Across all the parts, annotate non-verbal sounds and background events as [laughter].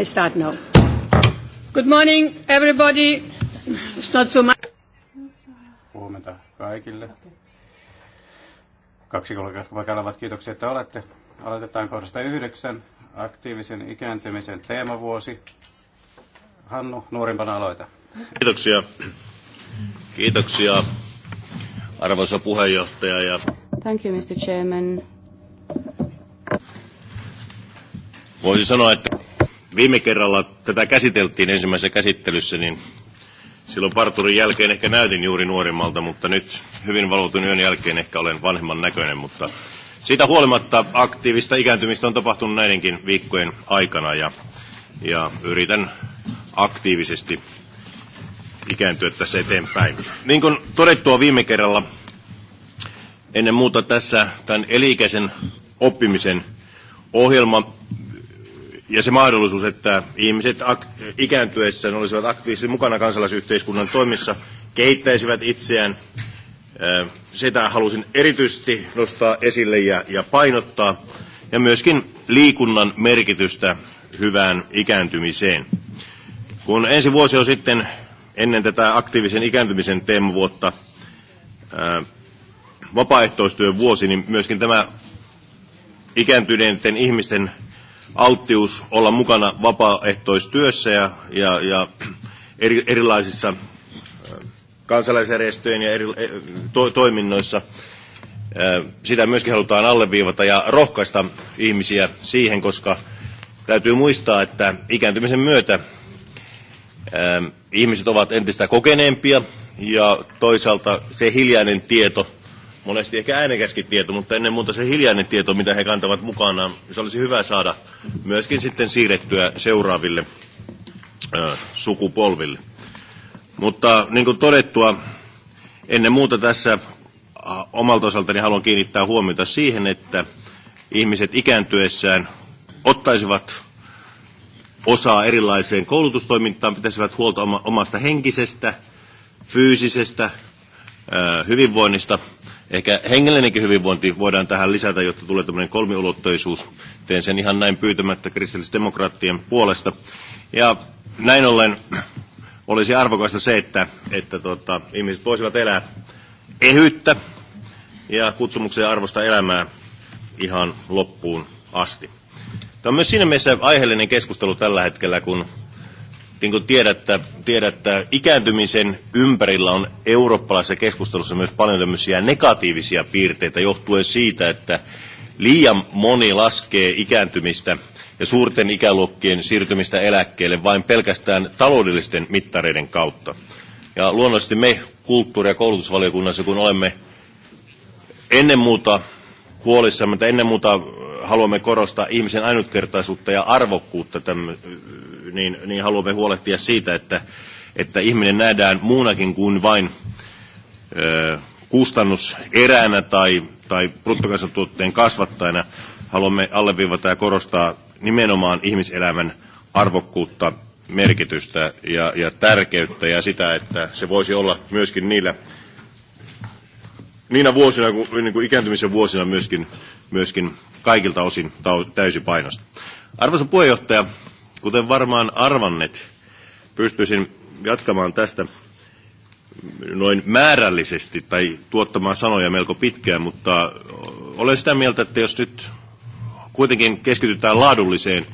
I start now. Good morning, everybody. It's not so much. Huomenta kaikille. Kaksi kollegaa, jotka paikalla ovat, kiitoksia, että olette. Aloitetaan kohdasta yhdeksän, aktiivisen ikääntymisen teemavuosi. Hannu, nuorimpana aloita. Kiitoksia. Kiitoksia, arvoisa puheenjohtaja. Ja... Thank you, Mr. Chairman. Voisi sanoa, että Viime kerralla tätä käsiteltiin ensimmäisessä käsittelyssä, niin silloin parturin jälkeen ehkä näytin juuri nuorimmalta, mutta nyt hyvin valotun yön jälkeen ehkä olen vanhemman näköinen, mutta siitä huolimatta aktiivista ikääntymistä on tapahtunut näidenkin viikkojen aikana ja, ja yritän aktiivisesti ikääntyä tässä eteenpäin. Niin kuin todettua viime kerralla, ennen muuta tässä tämän elikäisen oppimisen ohjelma ja se mahdollisuus, että ihmiset ak- ikääntyessään olisivat aktiivisesti mukana kansalaisyhteiskunnan toimissa, kehittäisivät itseään. Sitä halusin erityisesti nostaa esille ja, ja painottaa, ja myöskin liikunnan merkitystä hyvään ikääntymiseen. Kun ensi vuosi on sitten ennen tätä aktiivisen ikääntymisen teemavuotta vapaaehtoistyön vuosi, niin myöskin tämä ikääntyneiden ihmisten alttius olla mukana vapaaehtoistyössä ja, ja, ja eri, erilaisissa kansalaisjärjestöjen ja eri, e, to, toiminnoissa. Sitä myöskin halutaan alleviivata ja rohkaista ihmisiä siihen, koska täytyy muistaa, että ikääntymisen myötä ihmiset ovat entistä kokeneempia ja toisaalta se hiljainen tieto – monesti ehkä äänekäskin tieto, mutta ennen muuta se hiljainen tieto, mitä he kantavat mukanaan, niin se olisi hyvä saada myöskin sitten siirrettyä seuraaville ö, sukupolville. Mutta niin kuin todettua, ennen muuta tässä omalta osaltani haluan kiinnittää huomiota siihen, että ihmiset ikääntyessään ottaisivat osaa erilaiseen koulutustoimintaan, pitäisivät huolta omasta henkisestä, fyysisestä hyvinvoinnista Ehkä hengellinenkin hyvinvointi voidaan tähän lisätä, jotta tulee tämmöinen kolmiulotteisuus. Teen sen ihan näin pyytämättä kristillisdemokraattien puolesta. Ja näin ollen olisi arvokasta se, että, että tota, ihmiset voisivat elää ehyttä ja kutsumuksen arvosta elämää ihan loppuun asti. Tämä on myös siinä mielessä aiheellinen keskustelu tällä hetkellä, kun niin kuin tiedätte, tiedätte, ikääntymisen ympärillä on eurooppalaisessa keskustelussa myös paljon tämmöisiä negatiivisia piirteitä johtuen siitä, että liian moni laskee ikääntymistä ja suurten ikäluokkien siirtymistä eläkkeelle vain pelkästään taloudellisten mittareiden kautta. Ja luonnollisesti me kulttuuri- ja koulutusvaliokunnassa, kun olemme ennen muuta huolissamme, että ennen muuta haluamme korostaa ihmisen ainutkertaisuutta ja arvokkuutta tämän niin, niin haluamme huolehtia siitä, että, että ihminen nähdään muunakin kuin vain ö, kustannuseränä tai, tai bruttokansantuotteen kasvattajana. Haluamme alleviivata ja korostaa nimenomaan ihmiselämän arvokkuutta, merkitystä ja, ja tärkeyttä ja sitä, että se voisi olla myöskin niillä niinä vuosina, niin kuin ikääntymisen vuosina myöskin, myöskin kaikilta osin täysipainosta. Arvoisa puheenjohtaja, Kuten varmaan arvannet, pystyisin jatkamaan tästä noin määrällisesti tai tuottamaan sanoja melko pitkään, mutta olen sitä mieltä, että jos nyt kuitenkin keskitytään laadulliseen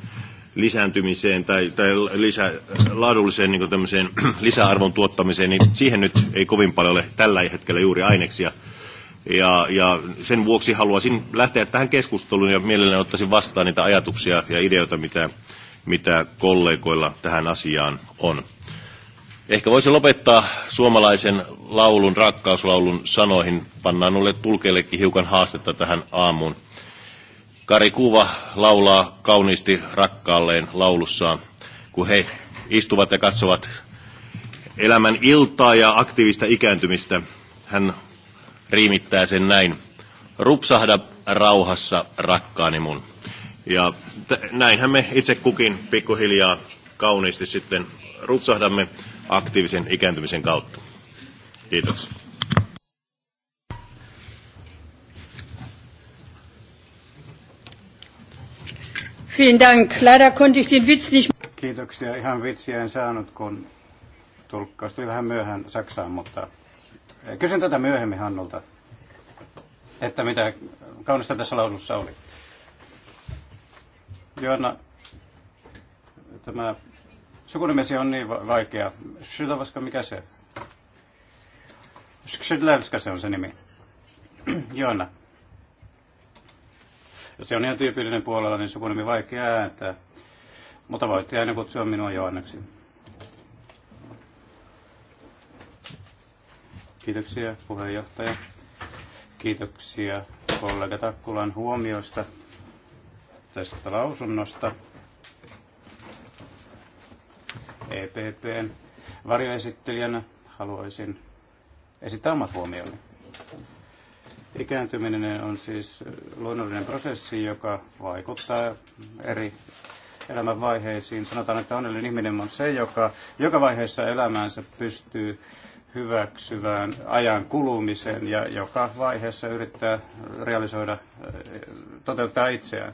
lisääntymiseen tai, tai lisä, laadulliseen niin tämmöiseen [clears throat] lisäarvon tuottamiseen, niin siihen nyt ei kovin paljon ole tällä hetkellä juuri aineksia. Ja, ja sen vuoksi haluaisin lähteä tähän keskusteluun ja mielelläni ottaisin vastaan niitä ajatuksia ja ideoita, mitä mitä kollegoilla tähän asiaan on. Ehkä voisi lopettaa suomalaisen laulun, rakkauslaulun sanoihin. Pannaan noille tulkeillekin hiukan haastetta tähän aamuun. Kari Kuva laulaa kauniisti rakkaalleen laulussaan, kun he istuvat ja katsovat elämän iltaa ja aktiivista ikääntymistä. Hän riimittää sen näin. Rupsahda rauhassa rakkaani mun. Ja t- näinhän me itse kukin pikkuhiljaa kauniisti sitten rutsahdamme aktiivisen ikääntymisen kautta. Kiitos. Kiitoksia. Ihan vitsiä en saanut, kun tulkkaus tuli vähän myöhään Saksaan, mutta eh, kysyn tätä myöhemmin Hannulta, että mitä kaunista tässä lausussa oli. Joanna, tämä sukunimesi on niin vaikea. Sydavaska, mikä se? Skrzydlewska se on se nimi. [clears throat] Joanna. Jos se on ihan tyypillinen puolella, niin sukunimi vaikea ääntää. Mutta voitte aina kutsua minua Joannaksi. Kiitoksia puheenjohtaja. Kiitoksia kollega Takkulan huomioista tästä lausunnosta. EPPn varjoesittelijänä haluaisin esittää omat huomioni. Ikääntyminen on siis luonnollinen prosessi, joka vaikuttaa eri vaiheisiin. Sanotaan, että onnellinen ihminen on se, joka joka vaiheessa elämäänsä pystyy hyväksyvään ajan kulumisen ja joka vaiheessa yrittää realisoida, toteuttaa itseään.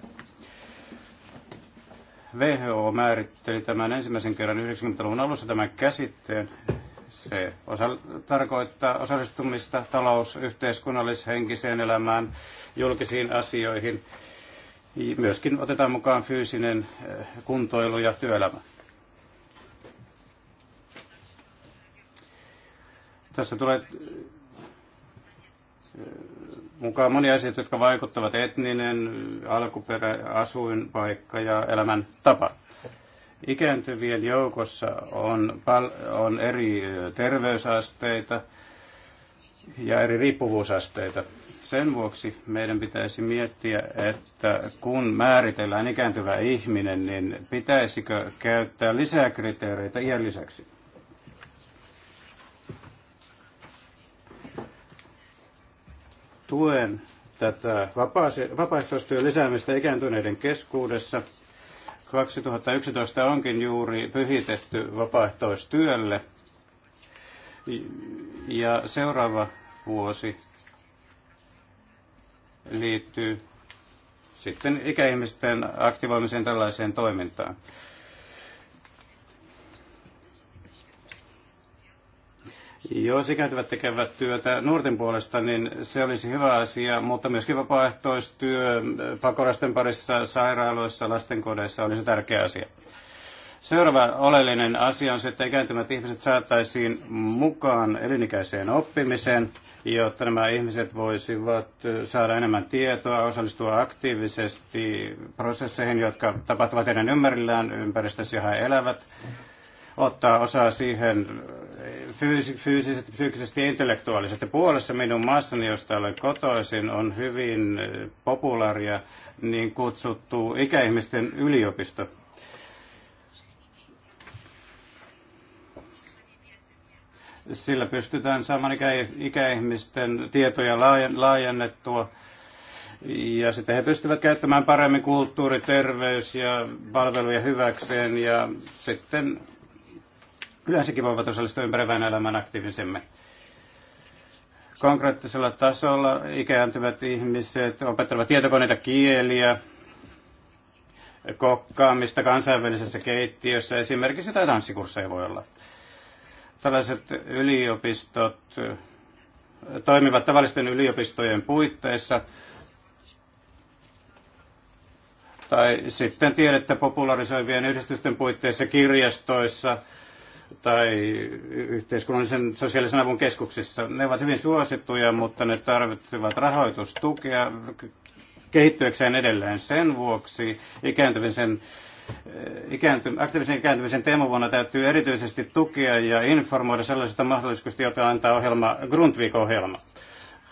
WHO määritteli tämän ensimmäisen kerran 90-luvun alussa tämän käsitteen. Se osa- tarkoittaa osallistumista talous-, yhteiskunnallis-, henkiseen elämään, julkisiin asioihin. Myöskin otetaan mukaan fyysinen eh, kuntoilu ja työelämä. Tässä tulee mukaan monia asioita, jotka vaikuttavat etninen, alkuperä, asuinpaikka ja elämäntapa. Ikääntyvien joukossa on, pal- on eri terveysasteita ja eri riippuvuusasteita. Sen vuoksi meidän pitäisi miettiä, että kun määritellään ikääntyvä ihminen, niin pitäisikö käyttää lisää kriteereitä iän lisäksi. tuen tätä vapaaehtoistyön lisäämistä ikääntyneiden keskuudessa. 2011 onkin juuri pyhitetty vapaaehtoistyölle. Ja seuraava vuosi liittyy sitten ikäihmisten aktivoimiseen tällaiseen toimintaan. Jos ikääntyvät tekevät työtä nuorten puolesta, niin se olisi hyvä asia, mutta myöskin vapaaehtoistyö pakolaisten parissa, sairaaloissa, lastenkodeissa olisi tärkeä asia. Seuraava oleellinen asia on se, että ikääntymät ihmiset saataisiin mukaan elinikäiseen oppimiseen, jotta nämä ihmiset voisivat saada enemmän tietoa, osallistua aktiivisesti prosesseihin, jotka tapahtuvat heidän ympärillään, ympäristössä, johon he elävät, ottaa osaa siihen fyysisesti, fyysisesti, ja intellektuaalisesti. Puolessa minun maassani, josta olen kotoisin, on hyvin populaaria niin kutsuttu ikäihmisten yliopisto. Sillä pystytään saamaan ikä- ikäihmisten tietoja laajennettua. Ja sitten he pystyvät käyttämään paremmin kulttuuri, terveys ja palveluja hyväkseen ja sitten yleensäkin voivat osallistua ympäröivään elämään aktiivisemmin. Konkreettisella tasolla ikääntyvät ihmiset opettelevat tietokoneita kieliä, kokkaamista kansainvälisessä keittiössä, esimerkiksi jotain tanssikursseja voi olla. Tällaiset yliopistot toimivat tavallisten yliopistojen puitteissa, tai sitten tiedettä popularisoivien yhdistysten puitteissa kirjastoissa, tai yhteiskunnallisen sosiaalisen avun keskuksissa. Ne ovat hyvin suosittuja, mutta ne tarvitsevat rahoitustukea kehittyäkseen edelleen. Sen vuoksi ikääntymisen e, ikäänty, aktiivisen ikääntymisen teemavuonna täytyy erityisesti tukea ja informoida sellaisista mahdollisuuksista, joita antaa ohjelma Grundvik-ohjelma.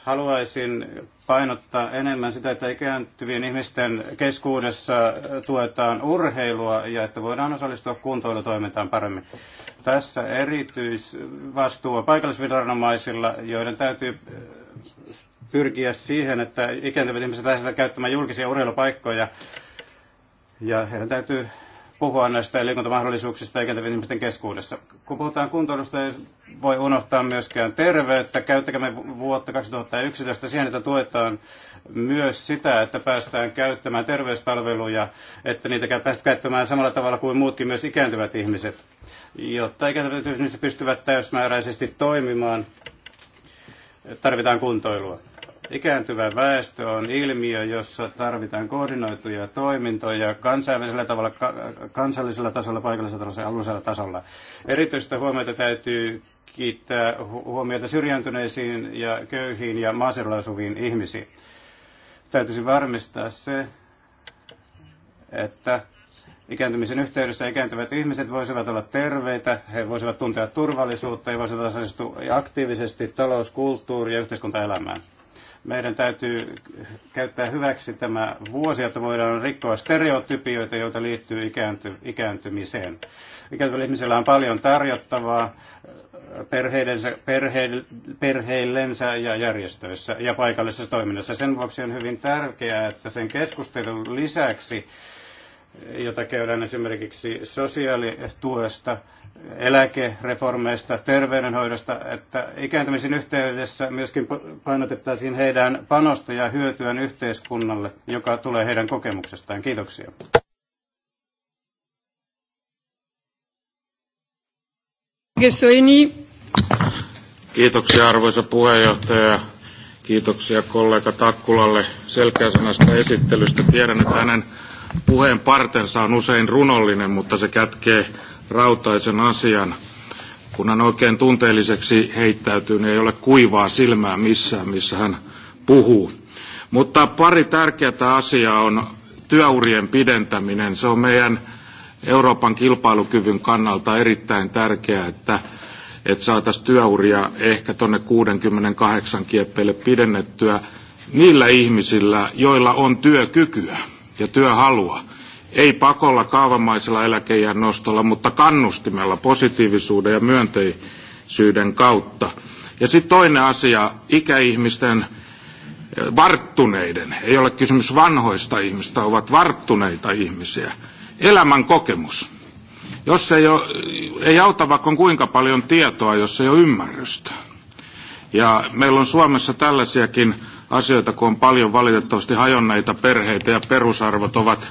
Haluaisin painottaa enemmän sitä, että ikääntyvien ihmisten keskuudessa tuetaan urheilua ja että voidaan osallistua kuntoilutoimintaan paremmin. Tässä erityisvastuu on paikallisviranomaisilla, joiden täytyy äh, pyrkiä siihen, että ikääntyvät ihmiset pääsevät käyttämään julkisia urheilupaikkoja. Ja heidän täytyy puhua näistä liikuntamahdollisuuksista ikääntyvien ihmisten keskuudessa. Kun puhutaan kuntoilusta, ei voi unohtaa myöskään terveyttä. Käyttäkäämme vuotta 2011 siihen, että tuetaan myös sitä, että päästään käyttämään terveyspalveluja, että niitä päästään käyttämään samalla tavalla kuin muutkin myös ikääntyvät ihmiset jotta ikätyötymykset pystyvät täysmääräisesti toimimaan, tarvitaan kuntoilua. Ikääntyvä väestö on ilmiö, jossa tarvitaan koordinoituja toimintoja kansainvälisellä tavalla, kansallisella tasolla, paikallisella tasolla ja alueellisella tasolla. Erityistä huomiota täytyy kiittää huomiota syrjäytyneisiin ja köyhiin ja maaseudulla asuviin ihmisiin. Täytyisi varmistaa se, että ikääntymisen yhteydessä ikääntyvät ihmiset voisivat olla terveitä, he voisivat tuntea turvallisuutta ja voisivat osallistua aktiivisesti talous-, kulttuuri- ja yhteiskuntaelämään. Meidän täytyy käyttää hyväksi tämä vuosi, jotta voidaan rikkoa stereotypioita, joita liittyy ikäänty- ikääntymiseen. Ikääntyvillä ihmisillä on paljon tarjottavaa perheidensä, perhe, perheillensä ja järjestöissä ja paikallisessa toiminnassa. Sen vuoksi on hyvin tärkeää, että sen keskustelun lisäksi jota käydään esimerkiksi sosiaalituesta, eläkereformeista, terveydenhoidosta, että ikääntymisen yhteydessä myöskin painotettaisiin heidän panosta ja hyötyään yhteiskunnalle, joka tulee heidän kokemuksestaan. Kiitoksia. Kiitoksia arvoisa puheenjohtaja. Kiitoksia kollega Takkulalle selkeäsanasta esittelystä. Tiedän, että hänen puheen partensa on usein runollinen, mutta se kätkee rautaisen asian. Kun hän oikein tunteelliseksi heittäytyy, niin ei ole kuivaa silmää missään, missä hän puhuu. Mutta pari tärkeää asiaa on työurien pidentäminen. Se on meidän Euroopan kilpailukyvyn kannalta erittäin tärkeää, että, että saataisiin työuria ehkä tuonne 68 kieppeille pidennettyä niillä ihmisillä, joilla on työkykyä ja työhalua. Ei pakolla kaavamaisella eläkeijän nostolla, mutta kannustimella positiivisuuden ja myönteisyyden kautta. Ja sitten toinen asia, ikäihmisten eh, varttuneiden, ei ole kysymys vanhoista ihmistä, ovat varttuneita ihmisiä. Elämän kokemus. Jos ei, ole, eh, ei auta vaikka on kuinka paljon tietoa, jos ei ole ymmärrystä. Ja meillä on Suomessa tällaisiakin asioita, kun on paljon valitettavasti hajonneita perheitä ja perusarvot ovat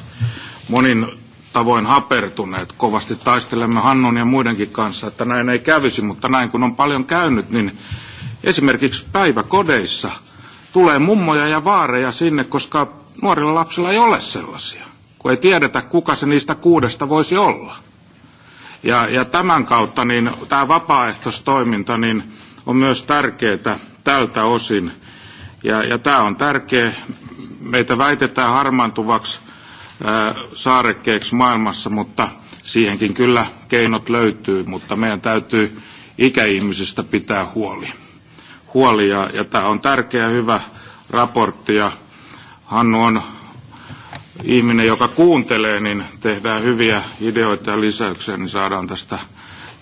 monin tavoin hapertuneet. Kovasti taistelemme Hannun ja muidenkin kanssa, että näin ei kävisi, mutta näin kun on paljon käynyt, niin esimerkiksi päiväkodeissa tulee mummoja ja vaareja sinne, koska nuorilla lapsilla ei ole sellaisia, kun ei tiedetä, kuka se niistä kuudesta voisi olla. Ja, ja tämän kautta niin tämä vapaaehtoistoiminta niin on myös tärkeää tältä osin. Ja, ja tämä on tärkeä. Meitä väitetään harmaantuvaksi ää, saarekkeeksi maailmassa, mutta siihenkin kyllä keinot löytyy, mutta meidän täytyy ikäihmisistä pitää huoli. huoli ja, ja tämä on tärkeä hyvä raportti ja Hannu on ihminen, joka kuuntelee, niin tehdään hyviä ideoita ja lisäyksiä, niin saadaan tästä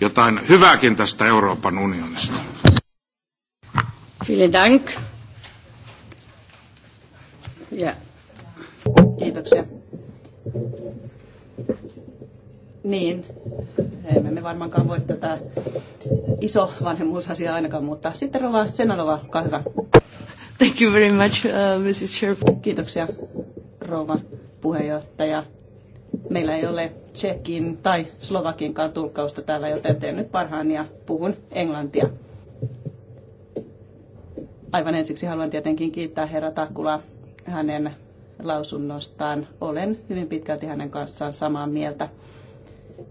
jotain hyvääkin tästä Euroopan unionista. Vielen Dank. Yeah. Kiitoksia. Niin, emme me varmaankaan voi tätä iso vanhemmuusasiaa ainakaan, mutta sitten Rova Senalova, olkaa hyvä. Thank you very much, uh, Mrs. Chair. Kiitoksia, rova puheenjohtaja. Meillä ei ole Tsekin tai Slovakinkaan tulkkausta täällä, joten teen nyt parhaan ja puhun englantia. Aivan ensiksi haluan tietenkin kiittää herra Takkulaa hänen lausunnostaan. Olen hyvin pitkälti hänen kanssaan samaa mieltä.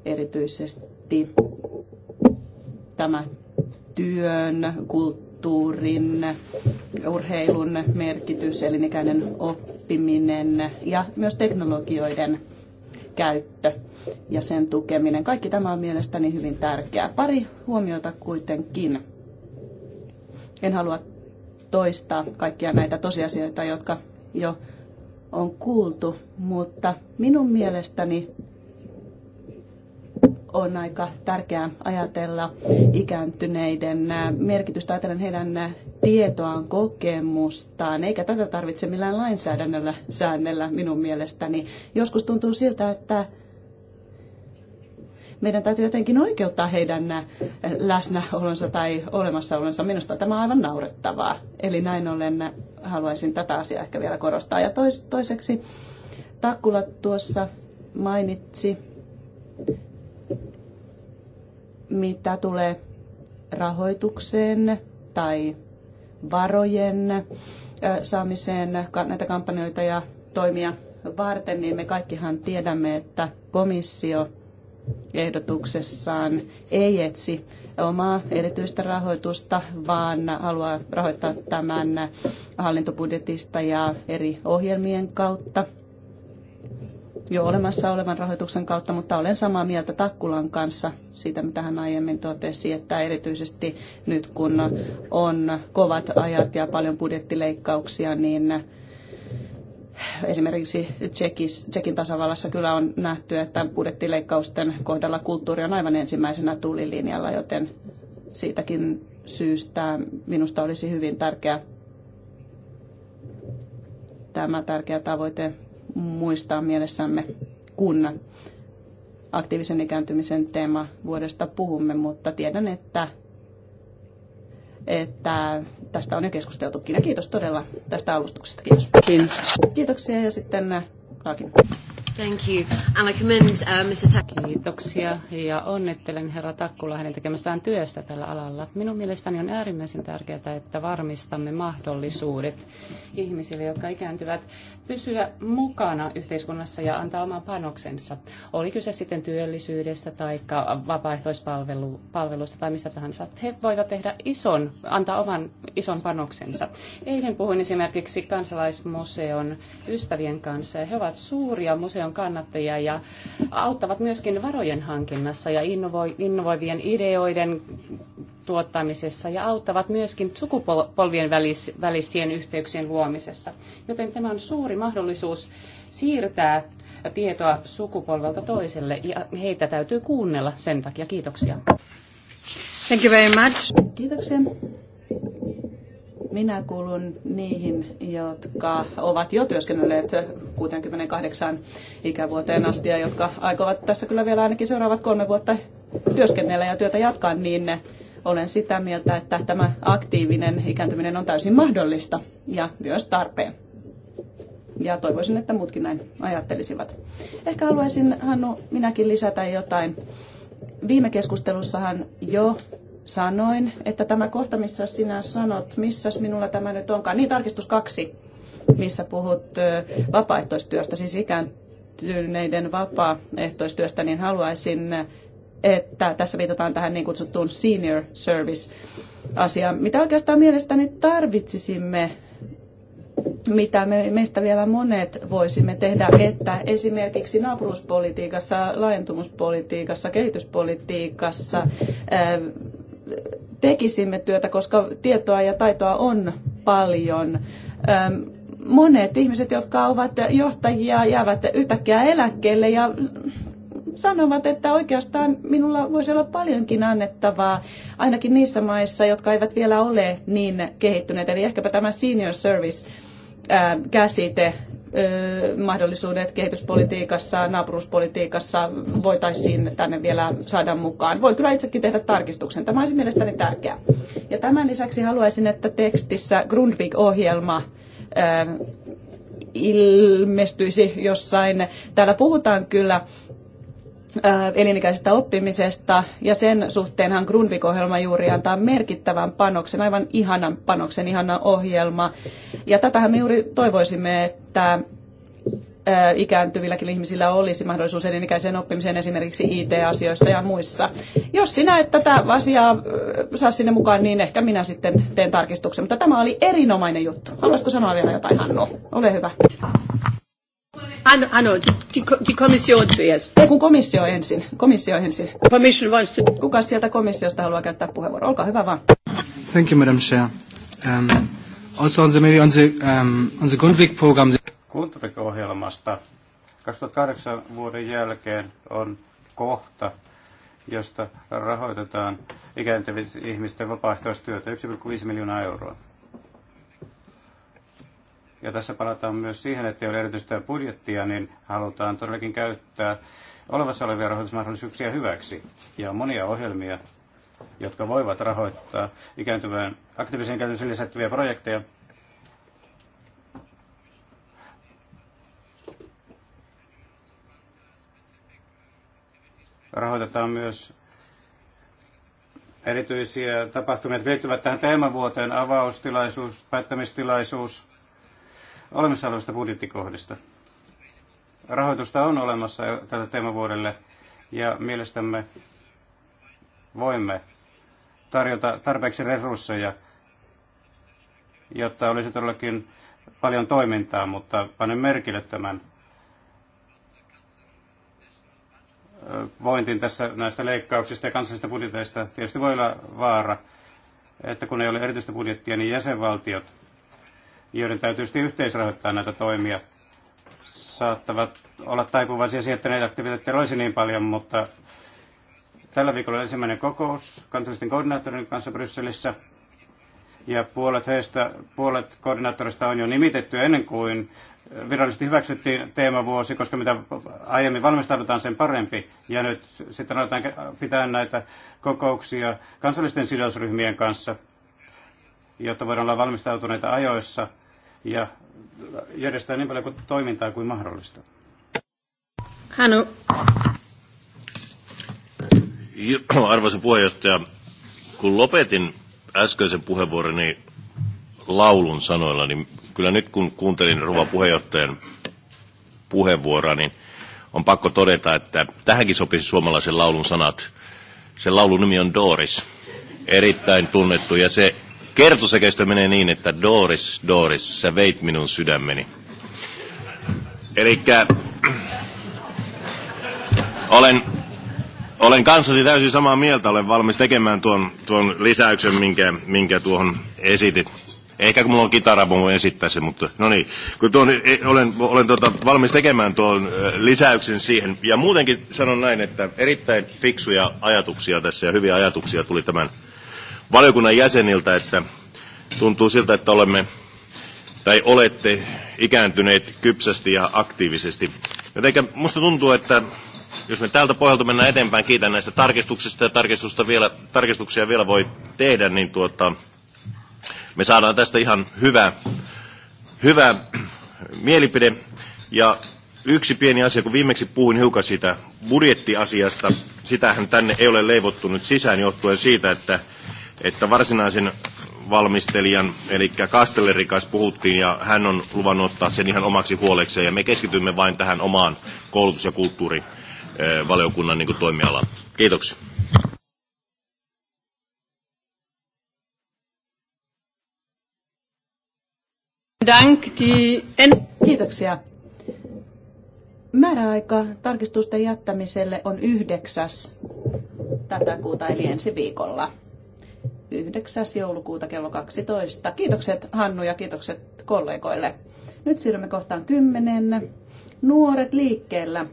Erityisesti tämä työn, kulttuurin, urheilun merkitys, elinikäinen oppiminen ja myös teknologioiden käyttö ja sen tukeminen. Kaikki tämä on mielestäni hyvin tärkeää. Pari huomiota kuitenkin. En halua toistaa kaikkia näitä tosiasioita, jotka jo on kuultu, mutta minun mielestäni on aika tärkeää ajatella ikääntyneiden merkitystä, ajatellen heidän tietoaan, kokemustaan, eikä tätä tarvitse millään lainsäädännöllä säännellä minun mielestäni. Joskus tuntuu siltä, että meidän täytyy jotenkin oikeuttaa heidän läsnäolonsa tai olemassaolonsa. Minusta tämä on aivan naurettavaa. Eli näin ollen haluaisin tätä asiaa ehkä vielä korostaa. Ja toiseksi Takkula tuossa mainitsi, mitä tulee rahoitukseen tai varojen saamiseen näitä kampanjoita ja toimia varten, niin me kaikkihan tiedämme, että komissio – ehdotuksessaan ei etsi omaa erityistä rahoitusta, vaan haluaa rahoittaa tämän hallintobudjetista ja eri ohjelmien kautta jo olemassa olevan rahoituksen kautta, mutta olen samaa mieltä Takkulan kanssa siitä, mitä hän aiemmin totesi, että erityisesti nyt kun on kovat ajat ja paljon budjettileikkauksia, niin Esimerkiksi Tsekis, Tsekin tasavallassa kyllä on nähty, että budjettileikkausten kohdalla kulttuuri on aivan ensimmäisenä tulilinjalla, joten siitäkin syystä minusta olisi hyvin tärkeä tämä tärkeä tavoite muistaa mielessämme, kun aktiivisen ikääntymisen teema vuodesta puhumme, mutta tiedän, että että tästä on jo keskusteltukin. Ja kiitos todella tästä avustuksesta. Kiitos. Kiitos. Kiitoksia ja sitten Raakin. Äh, Thank you. And I commend, uh, Mr. Tak- Kiitoksia ja onnittelen herra Takkula hänen tekemästään työstä tällä alalla. Minun mielestäni on äärimmäisen tärkeää, että varmistamme mahdollisuudet ihmisille, jotka ikääntyvät pysyä mukana yhteiskunnassa ja antaa oman panoksensa. Oli kyse sitten työllisyydestä tai vapaaehtoispalveluista tai mistä tahansa. He voivat tehdä ison, antaa oman ison panoksensa. Eilen puhuin esimerkiksi kansalaismuseon ystävien kanssa. He ovat suuria museon kannattajia ja auttavat myöskin varojen hankinnassa ja innovoivien ideoiden tuottamisessa ja auttavat myöskin sukupolvien välisien yhteyksien luomisessa. Joten tämä on suuri mahdollisuus siirtää tietoa sukupolvelta toiselle ja heitä täytyy kuunnella sen takia. Kiitoksia. Thank you very much. Kiitoksia. Minä kuulun niihin, jotka ovat jo työskennelleet 68 ikävuoteen asti ja jotka aikovat tässä kyllä vielä ainakin seuraavat kolme vuotta työskennellä ja työtä jatkaa, niin olen sitä mieltä, että tämä aktiivinen ikääntyminen on täysin mahdollista ja myös tarpeen. Ja toivoisin, että muutkin näin ajattelisivat. Ehkä haluaisin, Hannu, minäkin lisätä jotain. Viime keskustelussahan jo sanoin, että tämä kohta, missä sinä sanot, missä minulla tämä nyt onkaan, niin tarkistus kaksi, missä puhut vapaaehtoistyöstä, siis ikään vapaaehtoistyöstä, niin haluaisin että tässä viitataan tähän niin kutsuttuun senior service asiaan, mitä oikeastaan mielestäni tarvitsisimme mitä me, meistä vielä monet voisimme tehdä, että esimerkiksi naapuruuspolitiikassa, laajentumuspolitiikassa, kehityspolitiikassa äh, tekisimme työtä, koska tietoa ja taitoa on paljon. Ähm, monet ihmiset, jotka ovat johtajia, jäävät yhtäkkiä eläkkeelle ja sanovat, että oikeastaan minulla voisi olla paljonkin annettavaa, ainakin niissä maissa, jotka eivät vielä ole niin kehittyneet. Eli ehkäpä tämä senior service käsite mahdollisuudet kehityspolitiikassa, naapuruuspolitiikassa voitaisiin tänne vielä saada mukaan. Voi kyllä itsekin tehdä tarkistuksen. Tämä olisi mielestäni tärkeää. Ja tämän lisäksi haluaisin, että tekstissä Grundvik-ohjelma ilmestyisi jossain. Täällä puhutaan kyllä elinikäisestä oppimisesta ja sen suhteenhan Grundvik-ohjelma juuri antaa merkittävän panoksen, aivan ihanan panoksen, ihana ohjelma. Ja tätähän me juuri toivoisimme, että ikääntyvilläkin ihmisillä olisi mahdollisuus elinikäiseen oppimiseen esimerkiksi IT-asioissa ja muissa. Jos sinä et tätä asiaa saa sinne mukaan, niin ehkä minä sitten teen tarkistuksen. Mutta tämä oli erinomainen juttu. Haluaisitko sanoa vielä jotain, Hannu? Ole hyvä. Anno, anno die, die Kommission zuerst. Ei kun komissio ensin. Komissio ensin. Commission wants to... Kuka sieltä komissiosta haluaa käyttää puheenvuoron? Olkaa hyvä vaan. Thank you, Madam Chair. Um, also on the, maybe on the, um, on the conflict program. Kuntariko-ohjelmasta 2008 vuoden jälkeen on kohta, josta rahoitetaan ikääntyvien ihmisten vapaaehtoistyötä 1,5 miljoonaa euroa. Ja tässä palataan myös siihen, että ei ole erityistä budjettia, niin halutaan todellakin käyttää olemassa olevia rahoitusmahdollisuuksia hyväksi. Ja on monia ohjelmia, jotka voivat rahoittaa ikääntyvän aktiivisen käytössä lisättyviä projekteja. Rahoitetaan myös erityisiä tapahtumia, jotka liittyvät tähän teemavuoteen, avaustilaisuus, päättämistilaisuus, olemassa olevista budjettikohdista. Rahoitusta on olemassa tälle teemavuodelle ja mielestämme voimme tarjota tarpeeksi resursseja, jotta olisi todellakin paljon toimintaa, mutta panen merkille tämän vointin tässä näistä leikkauksista ja kansallisista budjeteista. Tietysti voi olla vaara, että kun ei ole erityistä budjettia, niin jäsenvaltiot joiden täytyy sitten yhteisrahoittaa näitä toimia, saattavat olla taipuvaisia siihen, että näitä aktiviteetteja olisi niin paljon, mutta tällä viikolla ensimmäinen kokous kansallisten koordinaattorin kanssa Brysselissä. Ja puolet heistä, puolet koordinaattorista on jo nimitetty ennen kuin virallisesti hyväksyttiin teemavuosi, koska mitä aiemmin valmistaudutaan, sen parempi. Ja nyt sitten aletaan pitää näitä kokouksia kansallisten sidosryhmien kanssa, jotta voidaan olla valmistautuneita ajoissa ja järjestää niin paljon toimintaa kuin mahdollista. Hanu. [clears throat] Arvoisa puheenjohtaja, kun lopetin äskeisen puheenvuoroni laulun sanoilla, niin kyllä nyt kun kuuntelin Ruva puheenjohtajan puheenvuoroa, niin on pakko todeta, että tähänkin sopisi suomalaisen laulun sanat. Sen laulun nimi on Doris. Erittäin tunnettu ja se Kertosäkeistö menee niin, että Doris, Doris, sä veit minun sydämeni. Eli olen, olen kanssasi täysin samaa mieltä, olen valmis tekemään tuon, tuon lisäyksen, minkä, minkä tuohon esitit. Ehkä kun mulla on kitara, mä voin esittää se, mutta no niin. Kun tuon, e, olen, olen tuota, valmis tekemään tuon lisäyksen siihen. Ja muutenkin sanon näin, että erittäin fiksuja ajatuksia tässä ja hyviä ajatuksia tuli tämän valiokunnan jäseniltä, että tuntuu siltä, että olemme tai olette ikääntyneet kypsästi ja aktiivisesti. Joten minusta tuntuu, että jos me tältä pohjalta mennään eteenpäin, kiitän näistä tarkistuksista ja tarkistusta vielä, tarkistuksia vielä voi tehdä, niin tuota, me saadaan tästä ihan hyvä, hyvä mielipide. Ja yksi pieni asia, kun viimeksi puhuin hiukan siitä budjettiasiasta, sitähän tänne ei ole leivottu nyt sisään johtuen siitä, että että varsinaisen valmistelijan, eli Kastellerikas puhuttiin, ja hän on luvannut ottaa sen ihan omaksi huolekseen, ja me keskitymme vain tähän omaan koulutus- ja kulttuurivaliokunnan niin toimialaan. Kiitoksia. Kiitoksia. Määräaika tarkistusten jättämiselle on yhdeksäs tätä kuuta eli ensi viikolla. 9. joulukuuta kello 12. Kiitokset Hannu ja kiitokset kollegoille. Nyt siirrymme kohtaan 10. Nuoret liikkeellä.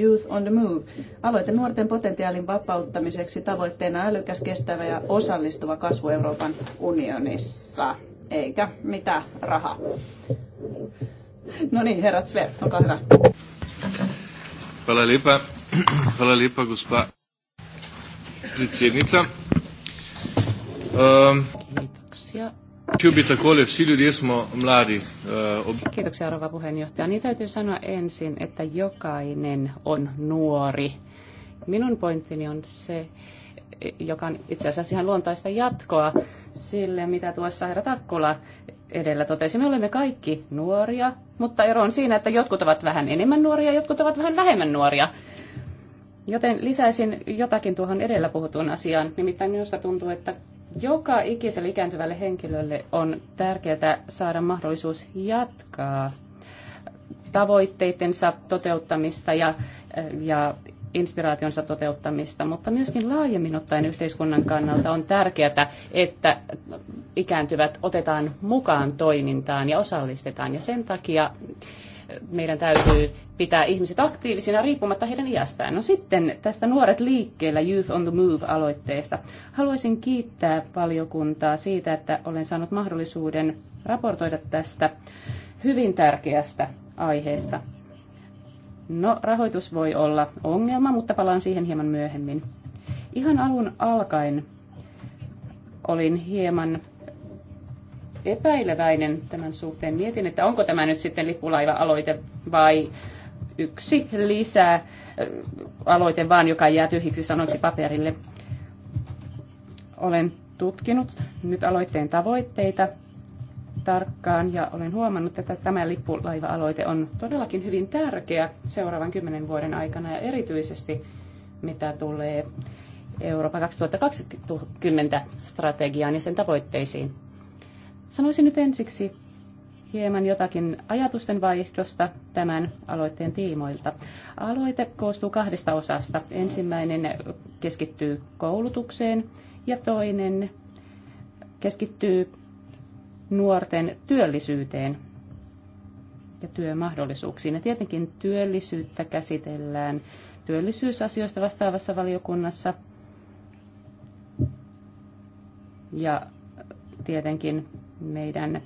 Youth on the Move. Aloite nuorten potentiaalin vapauttamiseksi tavoitteena älykäs, kestävä ja osallistuva kasvu Euroopan unionissa. Eikä mitä raha. No niin, herrat Sver, olkaa hyvä. Hvala lipa, hvala lipa, gospa predsjednica. Um, Kiitoksia. Vsi ljudje smo mladi. Eh, Kiitoksia rouva puheenjohtaja. Niin täytyy sanoa ensin, että jokainen on nuori. Minun pointtini on se, joka on itse asiassa ihan luontaista jatkoa sille, mitä tuossa herra Takkula edellä totesi. Me olemme kaikki nuoria, mutta ero on siinä, että jotkut ovat vähän enemmän nuoria, jotkut ovat vähän vähemmän nuoria. Joten lisäisin jotakin tuohon edellä puhutun asiaan. Nimittäin minusta tuntuu, että joka ikiselle ikääntyvälle henkilölle on tärkeää saada mahdollisuus jatkaa tavoitteidensa toteuttamista ja, ja inspiraationsa toteuttamista, mutta myöskin laajemmin ottaen yhteiskunnan kannalta on tärkeää, että ikääntyvät otetaan mukaan toimintaan ja osallistetaan. Ja sen takia meidän täytyy pitää ihmiset aktiivisina riippumatta heidän iästään. No sitten tästä Nuoret liikkeellä Youth on the Move-aloitteesta. Haluaisin kiittää valiokuntaa siitä, että olen saanut mahdollisuuden raportoida tästä hyvin tärkeästä aiheesta. No, rahoitus voi olla ongelma, mutta palaan siihen hieman myöhemmin. Ihan alun alkaen olin hieman epäileväinen tämän suhteen. Mietin, että onko tämä nyt sitten lippulaiva-aloite vai yksi lisää äh, aloite vaan, joka jää tyhjiksi sanoiksi paperille. Olen tutkinut nyt aloitteen tavoitteita tarkkaan ja olen huomannut, että tämä lippulaiva-aloite on todellakin hyvin tärkeä seuraavan kymmenen vuoden aikana ja erityisesti mitä tulee Euroopan 2020 strategiaan ja sen tavoitteisiin. Sanoisin nyt ensiksi hieman jotakin ajatusten vaihdosta tämän aloitteen tiimoilta. Aloite koostuu kahdesta osasta. Ensimmäinen keskittyy koulutukseen ja toinen keskittyy nuorten työllisyyteen ja työmahdollisuuksiin. Ja tietenkin työllisyyttä käsitellään työllisyysasioista vastaavassa valiokunnassa. Ja tietenkin meidän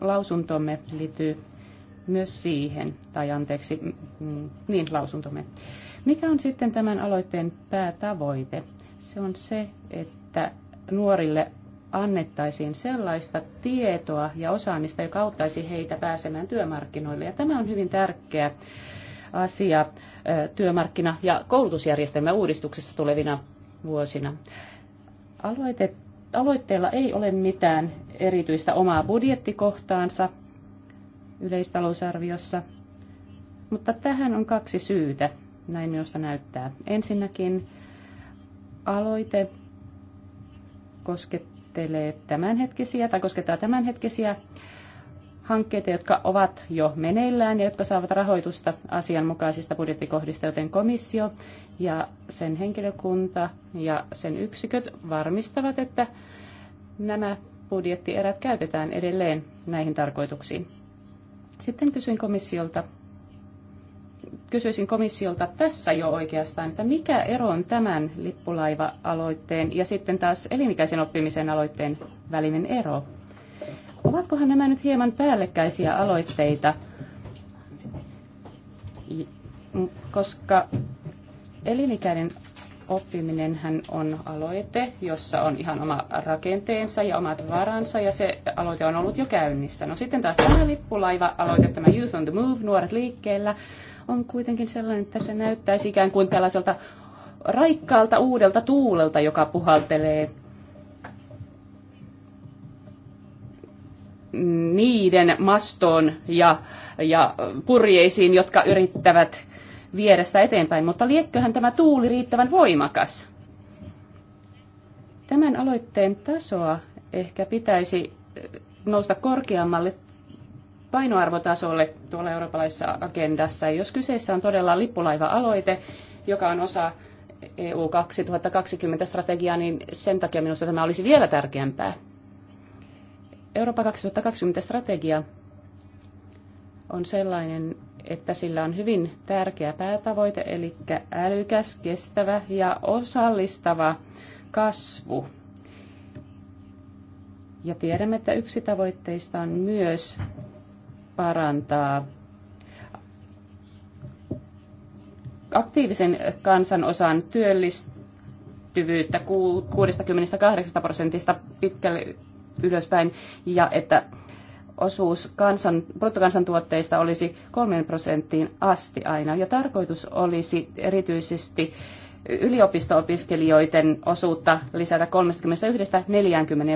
lausuntomme liittyy myös siihen, tai anteeksi, niin lausuntomme. Mikä on sitten tämän aloitteen päätavoite? Se on se, että nuorille annettaisiin sellaista tietoa ja osaamista, joka auttaisi heitä pääsemään työmarkkinoille. Ja tämä on hyvin tärkeä asia työmarkkina- ja koulutusjärjestelmän uudistuksessa tulevina vuosina. Aloite aloitteella ei ole mitään erityistä omaa budjettikohtaansa yleistalousarviossa, mutta tähän on kaksi syytä, näin minusta näyttää. Ensinnäkin aloite koskettelee tämänhetkisiä tai koskettaa tämänhetkisiä hankkeita, jotka ovat jo meneillään ja jotka saavat rahoitusta asianmukaisista budjettikohdista, joten komissio ja sen henkilökunta ja sen yksiköt varmistavat, että nämä budjettierät käytetään edelleen näihin tarkoituksiin. Sitten kysyin komissiolta, kysyisin komissiolta tässä jo oikeastaan, että mikä ero on tämän lippulaiva-aloitteen ja sitten taas elinikäisen oppimisen aloitteen välinen ero? Ovatkohan nämä nyt hieman päällekkäisiä aloitteita? Koska elinikäinen oppiminen hän on aloite, jossa on ihan oma rakenteensa ja omat varansa, ja se aloite on ollut jo käynnissä. No sitten taas tämä lippulaiva-aloite, tämä Youth on the Move, nuoret liikkeellä, on kuitenkin sellainen, että se näyttäisi ikään kuin tällaiselta raikkaalta uudelta tuulelta, joka puhaltelee niiden mastoon ja, ja purjeisiin, jotka yrittävät viedä sitä eteenpäin, mutta liekköhän tämä tuuli riittävän voimakas? Tämän aloitteen tasoa ehkä pitäisi eh, nousta korkeammalle painoarvotasolle tuolla eurooppalaisessa agendassa. Jos kyseessä on todella lippulaiva-aloite, joka on osa EU 2020-strategiaa, niin sen takia minusta tämä olisi vielä tärkeämpää. Eurooppa 2020 strategia on sellainen, että sillä on hyvin tärkeä päätavoite, eli älykäs, kestävä ja osallistava kasvu. Ja tiedämme, että yksi tavoitteista on myös parantaa aktiivisen kansanosan työllistyvyyttä 68 prosentista pitkälle ylöspäin ja että osuus kansan, bruttokansantuotteista olisi kolmen prosenttiin asti aina. Ja tarkoitus olisi erityisesti yliopisto-opiskelijoiden osuutta lisätä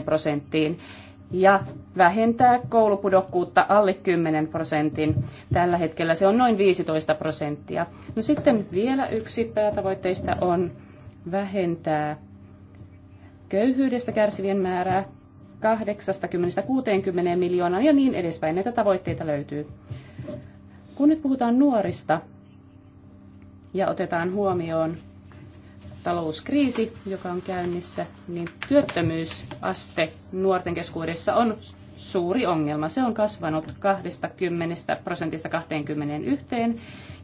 31-40 prosenttiin ja vähentää koulupudokkuutta alle 10 prosentin. Tällä hetkellä se on noin 15 prosenttia. No sitten vielä yksi päätavoitteista on vähentää köyhyydestä kärsivien määrää 80-60 miljoonaan ja niin edespäin. Näitä tavoitteita löytyy. Kun nyt puhutaan nuorista ja otetaan huomioon talouskriisi, joka on käynnissä, niin työttömyysaste nuorten keskuudessa on suuri ongelma. Se on kasvanut 20 prosentista 21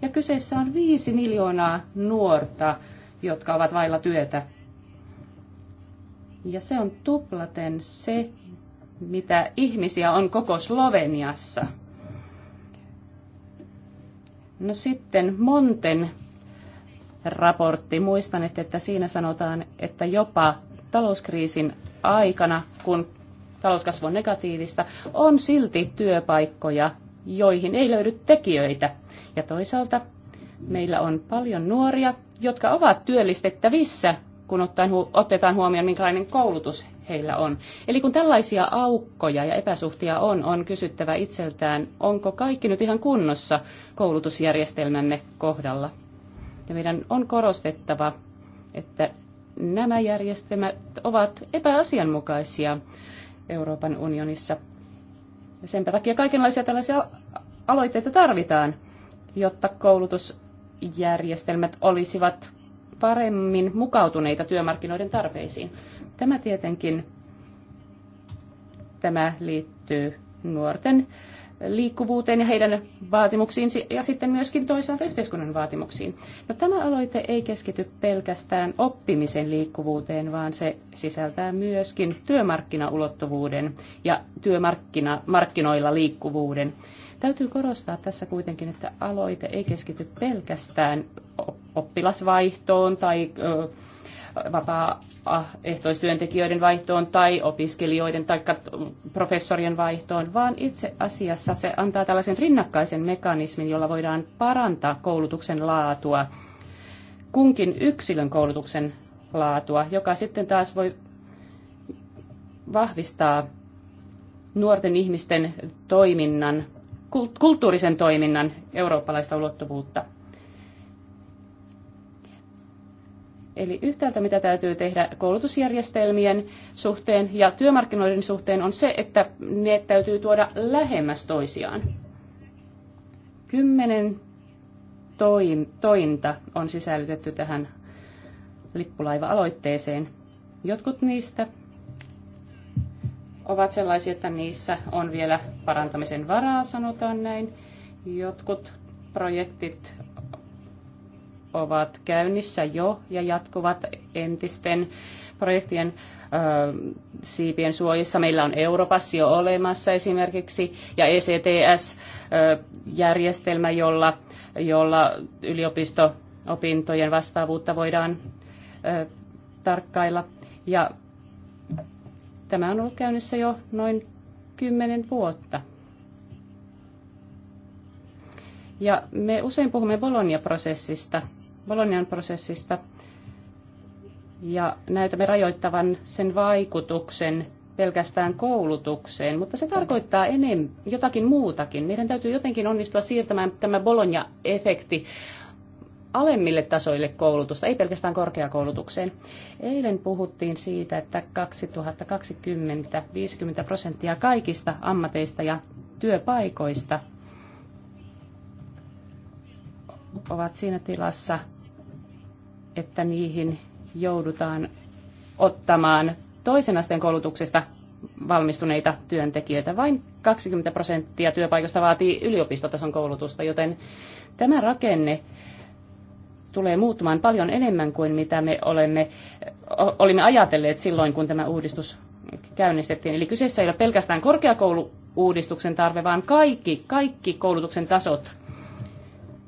ja kyseessä on 5 miljoonaa nuorta, jotka ovat vailla työtä ja se on tuplaten se, mitä ihmisiä on koko Sloveniassa. No sitten Monten raportti. Muistan, että siinä sanotaan, että jopa talouskriisin aikana, kun talouskasvu on negatiivista, on silti työpaikkoja, joihin ei löydy tekijöitä. Ja toisaalta meillä on paljon nuoria, jotka ovat työllistettävissä kun ottaen, otetaan huomioon, minkälainen koulutus heillä on. Eli kun tällaisia aukkoja ja epäsuhtia on, on kysyttävä itseltään, onko kaikki nyt ihan kunnossa koulutusjärjestelmämme kohdalla. Ja meidän on korostettava, että nämä järjestelmät ovat epäasianmukaisia Euroopan unionissa. Ja sen takia kaikenlaisia tällaisia aloitteita tarvitaan, jotta koulutusjärjestelmät olisivat paremmin mukautuneita työmarkkinoiden tarpeisiin. Tämä tietenkin tämä liittyy nuorten liikkuvuuteen ja heidän vaatimuksiin ja sitten myöskin toisaalta yhteiskunnan vaatimuksiin. No, tämä aloite ei keskity pelkästään oppimisen liikkuvuuteen, vaan se sisältää myöskin työmarkkinaulottuvuuden ja työmarkkinoilla liikkuvuuden. Täytyy korostaa tässä kuitenkin, että aloite ei keskity pelkästään oppilasvaihtoon tai vapaaehtoistyöntekijöiden vaihtoon tai opiskelijoiden tai professorien vaihtoon, vaan itse asiassa se antaa tällaisen rinnakkaisen mekanismin, jolla voidaan parantaa koulutuksen laatua, kunkin yksilön koulutuksen laatua, joka sitten taas voi vahvistaa nuorten ihmisten toiminnan kulttuurisen toiminnan eurooppalaista ulottuvuutta. Eli yhtäältä mitä täytyy tehdä koulutusjärjestelmien suhteen ja työmarkkinoiden suhteen on se, että ne täytyy tuoda lähemmäs toisiaan. Kymmenen tointa on sisällytetty tähän lippulaiva-aloitteeseen. Jotkut niistä ovat sellaisia, että niissä on vielä parantamisen varaa, sanotaan näin. Jotkut projektit ovat käynnissä jo ja jatkuvat entisten projektien ö, siipien suojissa. Meillä on Euroopassa jo olemassa esimerkiksi ja ECTS-järjestelmä, jolla, jolla yliopisto-opintojen vastaavuutta voidaan ö, tarkkailla. Ja Tämä on ollut käynnissä jo noin kymmenen vuotta. Ja me usein puhumme Bologna-prosessista, Bolognan prosessista ja näytämme rajoittavan sen vaikutuksen pelkästään koulutukseen, mutta se tarkoittaa enem, jotakin muutakin. Meidän täytyy jotenkin onnistua siirtämään tämä Bologna-efekti alemmille tasoille koulutusta, ei pelkästään korkeakoulutukseen. Eilen puhuttiin siitä, että 2020 50 prosenttia kaikista ammateista ja työpaikoista ovat siinä tilassa, että niihin joudutaan ottamaan toisen asteen koulutuksesta valmistuneita työntekijöitä. Vain 20 prosenttia työpaikoista vaatii yliopistotason koulutusta, joten tämä rakenne tulee muuttumaan paljon enemmän kuin mitä me olemme, olimme ajatelleet silloin, kun tämä uudistus käynnistettiin. Eli kyseessä ei ole pelkästään korkeakouluuudistuksen tarve, vaan kaikki, kaikki koulutuksen tasot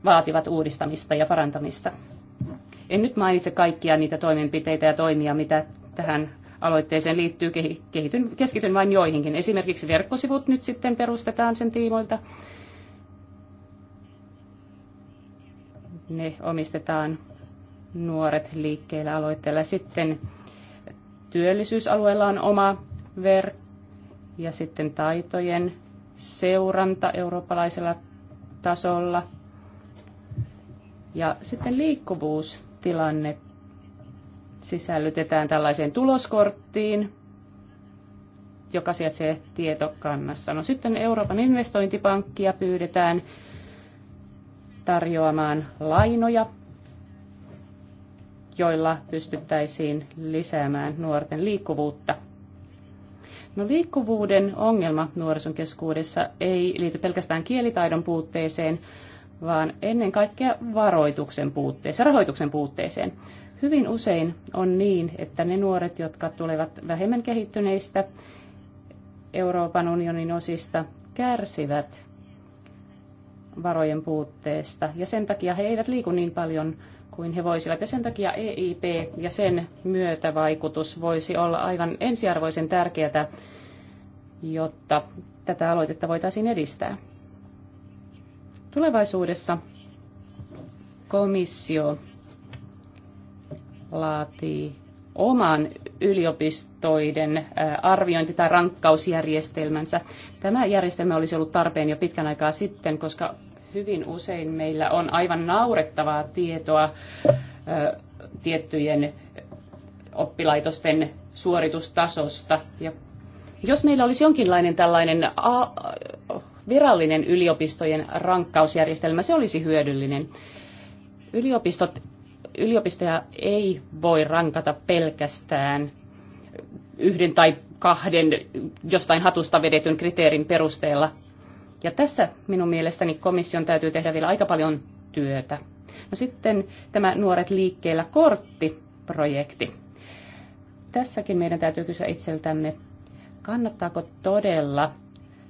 vaativat uudistamista ja parantamista. En nyt mainitse kaikkia niitä toimenpiteitä ja toimia, mitä tähän aloitteeseen liittyy. Kehityn, keskityn vain joihinkin. Esimerkiksi verkkosivut nyt sitten perustetaan sen tiimoilta. ne omistetaan nuoret liikkeellä aloitteella. Sitten työllisyysalueella on oma ver ja sitten taitojen seuranta eurooppalaisella tasolla. Ja sitten liikkuvuustilanne sisällytetään tällaiseen tuloskorttiin, joka sijaitsee tietokannassa. No sitten Euroopan investointipankkia pyydetään tarjoamaan lainoja, joilla pystyttäisiin lisäämään nuorten liikkuvuutta. No, liikkuvuuden ongelma nuorison keskuudessa ei liity pelkästään kielitaidon puutteeseen, vaan ennen kaikkea varoituksen puutteeseen, rahoituksen puutteeseen. Hyvin usein on niin, että ne nuoret, jotka tulevat vähemmän kehittyneistä Euroopan unionin osista, kärsivät varojen puutteesta. Ja sen takia he eivät liiku niin paljon kuin he voisivat. Ja sen takia EIP ja sen myötävaikutus voisi olla aivan ensiarvoisen tärkeää, jotta tätä aloitetta voitaisiin edistää. Tulevaisuudessa komissio laatii oman yliopistoiden arviointi- tai rankkausjärjestelmänsä. Tämä järjestelmä olisi ollut tarpeen jo pitkän aikaa sitten, koska hyvin usein meillä on aivan naurettavaa tietoa tiettyjen oppilaitosten suoritustasosta. Ja jos meillä olisi jonkinlainen tällainen virallinen yliopistojen rankkausjärjestelmä, se olisi hyödyllinen. Yliopistot yliopistoja ei voi rankata pelkästään yhden tai kahden jostain hatusta vedetyn kriteerin perusteella. Ja tässä minun mielestäni komission täytyy tehdä vielä aika paljon työtä. No sitten tämä Nuoret liikkeellä kortti-projekti. Tässäkin meidän täytyy kysyä itseltämme, kannattaako todella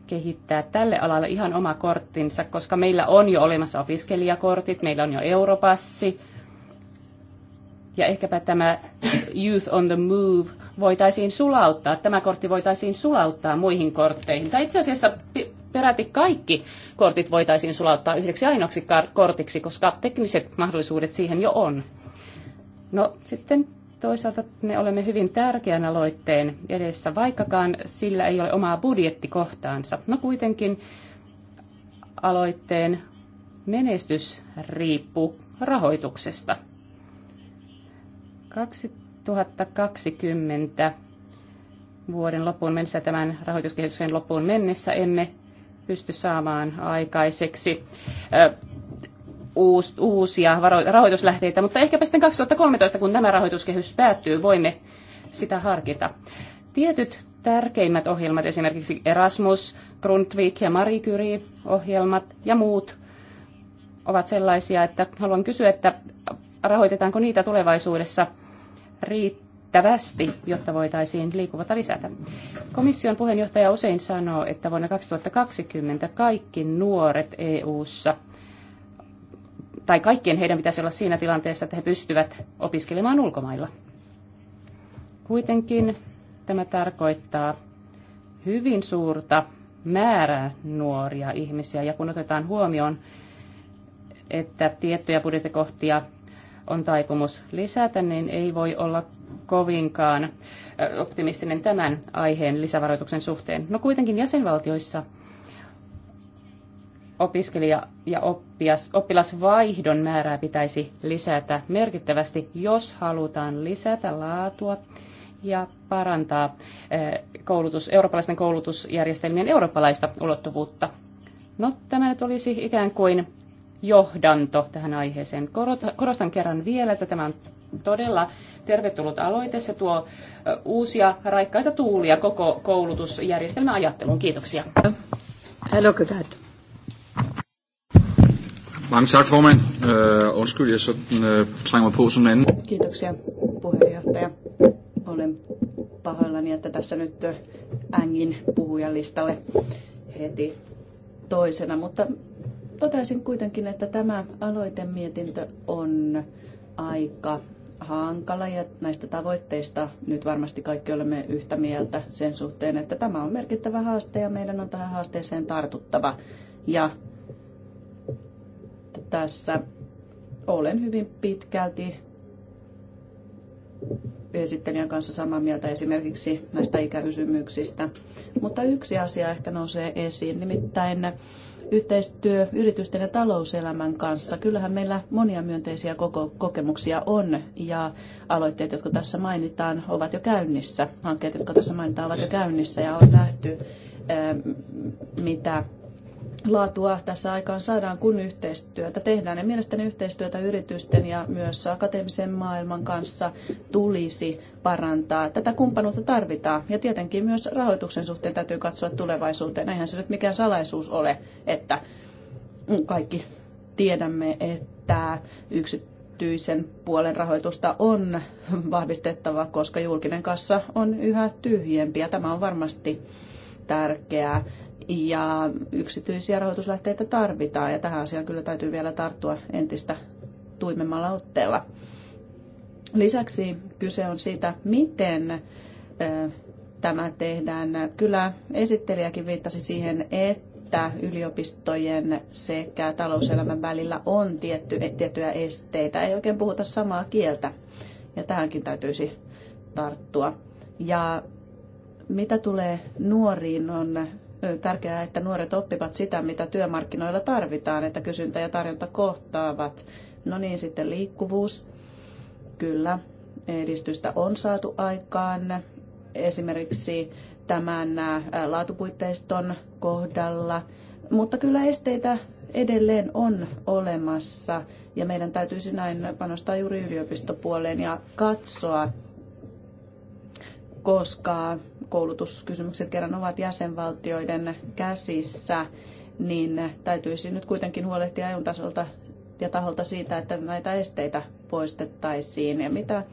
kehittää tälle alalle ihan oma korttinsa, koska meillä on jo olemassa opiskelijakortit, meillä on jo europassi, ja ehkäpä tämä Youth on the Move voitaisiin sulauttaa, tämä kortti voitaisiin sulauttaa muihin kortteihin. Tai itse asiassa peräti kaikki kortit voitaisiin sulauttaa yhdeksi ainoaksi kortiksi, koska tekniset mahdollisuudet siihen jo on. No sitten toisaalta me olemme hyvin tärkeän aloitteen edessä, vaikkakaan sillä ei ole omaa budjettikohtaansa. No kuitenkin aloitteen menestys riippuu rahoituksesta. 2020 vuoden loppuun mennessä, tämän rahoituskehityksen loppuun mennessä, emme pysty saamaan aikaiseksi uusia rahoituslähteitä, mutta ehkäpä sitten 2013, kun tämä rahoituskehys päättyy, voimme sitä harkita. Tietyt tärkeimmät ohjelmat, esimerkiksi Erasmus, Grundtvig ja Marie Curie-ohjelmat ja muut, ovat sellaisia, että haluan kysyä, että rahoitetaanko niitä tulevaisuudessa – riittävästi, jotta voitaisiin liikkuvuutta lisätä. Komission puheenjohtaja usein sanoo, että vuonna 2020 kaikki nuoret EU:ssa tai kaikkien heidän pitäisi olla siinä tilanteessa, että he pystyvät opiskelemaan ulkomailla. Kuitenkin tämä tarkoittaa hyvin suurta määrää nuoria ihmisiä, ja kun otetaan huomioon, että tiettyjä budjettikohtia on taipumus lisätä, niin ei voi olla kovinkaan optimistinen tämän aiheen lisävaroituksen suhteen. No kuitenkin jäsenvaltioissa opiskelija- ja oppias, oppilasvaihdon määrää pitäisi lisätä merkittävästi, jos halutaan lisätä laatua ja parantaa koulutus, eurooppalaisten koulutusjärjestelmien eurooppalaista ulottuvuutta. No, tämä nyt olisi ikään kuin johdanto tähän aiheeseen. Korostan kerran vielä, että tämä on todella tervetullut aloite. Se tuo uusia raikkaita tuulia koko koulutusjärjestelmän ajatteluun. Kiitoksia. Hello, Kykät. Mange tak, formand. Uh, undskyld, jeg øh, sådan uh, trænger mig på som anden. Kiitoksia, puheenjohtaja. Olen pahoillani, että tässä nyt ängin puhujalistalle heti toisena, mutta Totesin kuitenkin, että tämä aloitemietintö on aika hankala ja näistä tavoitteista nyt varmasti kaikki olemme yhtä mieltä sen suhteen, että tämä on merkittävä haaste ja meidän on tähän haasteeseen tartuttava. Ja tässä olen hyvin pitkälti esittelijän kanssa samaa mieltä esimerkiksi näistä ikäkysymyksistä. Mutta yksi asia ehkä nousee esiin, nimittäin yhteistyö yritysten ja talouselämän kanssa. Kyllähän meillä monia myönteisiä koko kokemuksia on ja aloitteet, jotka tässä mainitaan, ovat jo käynnissä. Hankkeet, jotka tässä mainitaan, ovat jo käynnissä ja on nähty, eh, mitä laatua tässä aikaan saadaan, kun yhteistyötä tehdään. Ja mielestäni yhteistyötä yritysten ja myös akateemisen maailman kanssa tulisi parantaa. Tätä kumppanuutta tarvitaan ja tietenkin myös rahoituksen suhteen täytyy katsoa tulevaisuuteen. Eihän se nyt mikään salaisuus ole, että kaikki tiedämme, että yksityisen puolen rahoitusta on vahvistettava, koska julkinen kassa on yhä tyhjempi ja tämä on varmasti tärkeää ja yksityisiä rahoituslähteitä tarvitaan ja tähän asiaan kyllä täytyy vielä tarttua entistä tuimemmalla otteella. Lisäksi kyse on siitä, miten tämä tehdään. Kyllä esittelijäkin viittasi siihen, että yliopistojen sekä talouselämän välillä on tietty, tiettyjä esteitä. Ei oikein puhuta samaa kieltä ja tähänkin täytyisi tarttua. Ja mitä tulee nuoriin, on tärkeää, että nuoret oppivat sitä, mitä työmarkkinoilla tarvitaan, että kysyntä ja tarjonta kohtaavat. No niin, sitten liikkuvuus. Kyllä, edistystä on saatu aikaan. Esimerkiksi tämän laatupuitteiston kohdalla. Mutta kyllä esteitä edelleen on olemassa ja meidän täytyisi näin panostaa juuri yliopistopuoleen ja katsoa, koska koulutuskysymykset kerran ovat jäsenvaltioiden käsissä, niin täytyisi nyt kuitenkin huolehtia EUn tasolta ja taholta siitä, että näitä esteitä poistettaisiin ja mitä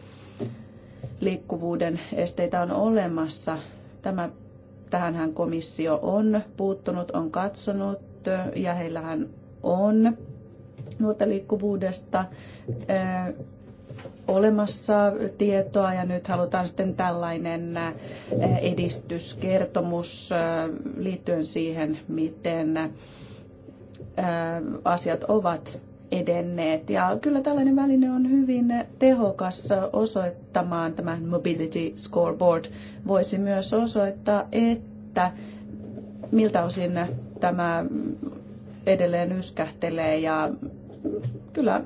liikkuvuuden esteitä on olemassa. Tämä, tähänhän komissio on puuttunut, on katsonut ja heillähän on nuorten liikkuvuudesta olemassa tietoa ja nyt halutaan sitten tällainen eh, edistyskertomus eh, liittyen siihen, miten eh, asiat ovat edenneet. Ja kyllä tällainen väline on hyvin tehokas osoittamaan tämän Mobility Scoreboard. Voisi myös osoittaa, että miltä osin tämä edelleen yskähtelee ja kyllä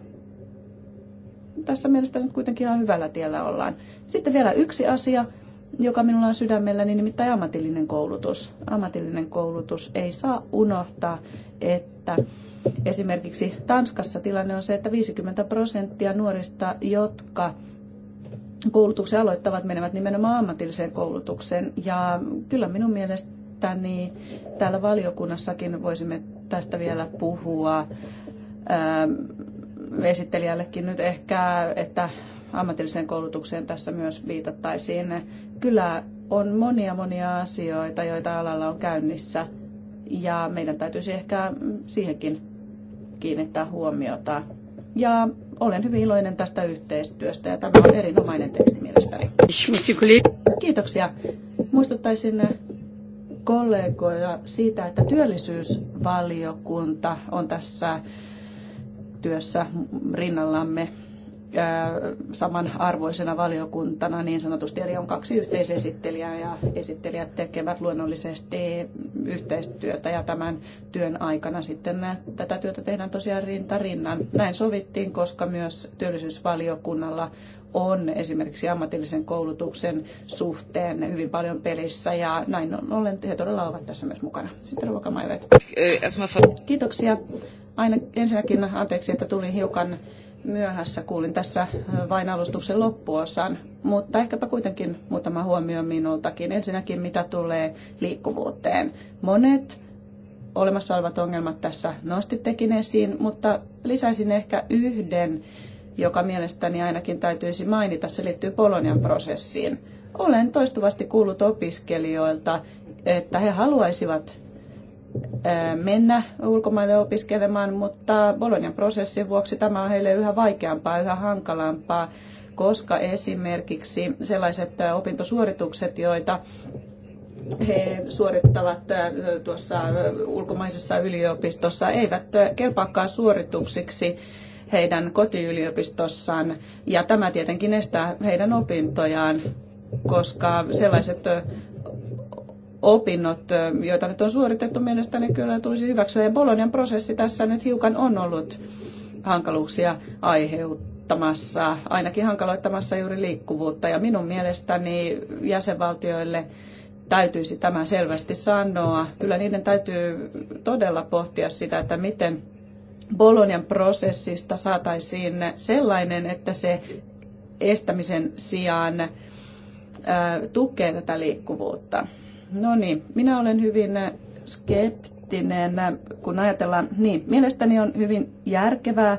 tässä mielestä nyt kuitenkin ihan hyvällä tiellä ollaan. Sitten vielä yksi asia, joka minulla on sydämellä, niin nimittäin ammatillinen koulutus. Ammatillinen koulutus ei saa unohtaa, että esimerkiksi Tanskassa tilanne on se, että 50 prosenttia nuorista, jotka koulutuksen aloittavat, menevät nimenomaan ammatilliseen koulutukseen. Ja kyllä minun mielestäni täällä valiokunnassakin voisimme tästä vielä puhua esittelijällekin nyt ehkä, että ammatilliseen koulutukseen tässä myös viitattaisiin. Kyllä on monia monia asioita, joita alalla on käynnissä ja meidän täytyisi ehkä siihenkin kiinnittää huomiota. Ja olen hyvin iloinen tästä yhteistyöstä ja tämä on erinomainen teksti mielestäni. Kiitoksia. Muistuttaisin kollegoja siitä, että työllisyysvaliokunta on tässä työssä rinnallamme samanarvoisena valiokuntana niin sanotusti. Eli on kaksi yhteisesittelijää ja esittelijät tekevät luonnollisesti yhteistyötä ja tämän työn aikana sitten tätä työtä tehdään tosiaan rinta rinnan. Näin sovittiin, koska myös työllisyysvaliokunnalla on esimerkiksi ammatillisen koulutuksen suhteen hyvin paljon pelissä ja näin ollen he todella ovat tässä myös mukana. Sitten ruokamaivet. Kiitoksia. Aina, ensinnäkin anteeksi, että tulin hiukan myöhässä, kuulin tässä äh, vain alustuksen loppuosan, mutta ehkäpä kuitenkin muutama huomio minultakin. Ensinnäkin mitä tulee liikkuvuuteen. Monet olemassa olevat ongelmat tässä nostittekin esiin, mutta lisäisin ehkä yhden, joka mielestäni ainakin täytyisi mainita. Se liittyy Polonian prosessiin. Olen toistuvasti kuullut opiskelijoilta, että he haluaisivat mennä ulkomaille opiskelemaan, mutta Bolognan prosessin vuoksi tämä on heille yhä vaikeampaa, yhä hankalampaa, koska esimerkiksi sellaiset opintosuoritukset, joita he suorittavat tuossa ulkomaisessa yliopistossa, eivät kelpaakaan suorituksiksi heidän kotiyliopistossaan. Ja tämä tietenkin estää heidän opintojaan, koska sellaiset opinnot, joita nyt on suoritettu, mielestäni kyllä tulisi hyväksyä. Ja Bolonian prosessi tässä nyt hiukan on ollut hankaluuksia aiheuttamassa, ainakin hankaloittamassa juuri liikkuvuutta. Ja minun mielestäni jäsenvaltioille täytyisi tämä selvästi sanoa. Kyllä niiden täytyy todella pohtia sitä, että miten Bolonian prosessista saataisiin sellainen, että se estämisen sijaan tukee tätä liikkuvuutta. No niin, minä olen hyvin skeptinen, kun ajatellaan, niin mielestäni on hyvin järkevää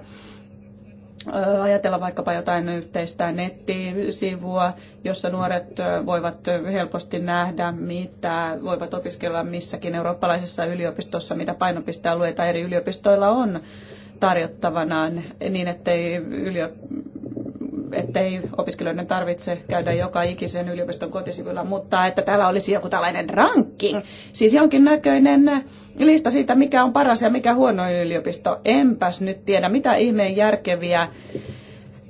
ajatella vaikkapa jotain yhteistä nettisivua, jossa nuoret voivat helposti nähdä, mitä voivat opiskella missäkin eurooppalaisessa yliopistossa, mitä painopistealueita eri yliopistoilla on tarjottavanaan, niin ettei yliop ettei opiskelijoiden tarvitse käydä joka ikisen yliopiston kotisivuilla, mutta että täällä olisi joku tällainen ranking, siis jonkin näköinen lista siitä, mikä on paras ja mikä huonoin yliopisto. Enpäs nyt tiedä, mitä ihmeen järkeviä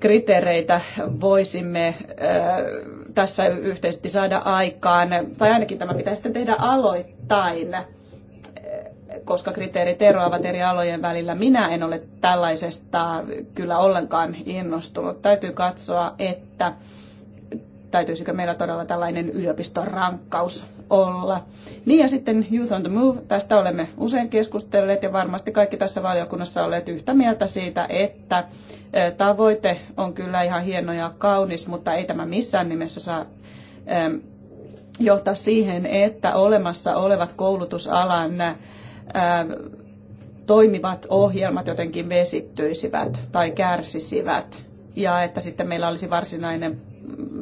kriteereitä voisimme tässä yhteisesti saada aikaan, tai ainakin tämä pitäisi sitten tehdä aloittain koska kriteerit eroavat eri alojen välillä. Minä en ole tällaisesta kyllä ollenkaan innostunut. Täytyy katsoa, että täytyisikö meillä todella tällainen yliopiston rankkaus olla. Niin ja sitten Youth on the Move, tästä olemme usein keskustelleet ja varmasti kaikki tässä valiokunnassa olleet yhtä mieltä siitä, että tavoite on kyllä ihan hieno ja kaunis, mutta ei tämä missään nimessä saa johtaa siihen, että olemassa olevat koulutusalan toimivat ohjelmat jotenkin vesittyisivät tai kärsisivät ja että sitten meillä olisi varsinainen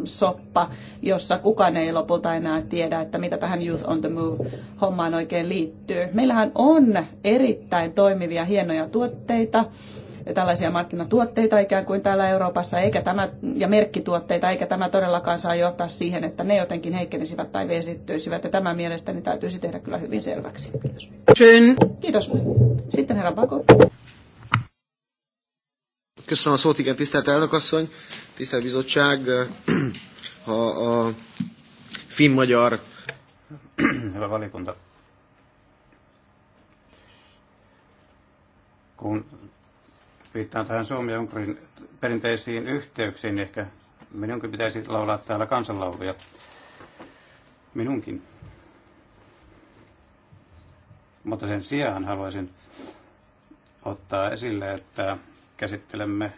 soppa, jossa kukaan ei lopulta enää tiedä, että mitä tähän Youth on the Move-hommaan oikein liittyy. Meillähän on erittäin toimivia, hienoja tuotteita, tällaisia markkinatuotteita ikään kuin täällä Euroopassa eikä tämä, ja merkkituotteita, eikä tämä todellakaan saa johtaa siihen, että ne jotenkin heikkenisivät tai vesittyisivät. Ja tämä mielestäni täytyisi tehdä kyllä hyvin selväksi. Kiitos. Schön. Kiitos. Sitten herra Pako. Köszönöm a szót, igen, tisztelt elnökasszony, tisztelt bizottság, a, a finn-magyar... Hyvä valikunta. Kun Viittaan tähän Suomen ja Unkarin perinteisiin yhteyksiin. Ehkä minunkin pitäisi laulaa täällä kansanlauluja. Minunkin. Mutta sen sijaan haluaisin ottaa esille, että käsittelemme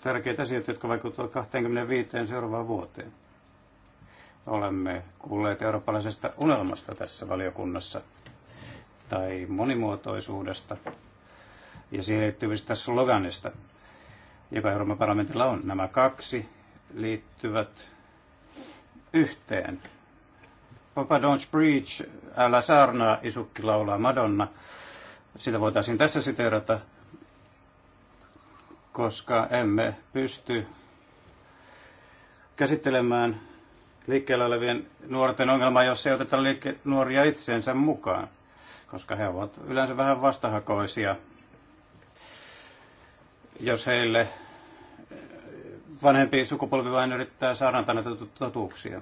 tärkeitä asioita, jotka vaikuttavat 25 seuraavaan vuoteen. Olemme kuulleet eurooppalaisesta unelmasta tässä valiokunnassa tai monimuotoisuudesta, ja siihen liittyvistä sloganista, joka Euroopan parlamentilla on. Nämä kaksi liittyvät yhteen. Papa don't preach, älä saarnaa, isukki laulaa Madonna. Sitä voitaisiin tässä siteerata, koska emme pysty käsittelemään liikkeellä olevien nuorten ongelmaa, jos ei oteta liike- nuoria itseensä mukaan, koska he ovat yleensä vähän vastahakoisia jos heille vanhempi sukupolvi vain yrittää saada näitä totuuksia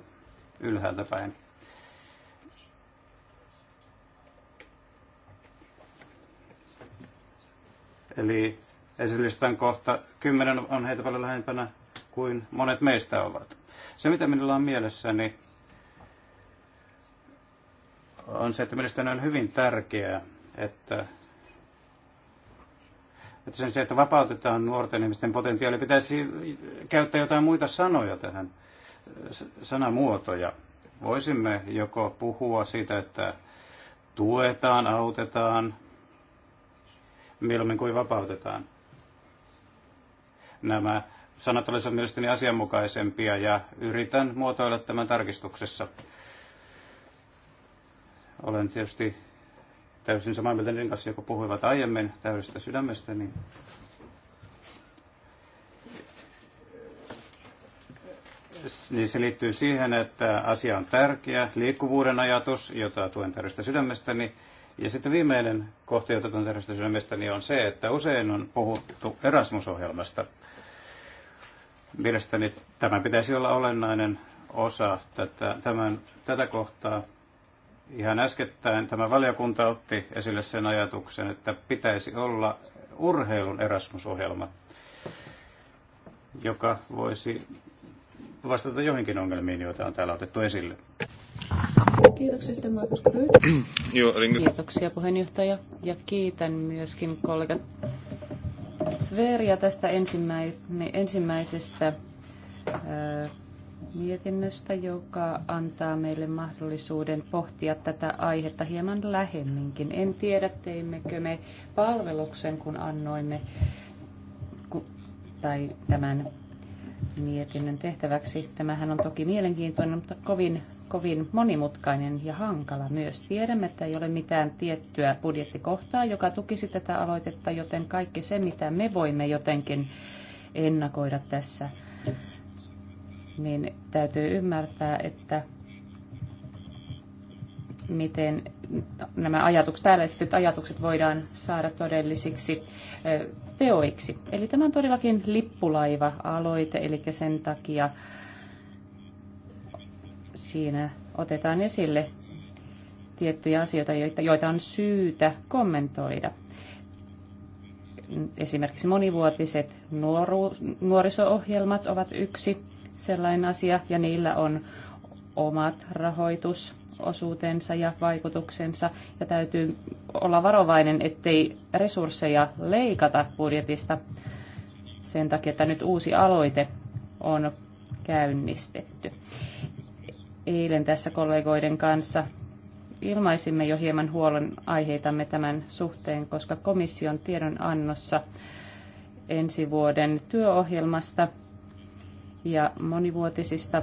ylhäältä päin. Eli esilistan kohta kymmenen on heitä paljon lähempänä kuin monet meistä ovat. Se, mitä minulla on mielessäni, on se, että mielestäni on hyvin tärkeää, että että sen sijaan, että vapautetaan nuorten ihmisten potentiaali, pitäisi käyttää jotain muita sanoja tähän, sanamuotoja. Voisimme joko puhua siitä, että tuetaan, autetaan, mieluummin kuin vapautetaan. Nämä sanat olisivat mielestäni asianmukaisempia ja yritän muotoilla tämän tarkistuksessa. Olen tietysti täysin samaa mieltä niiden kanssa, jotka puhuivat aiemmin täydestä sydämestä, niin niin se liittyy siihen, että asia on tärkeä, liikkuvuuden ajatus, jota tuen täydestä sydämestäni. Niin- ja sitten viimeinen kohta, jota tuen täydestä sydämestäni, niin on se, että usein on puhuttu Erasmus-ohjelmasta. Mielestäni tämä pitäisi olla olennainen osa tätä, tämän, tätä kohtaa. Ihan äskettäin tämä valiokunta otti esille sen ajatuksen, että pitäisi olla urheilun Erasmus-ohjelma, joka voisi vastata johonkin ongelmiin, joita on täällä otettu esille. Kiitoksia Markus [clears throat] Kiitoksia puheenjohtaja ja kiitän myöskin kollegat Sveria tästä ensimmäisestä mietinnöstä, joka antaa meille mahdollisuuden pohtia tätä aihetta hieman lähemminkin. En tiedä, teimmekö me palveluksen, kun annoimme tai tämän mietinnön tehtäväksi. Tämähän on toki mielenkiintoinen, mutta kovin kovin monimutkainen ja hankala myös. Tiedämme, että ei ole mitään tiettyä budjettikohtaa, joka tukisi tätä aloitetta, joten kaikki se, mitä me voimme jotenkin ennakoida tässä niin täytyy ymmärtää, että miten nämä ajatukset, täällä esitetyt ajatukset voidaan saada todellisiksi teoiksi. Eli tämä on todellakin lippulaiva-aloite, eli sen takia siinä otetaan esille tiettyjä asioita, joita, joita on syytä kommentoida. Esimerkiksi monivuotiset nuoru, nuoriso-ohjelmat ovat yksi sellainen asia ja niillä on omat rahoitusosuutensa ja vaikutuksensa ja täytyy olla varovainen, ettei resursseja leikata budjetista sen takia, että nyt uusi aloite on käynnistetty. Eilen tässä kollegoiden kanssa ilmaisimme jo hieman huolen aiheitamme tämän suhteen, koska komission tiedonannossa ensi vuoden työohjelmasta – ja monivuotisista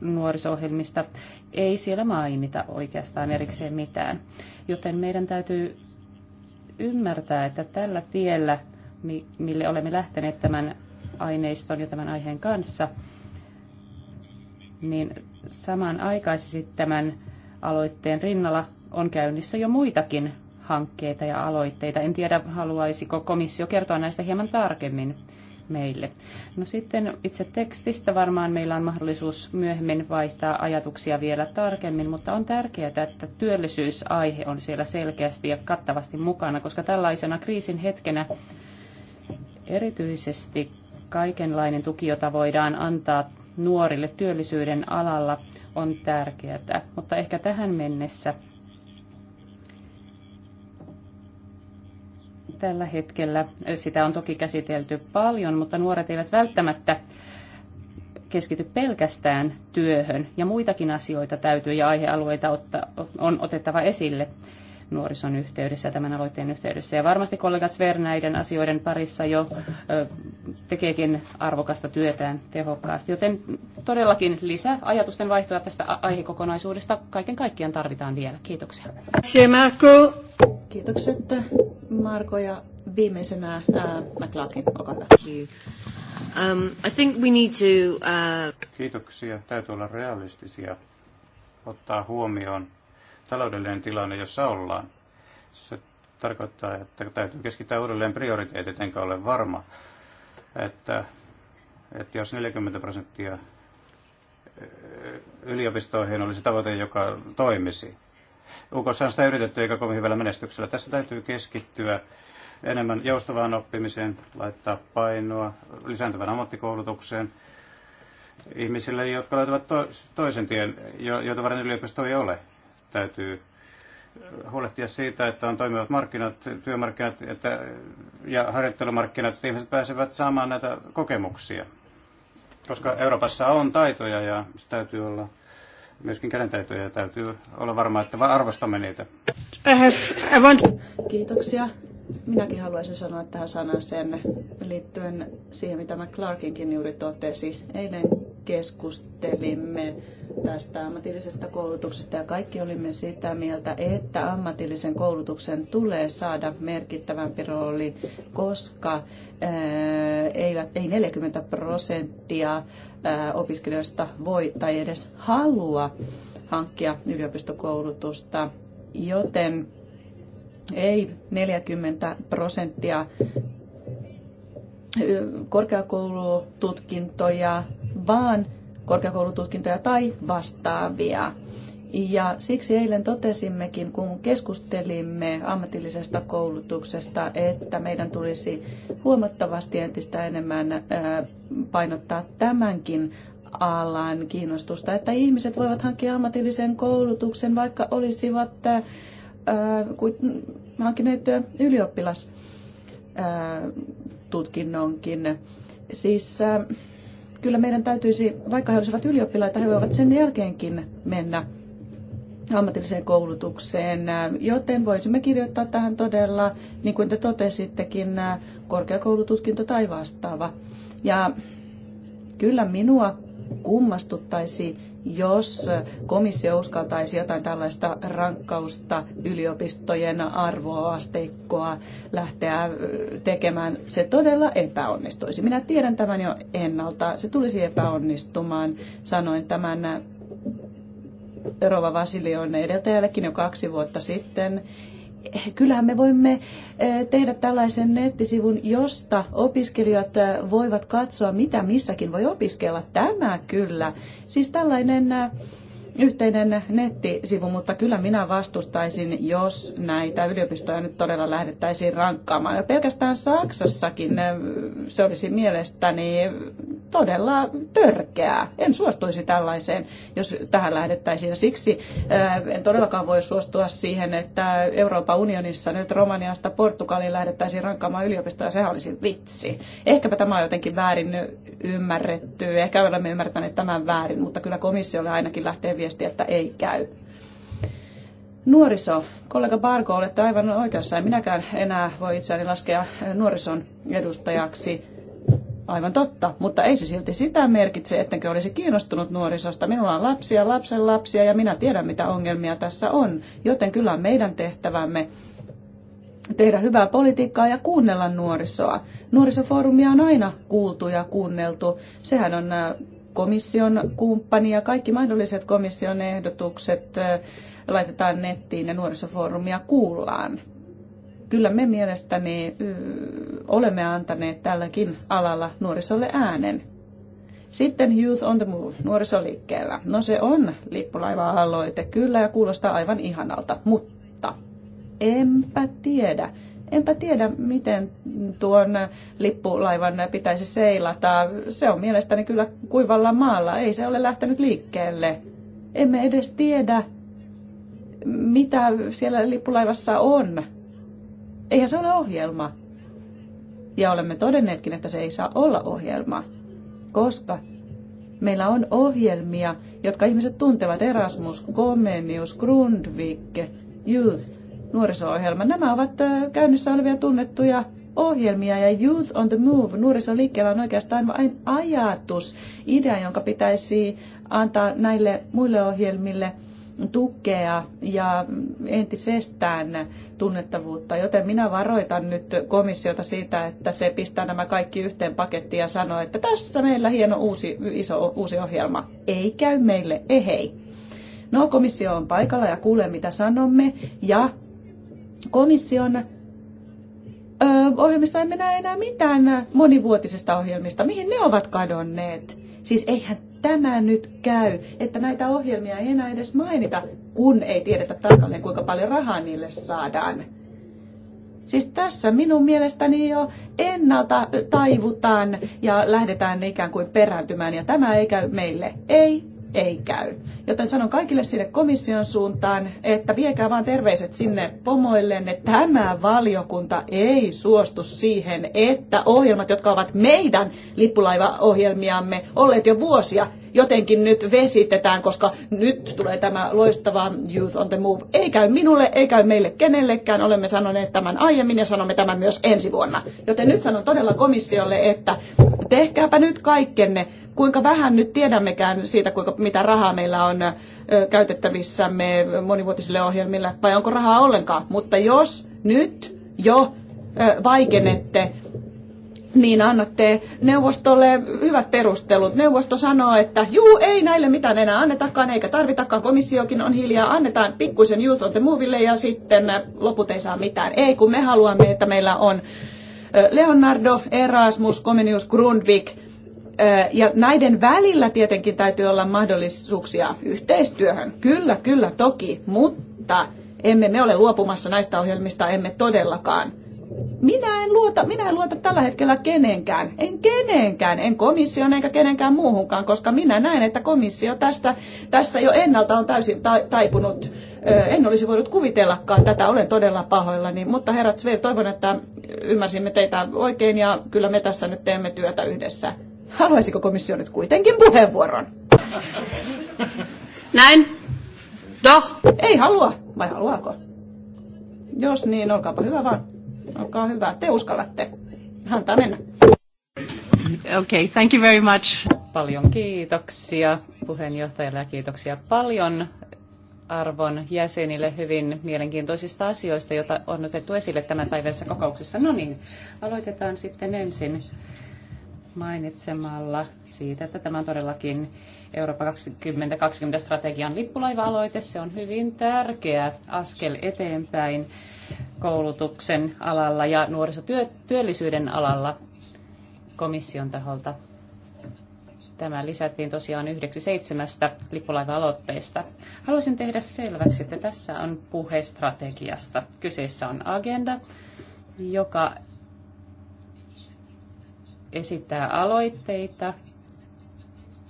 nuorisohjelmista ei siellä mainita oikeastaan erikseen mitään. Joten meidän täytyy ymmärtää, että tällä tiellä, mille olemme lähteneet tämän aineiston ja tämän aiheen kanssa, niin samanaikaisesti tämän aloitteen rinnalla on käynnissä jo muitakin hankkeita ja aloitteita. En tiedä, haluaisiko komissio kertoa näistä hieman tarkemmin meille. No sitten itse tekstistä varmaan meillä on mahdollisuus myöhemmin vaihtaa ajatuksia vielä tarkemmin, mutta on tärkeää, että työllisyysaihe on siellä selkeästi ja kattavasti mukana, koska tällaisena kriisin hetkenä erityisesti kaikenlainen tuki, jota voidaan antaa nuorille työllisyyden alalla, on tärkeää. Mutta ehkä tähän mennessä tällä hetkellä. Sitä on toki käsitelty paljon, mutta nuoret eivät välttämättä keskity pelkästään työhön ja muitakin asioita täytyy ja aihealueita otta, on otettava esille nuorison yhteydessä ja tämän aloitteen yhteydessä. Ja varmasti kollegat Sver näiden asioiden parissa jo tekeekin arvokasta työtään tehokkaasti, joten todellakin lisää ajatusten vaihtoa tästä aihekokonaisuudesta kaiken kaikkiaan tarvitaan vielä. Kiitoksia. Kiitokset Marko ja viimeisenä uh, McLaughlin, olkaa hyvä. Um, I think we need to, uh... Kiitoksia. Täytyy olla realistisia, ottaa huomioon taloudellinen tilanne, jossa ollaan. Se tarkoittaa, että täytyy keskittää uudelleen prioriteetit, enkä ole varma, että, että jos 40 prosenttia yliopistoihin olisi tavoite, joka toimisi. UKssa on sitä yritetty eikä kovin hyvällä menestyksellä. Tässä täytyy keskittyä enemmän joustavaan oppimiseen, laittaa painoa lisääntyvän ammattikoulutukseen ihmisille, jotka löytävät toisen tien, jota varten yliopisto ei ole täytyy huolehtia siitä, että on toimivat markkinat, työmarkkinat että, ja harjoittelumarkkinat, että ihmiset pääsevät saamaan näitä kokemuksia. Koska Euroopassa on taitoja ja täytyy olla myöskin kädentaitoja ja täytyy olla varma, että arvostamme niitä. Kiitoksia. Minäkin haluaisin sanoa tähän sanan sen liittyen siihen, mitä Clarkinkin juuri totesi. Eilen keskustelimme tästä ammatillisesta koulutuksesta ja kaikki olimme sitä mieltä, että ammatillisen koulutuksen tulee saada merkittävämpi rooli, koska eh, ei 40 prosenttia eh, opiskelijoista voi tai edes halua hankkia yliopistokoulutusta, joten ei 40 prosenttia eh, korkeakoulututkintoja, vaan korkeakoulututkintoja tai vastaavia. Ja siksi eilen totesimmekin, kun keskustelimme ammatillisesta koulutuksesta, että meidän tulisi huomattavasti entistä enemmän äh, painottaa tämänkin alan kiinnostusta, että ihmiset voivat hankkia ammatillisen koulutuksen, vaikka olisivat äh, hankkineet ylioppilastutkinnonkin. Äh, siis ää, kyllä meidän täytyisi, vaikka he olisivat ylioppilaita, he voivat sen jälkeenkin mennä ammatilliseen koulutukseen, joten voisimme kirjoittaa tähän todella, niin kuin te totesittekin, korkeakoulututkinto tai vastaava. Ja kyllä minua kummastuttaisi jos komissio uskaltaisi jotain tällaista rankkausta yliopistojen arvoasteikkoa lähteä tekemään, se todella epäonnistuisi. Minä tiedän tämän jo ennalta. Se tulisi epäonnistumaan. Sanoin tämän Rova Vasilion edeltäjällekin jo kaksi vuotta sitten, kyllähän me voimme eh, tehdä tällaisen nettisivun, josta opiskelijat eh, voivat katsoa, mitä missäkin voi opiskella. Tämä kyllä. Siis tällainen eh, yhteinen nettisivu, mutta kyllä minä vastustaisin, jos näitä yliopistoja nyt todella lähdettäisiin rankkaamaan. Ja pelkästään Saksassakin se olisi mielestäni todella törkeää. En suostuisi tällaiseen, jos tähän lähdettäisiin. Ja siksi eh, en todellakaan voi suostua siihen, että Euroopan unionissa nyt Romaniasta Portugaliin lähdettäisiin rankkaamaan yliopistoja. Sehän olisi vitsi. Ehkäpä tämä on jotenkin väärin ymmärretty. Ehkä olemme ymmärtäneet tämän väärin, mutta kyllä komissiolle ainakin lähtee viesti, että ei käy. Nuoriso. Kollega Barko olette aivan oikeassa. En minäkään enää voi itseäni laskea nuorison edustajaksi. Aivan totta, mutta ei se silti sitä merkitse, ettenkö olisi kiinnostunut nuorisosta. Minulla on lapsia, lapsen lapsia ja minä tiedän, mitä ongelmia tässä on. Joten kyllä on meidän tehtävämme tehdä hyvää politiikkaa ja kuunnella nuorisoa. Nuorisofoorumia on aina kuultu ja kuunneltu. Sehän on äh, komission kumppani ja kaikki mahdolliset komission ehdotukset laitetaan nettiin ja nuorisofoorumia kuullaan. Kyllä me mielestäni olemme antaneet tälläkin alalla nuorisolle äänen. Sitten Youth on the Move, nuorisoliikkeellä. No se on lippulaiva-aloite, kyllä, ja kuulostaa aivan ihanalta, mutta enpä tiedä, Enpä tiedä, miten tuon lippulaivan pitäisi seilata. Se on mielestäni kyllä kuivalla maalla. Ei se ole lähtenyt liikkeelle. Emme edes tiedä, mitä siellä lippulaivassa on. Eihän se ole ohjelma. Ja olemme todenneetkin, että se ei saa olla ohjelma, koska meillä on ohjelmia, jotka ihmiset tuntevat. Erasmus, Comenius, Grundvik, Youth – nuoriso-ohjelma. Nämä ovat käynnissä olevia tunnettuja ohjelmia ja Youth on the Move, nuorisoliikkeellä on oikeastaan vain ajatus, idea, jonka pitäisi antaa näille muille ohjelmille tukea ja entisestään tunnettavuutta, joten minä varoitan nyt komissiota siitä, että se pistää nämä kaikki yhteen pakettiin ja sanoo, että tässä meillä hieno uusi, iso uusi ohjelma. Ei käy meille, ehei. No, komissio on paikalla ja kuulee, mitä sanomme, ja komission ohjelmissa emme näe enää mitään monivuotisista ohjelmista. Mihin ne ovat kadonneet? Siis eihän tämä nyt käy, että näitä ohjelmia ei enää edes mainita, kun ei tiedetä tarkalleen, kuinka paljon rahaa niille saadaan. Siis tässä minun mielestäni jo ennalta taivutaan ja lähdetään ikään kuin perääntymään ja tämä ei käy meille. Ei, ei käy. Joten sanon kaikille sinne komission suuntaan, että viekää vaan terveiset sinne että Tämä valiokunta ei suostu siihen, että ohjelmat, jotka ovat meidän lippulaivaohjelmiamme olleet jo vuosia, jotenkin nyt vesitetään, koska nyt tulee tämä loistava Youth on the Move. Ei käy minulle, ei käy meille kenellekään. Olemme sanoneet tämän aiemmin ja sanomme tämän myös ensi vuonna. Joten nyt sanon todella komissiolle, että tehkääpä nyt kaikkenne. Kuinka vähän nyt tiedämmekään siitä, kuinka, mitä rahaa meillä on käytettävissämme monivuotisille ohjelmille, vai onko rahaa ollenkaan. Mutta jos nyt jo vaikenette niin annatte neuvostolle hyvät perustelut. Neuvosto sanoo, että juu, ei näille mitään enää annetakaan, eikä tarvitakaan, komissiokin on hiljaa, annetaan pikkuisen Youth on the Moville ja sitten loput ei saa mitään. Ei, kun me haluamme, että meillä on Leonardo, Erasmus, Comenius, Grundvik, ja näiden välillä tietenkin täytyy olla mahdollisuuksia yhteistyöhön. Kyllä, kyllä, toki, mutta emme me ole luopumassa näistä ohjelmista, emme todellakaan minä en luota, minä en luota tällä hetkellä kenenkään. En kenenkään, en komission eikä kenenkään muuhunkaan, koska minä näen, että komissio tästä, tässä jo ennalta on täysin ta- taipunut. En olisi voinut kuvitellakaan tätä, olen todella pahoillani. Mutta herrat Sveil, toivon, että ymmärsimme teitä oikein ja kyllä me tässä nyt teemme työtä yhdessä. Haluaisiko komissio nyt kuitenkin puheenvuoron? Näin. Doch. Ei halua. Vai haluaako? Jos niin, olkaapa hyvä vaan. Olkaa hyvä, te uskallatte. Antaa mennä. Okay, thank you very much. Paljon kiitoksia puheenjohtajalle ja kiitoksia paljon arvon jäsenille hyvin mielenkiintoisista asioista, joita on otettu esille tämän päivässä kokouksessa. No niin, aloitetaan sitten ensin mainitsemalla siitä, että tämä on todellakin Eurooppa 2020 strategian lippulaiva-aloite. Se on hyvin tärkeä askel eteenpäin koulutuksen alalla ja nuorisotyöllisyyden alalla komission taholta. Tämä lisättiin tosiaan yhdeksi seitsemästä lippulaiva-aloitteesta. Haluaisin tehdä selväksi, että tässä on puhe strategiasta. Kyseessä on agenda, joka esittää aloitteita,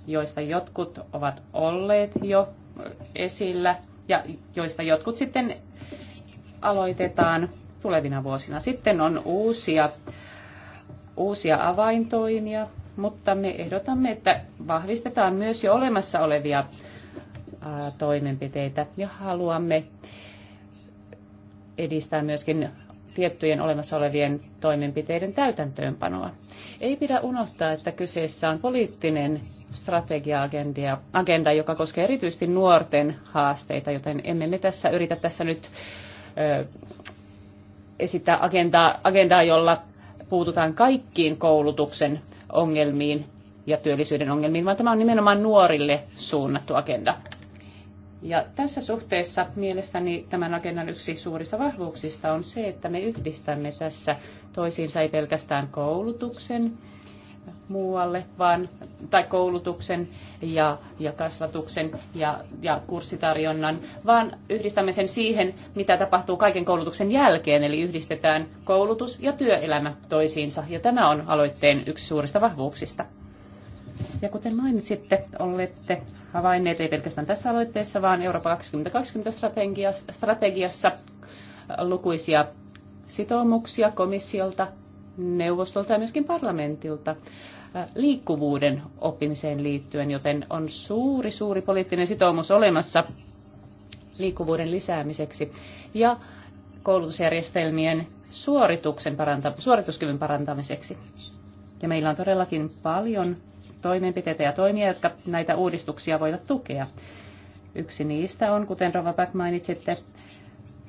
joista jotkut ovat olleet jo esillä ja joista jotkut sitten aloitetaan tulevina vuosina. Sitten on uusia, uusia avaintoimia, mutta me ehdotamme, että vahvistetaan myös jo olemassa olevia toimenpiteitä ja haluamme edistää myöskin tiettyjen olemassa olevien toimenpiteiden täytäntöönpanoa. Ei pidä unohtaa, että kyseessä on poliittinen strategia-agenda, joka koskee erityisesti nuorten haasteita, joten emme me tässä yritä tässä nyt esittää agendaa, agendaa, jolla puututaan kaikkiin koulutuksen ongelmiin ja työllisyyden ongelmiin, vaan tämä on nimenomaan nuorille suunnattu agenda. Ja tässä suhteessa mielestäni tämän agendan yksi suurista vahvuuksista on se, että me yhdistämme tässä toisiinsa ei pelkästään koulutuksen muualle, vaan, tai koulutuksen ja, ja kasvatuksen ja, ja kurssitarjonnan, vaan yhdistämme sen siihen, mitä tapahtuu kaiken koulutuksen jälkeen, eli yhdistetään koulutus ja työelämä toisiinsa, ja tämä on aloitteen yksi suurista vahvuuksista. Ja kuten mainitsitte, olette havainneet ei pelkästään tässä aloitteessa, vaan Euroopan 2020-strategiassa lukuisia sitoumuksia komissiolta, neuvostolta ja myöskin parlamentilta liikkuvuuden oppimiseen liittyen, joten on suuri, suuri poliittinen sitoumus olemassa liikkuvuuden lisäämiseksi ja koulutusjärjestelmien suorituksen parantam- suorituskyvyn parantamiseksi. Ja meillä on todellakin paljon toimenpiteitä ja toimia, jotka näitä uudistuksia voivat tukea. Yksi niistä on, kuten Rova Back mainitsitte,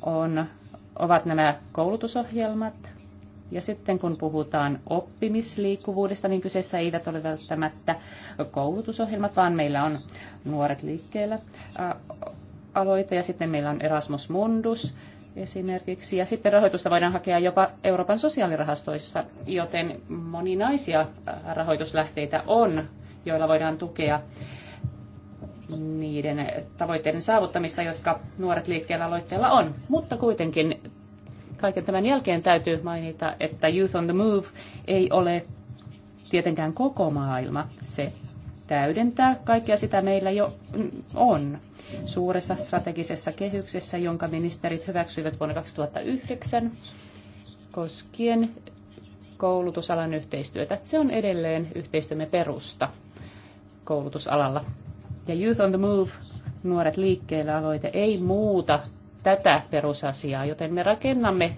on, ovat nämä koulutusohjelmat, ja sitten kun puhutaan oppimisliikkuvuudesta, niin kyseessä eivät ole välttämättä koulutusohjelmat, vaan meillä on nuoret liikkeellä äh, aloite ja sitten meillä on Erasmus Mundus esimerkiksi. Ja sitten rahoitusta voidaan hakea jopa Euroopan sosiaalirahastoissa, joten moninaisia äh, rahoituslähteitä on, joilla voidaan tukea niiden tavoitteiden saavuttamista, jotka nuoret liikkeellä aloitteella on. Mutta kuitenkin Kaiken tämän jälkeen täytyy mainita, että Youth on the Move ei ole tietenkään koko maailma. Se täydentää kaikkea sitä meillä jo on suuressa strategisessa kehyksessä, jonka ministerit hyväksyivät vuonna 2009 koskien koulutusalan yhteistyötä. Se on edelleen yhteistyömme perusta koulutusalalla. Ja Youth on the Move, nuoret liikkeellä aloite, ei muuta tätä perusasiaa, joten me rakennamme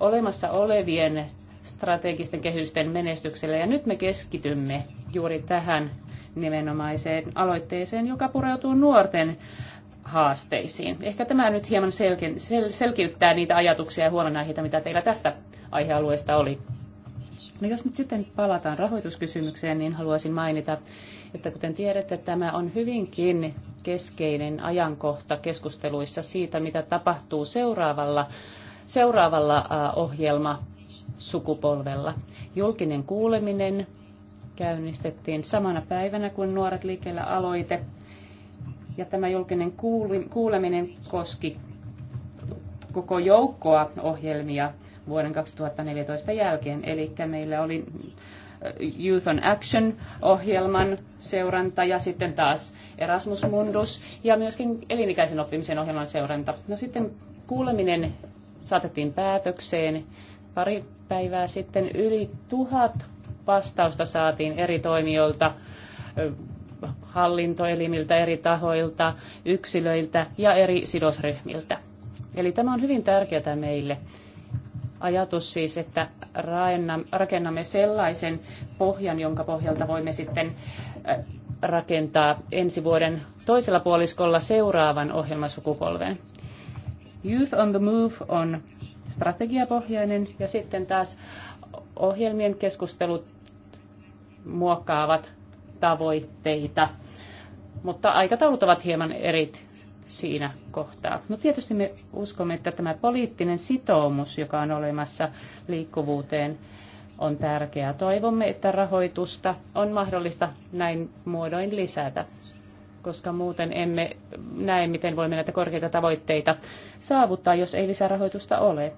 olemassa olevien strategisten kehysten menestykselle ja nyt me keskitymme juuri tähän nimenomaiseen aloitteeseen, joka pureutuu nuorten haasteisiin. Ehkä tämä nyt hieman selke- sel- selkiyttää niitä ajatuksia ja huolenaiheita, mitä teillä tästä aihealueesta oli. No jos nyt sitten palataan rahoituskysymykseen, niin haluaisin mainita, että kuten tiedätte, tämä on hyvinkin keskeinen ajankohta keskusteluissa siitä, mitä tapahtuu seuraavalla, seuraavalla ohjelma sukupolvella. Julkinen kuuleminen käynnistettiin samana päivänä kuin Nuoret liikkeellä aloite. Ja tämä julkinen kuuleminen koski koko joukkoa ohjelmia vuoden 2014 jälkeen. Eli meillä oli Youth on Action-ohjelman seuranta ja sitten taas Erasmus Mundus ja myöskin elinikäisen oppimisen ohjelman seuranta. No sitten kuuleminen saatettiin päätökseen pari päivää sitten. Yli tuhat vastausta saatiin eri toimijoilta, hallintoelimiltä, eri tahoilta, yksilöiltä ja eri sidosryhmiltä. Eli tämä on hyvin tärkeää meille Ajatus siis, että rakennamme sellaisen pohjan, jonka pohjalta voimme sitten rakentaa ensi vuoden toisella puoliskolla seuraavan ohjelmasukupolven. Youth on the Move on strategiapohjainen ja sitten taas ohjelmien keskustelut muokkaavat tavoitteita, mutta aikataulut ovat hieman erit, siinä kohtaa. No tietysti me uskomme, että tämä poliittinen sitoumus, joka on olemassa liikkuvuuteen, on tärkeää. Toivomme, että rahoitusta on mahdollista näin muodoin lisätä, koska muuten emme näe, miten voimme näitä korkeita tavoitteita saavuttaa, jos ei lisärahoitusta ole.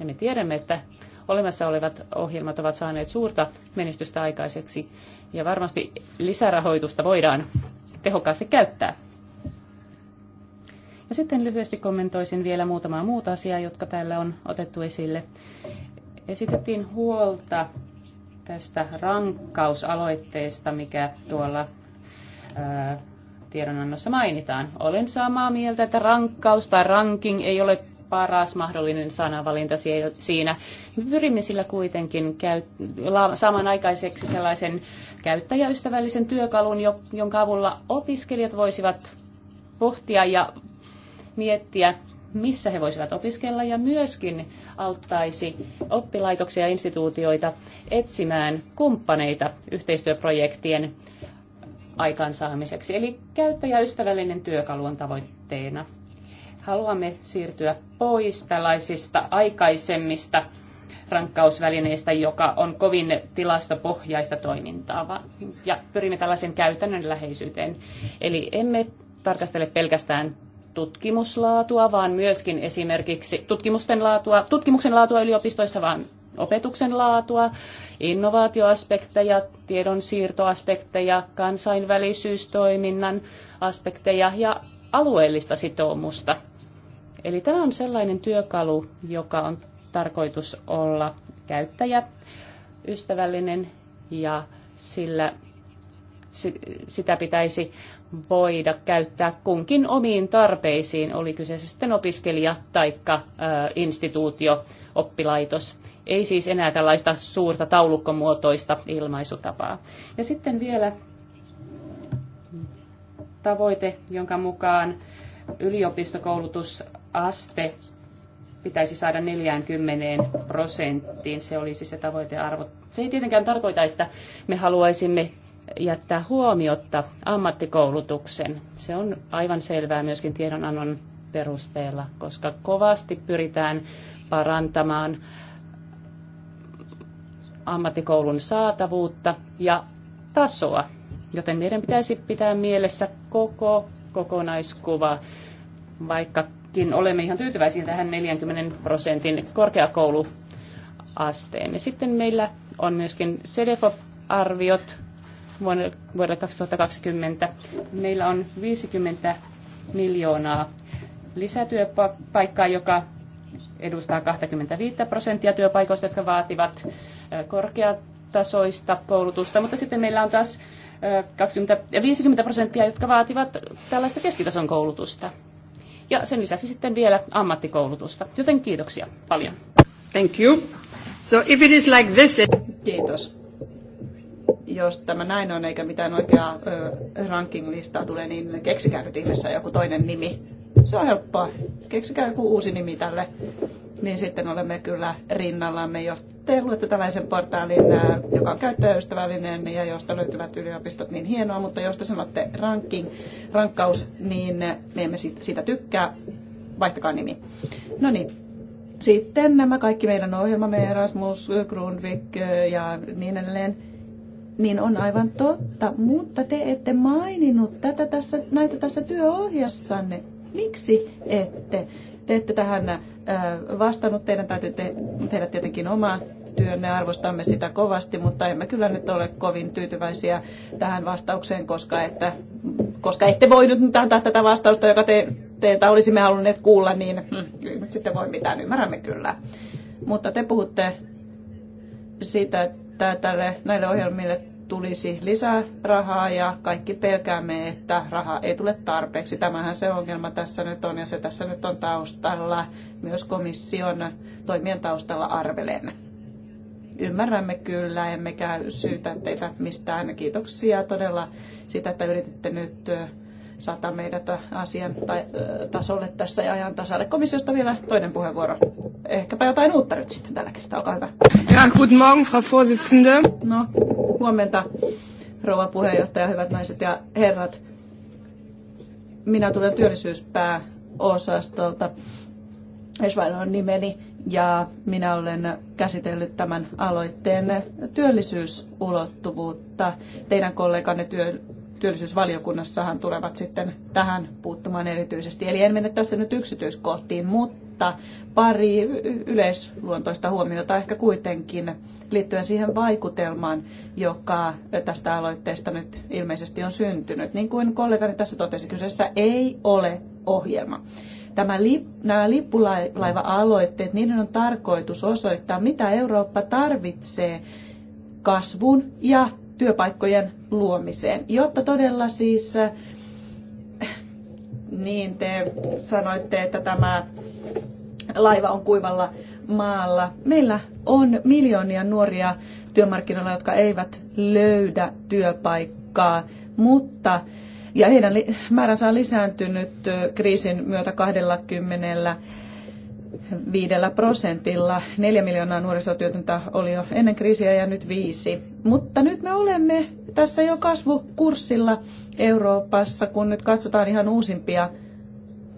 Ja me tiedämme, että olemassa olevat ohjelmat ovat saaneet suurta menestystä aikaiseksi, ja varmasti lisärahoitusta voidaan tehokkaasti käyttää. Ja sitten lyhyesti kommentoisin vielä muutamaa muuta asiaa, jotka täällä on otettu esille. Esitettiin huolta tästä rankkausaloitteesta, mikä tuolla ää, tiedonannossa mainitaan. Olen samaa mieltä, että rankkaus tai ranking ei ole paras mahdollinen sanavalinta siinä. Me pyrimme sillä kuitenkin saamaan aikaiseksi sellaisen käyttäjäystävällisen työkalun, jonka avulla opiskelijat voisivat pohtia ja miettiä, missä he voisivat opiskella ja myöskin auttaisi oppilaitoksia ja instituutioita etsimään kumppaneita yhteistyöprojektien aikaansaamiseksi. Eli käyttäjäystävällinen työkalu on tavoitteena. Haluamme siirtyä pois tällaisista aikaisemmista rankkausvälineistä, joka on kovin tilastopohjaista toimintaa, ja pyrimme tällaisen käytännön läheisyyteen. Eli emme tarkastele pelkästään tutkimuslaatua, vaan myöskin esimerkiksi tutkimusten laatua, tutkimuksen laatua yliopistoissa, vaan opetuksen laatua, innovaatioaspekteja, tiedonsiirtoaspekteja, kansainvälisyystoiminnan aspekteja ja alueellista sitoumusta. Eli tämä on sellainen työkalu, joka on tarkoitus olla käyttäjä ystävällinen ja sillä sitä pitäisi voida käyttää kunkin omiin tarpeisiin, oli kyseessä sitten opiskelija tai instituutio, oppilaitos. Ei siis enää tällaista suurta taulukkomuotoista ilmaisutapaa. Ja sitten vielä tavoite, jonka mukaan yliopistokoulutusaste pitäisi saada 40 prosenttiin. Se olisi se tavoitearvo. Se ei tietenkään tarkoita, että me haluaisimme jättää huomiotta ammattikoulutuksen. Se on aivan selvää myöskin tiedonannon perusteella, koska kovasti pyritään parantamaan ammattikoulun saatavuutta ja tasoa, joten meidän pitäisi pitää mielessä koko kokonaiskuva, vaikkakin olemme ihan tyytyväisiä tähän 40 prosentin korkeakouluasteen. Ja sitten meillä on myöskin CDFOP-arviot vuodelle 2020. Meillä on 50 miljoonaa lisätyöpaikkaa, joka edustaa 25 prosenttia työpaikoista, jotka vaativat korkeatasoista koulutusta, mutta sitten meillä on taas 20, 50 prosenttia, jotka vaativat tällaista keskitason koulutusta. Ja sen lisäksi sitten vielä ammattikoulutusta. Joten kiitoksia paljon. Thank you. So if it is like this... Kiitos jos tämä näin on, eikä mitään oikeaa ranking-listaa tule, niin keksikää nyt ihmeessä joku toinen nimi. Se on helppoa. Keksikää joku uusi nimi tälle. Niin sitten olemme kyllä rinnallamme, jos te luette tällaisen portaalin, joka on käyttäjäystävällinen ja josta löytyvät yliopistot, niin hienoa, mutta jos te sanotte ranking, rankkaus, niin me emme siitä tykkää. Vaihtakaa nimi. No niin, sitten nämä kaikki meidän ohjelmamme, Erasmus, Grundvik ja niin edelleen, niin on aivan totta, mutta te ette maininnut tätä tässä, näitä tässä työohjassanne. Miksi ette? Te ette tähän äh, vastannut, teidän täytyy te, tehdä tietenkin omaa työnne, arvostamme sitä kovasti, mutta emme kyllä nyt ole kovin tyytyväisiä tähän vastaukseen, koska, että, koska ette voi nyt antaa tätä vastausta, joka te, teitä olisimme halunneet kuulla, niin hmm, nyt sitten voi mitään, ymmärrämme kyllä. Mutta te puhutte siitä, että että tälle, näille ohjelmille tulisi lisää rahaa ja kaikki pelkäämme, että raha ei tule tarpeeksi. Tämähän se ongelma tässä nyt on ja se tässä nyt on taustalla, myös komission toimien taustalla arvelen. Ymmärrämme kyllä, emmekä syytä teitä mistään. Kiitoksia todella sitä, että yrititte nyt saattaa meidät asian tai, tasolle tässä ja ajan tasalle. Komissiosta vielä toinen puheenvuoro. Ehkäpä jotain uutta nyt sitten tällä kertaa. Olkaa hyvä. Ja, guten Morgen, Frau Vorsitzende. No, huomenta, rouva puheenjohtaja, hyvät naiset ja herrat. Minä tulen työllisyyspääosastolta. Esvain on nimeni ja minä olen käsitellyt tämän aloitteen työllisyysulottuvuutta. Teidän kolleganne työ, työllisyysvaliokunnassahan tulevat sitten tähän puuttumaan erityisesti. Eli en mene tässä nyt yksityiskohtiin, mutta pari yleisluontoista huomiota ehkä kuitenkin liittyen siihen vaikutelmaan, joka tästä aloitteesta nyt ilmeisesti on syntynyt. Niin kuin kollegani tässä totesi, kyseessä ei ole ohjelma tämä li, nämä lippulaiva-aloitteet, niiden on tarkoitus osoittaa, mitä Eurooppa tarvitsee kasvun ja työpaikkojen luomiseen, jotta todella siis eh, niin te sanoitte, että tämä laiva on kuivalla maalla. Meillä on miljoonia nuoria työmarkkinoilla, jotka eivät löydä työpaikkaa, mutta ja heidän määränsä on lisääntynyt eh, kriisin myötä 20 viidellä prosentilla. Neljä miljoonaa nuorisotyötöntä oli jo ennen kriisiä ja nyt viisi. Mutta nyt me olemme tässä jo kasvukurssilla Euroopassa, kun nyt katsotaan ihan uusimpia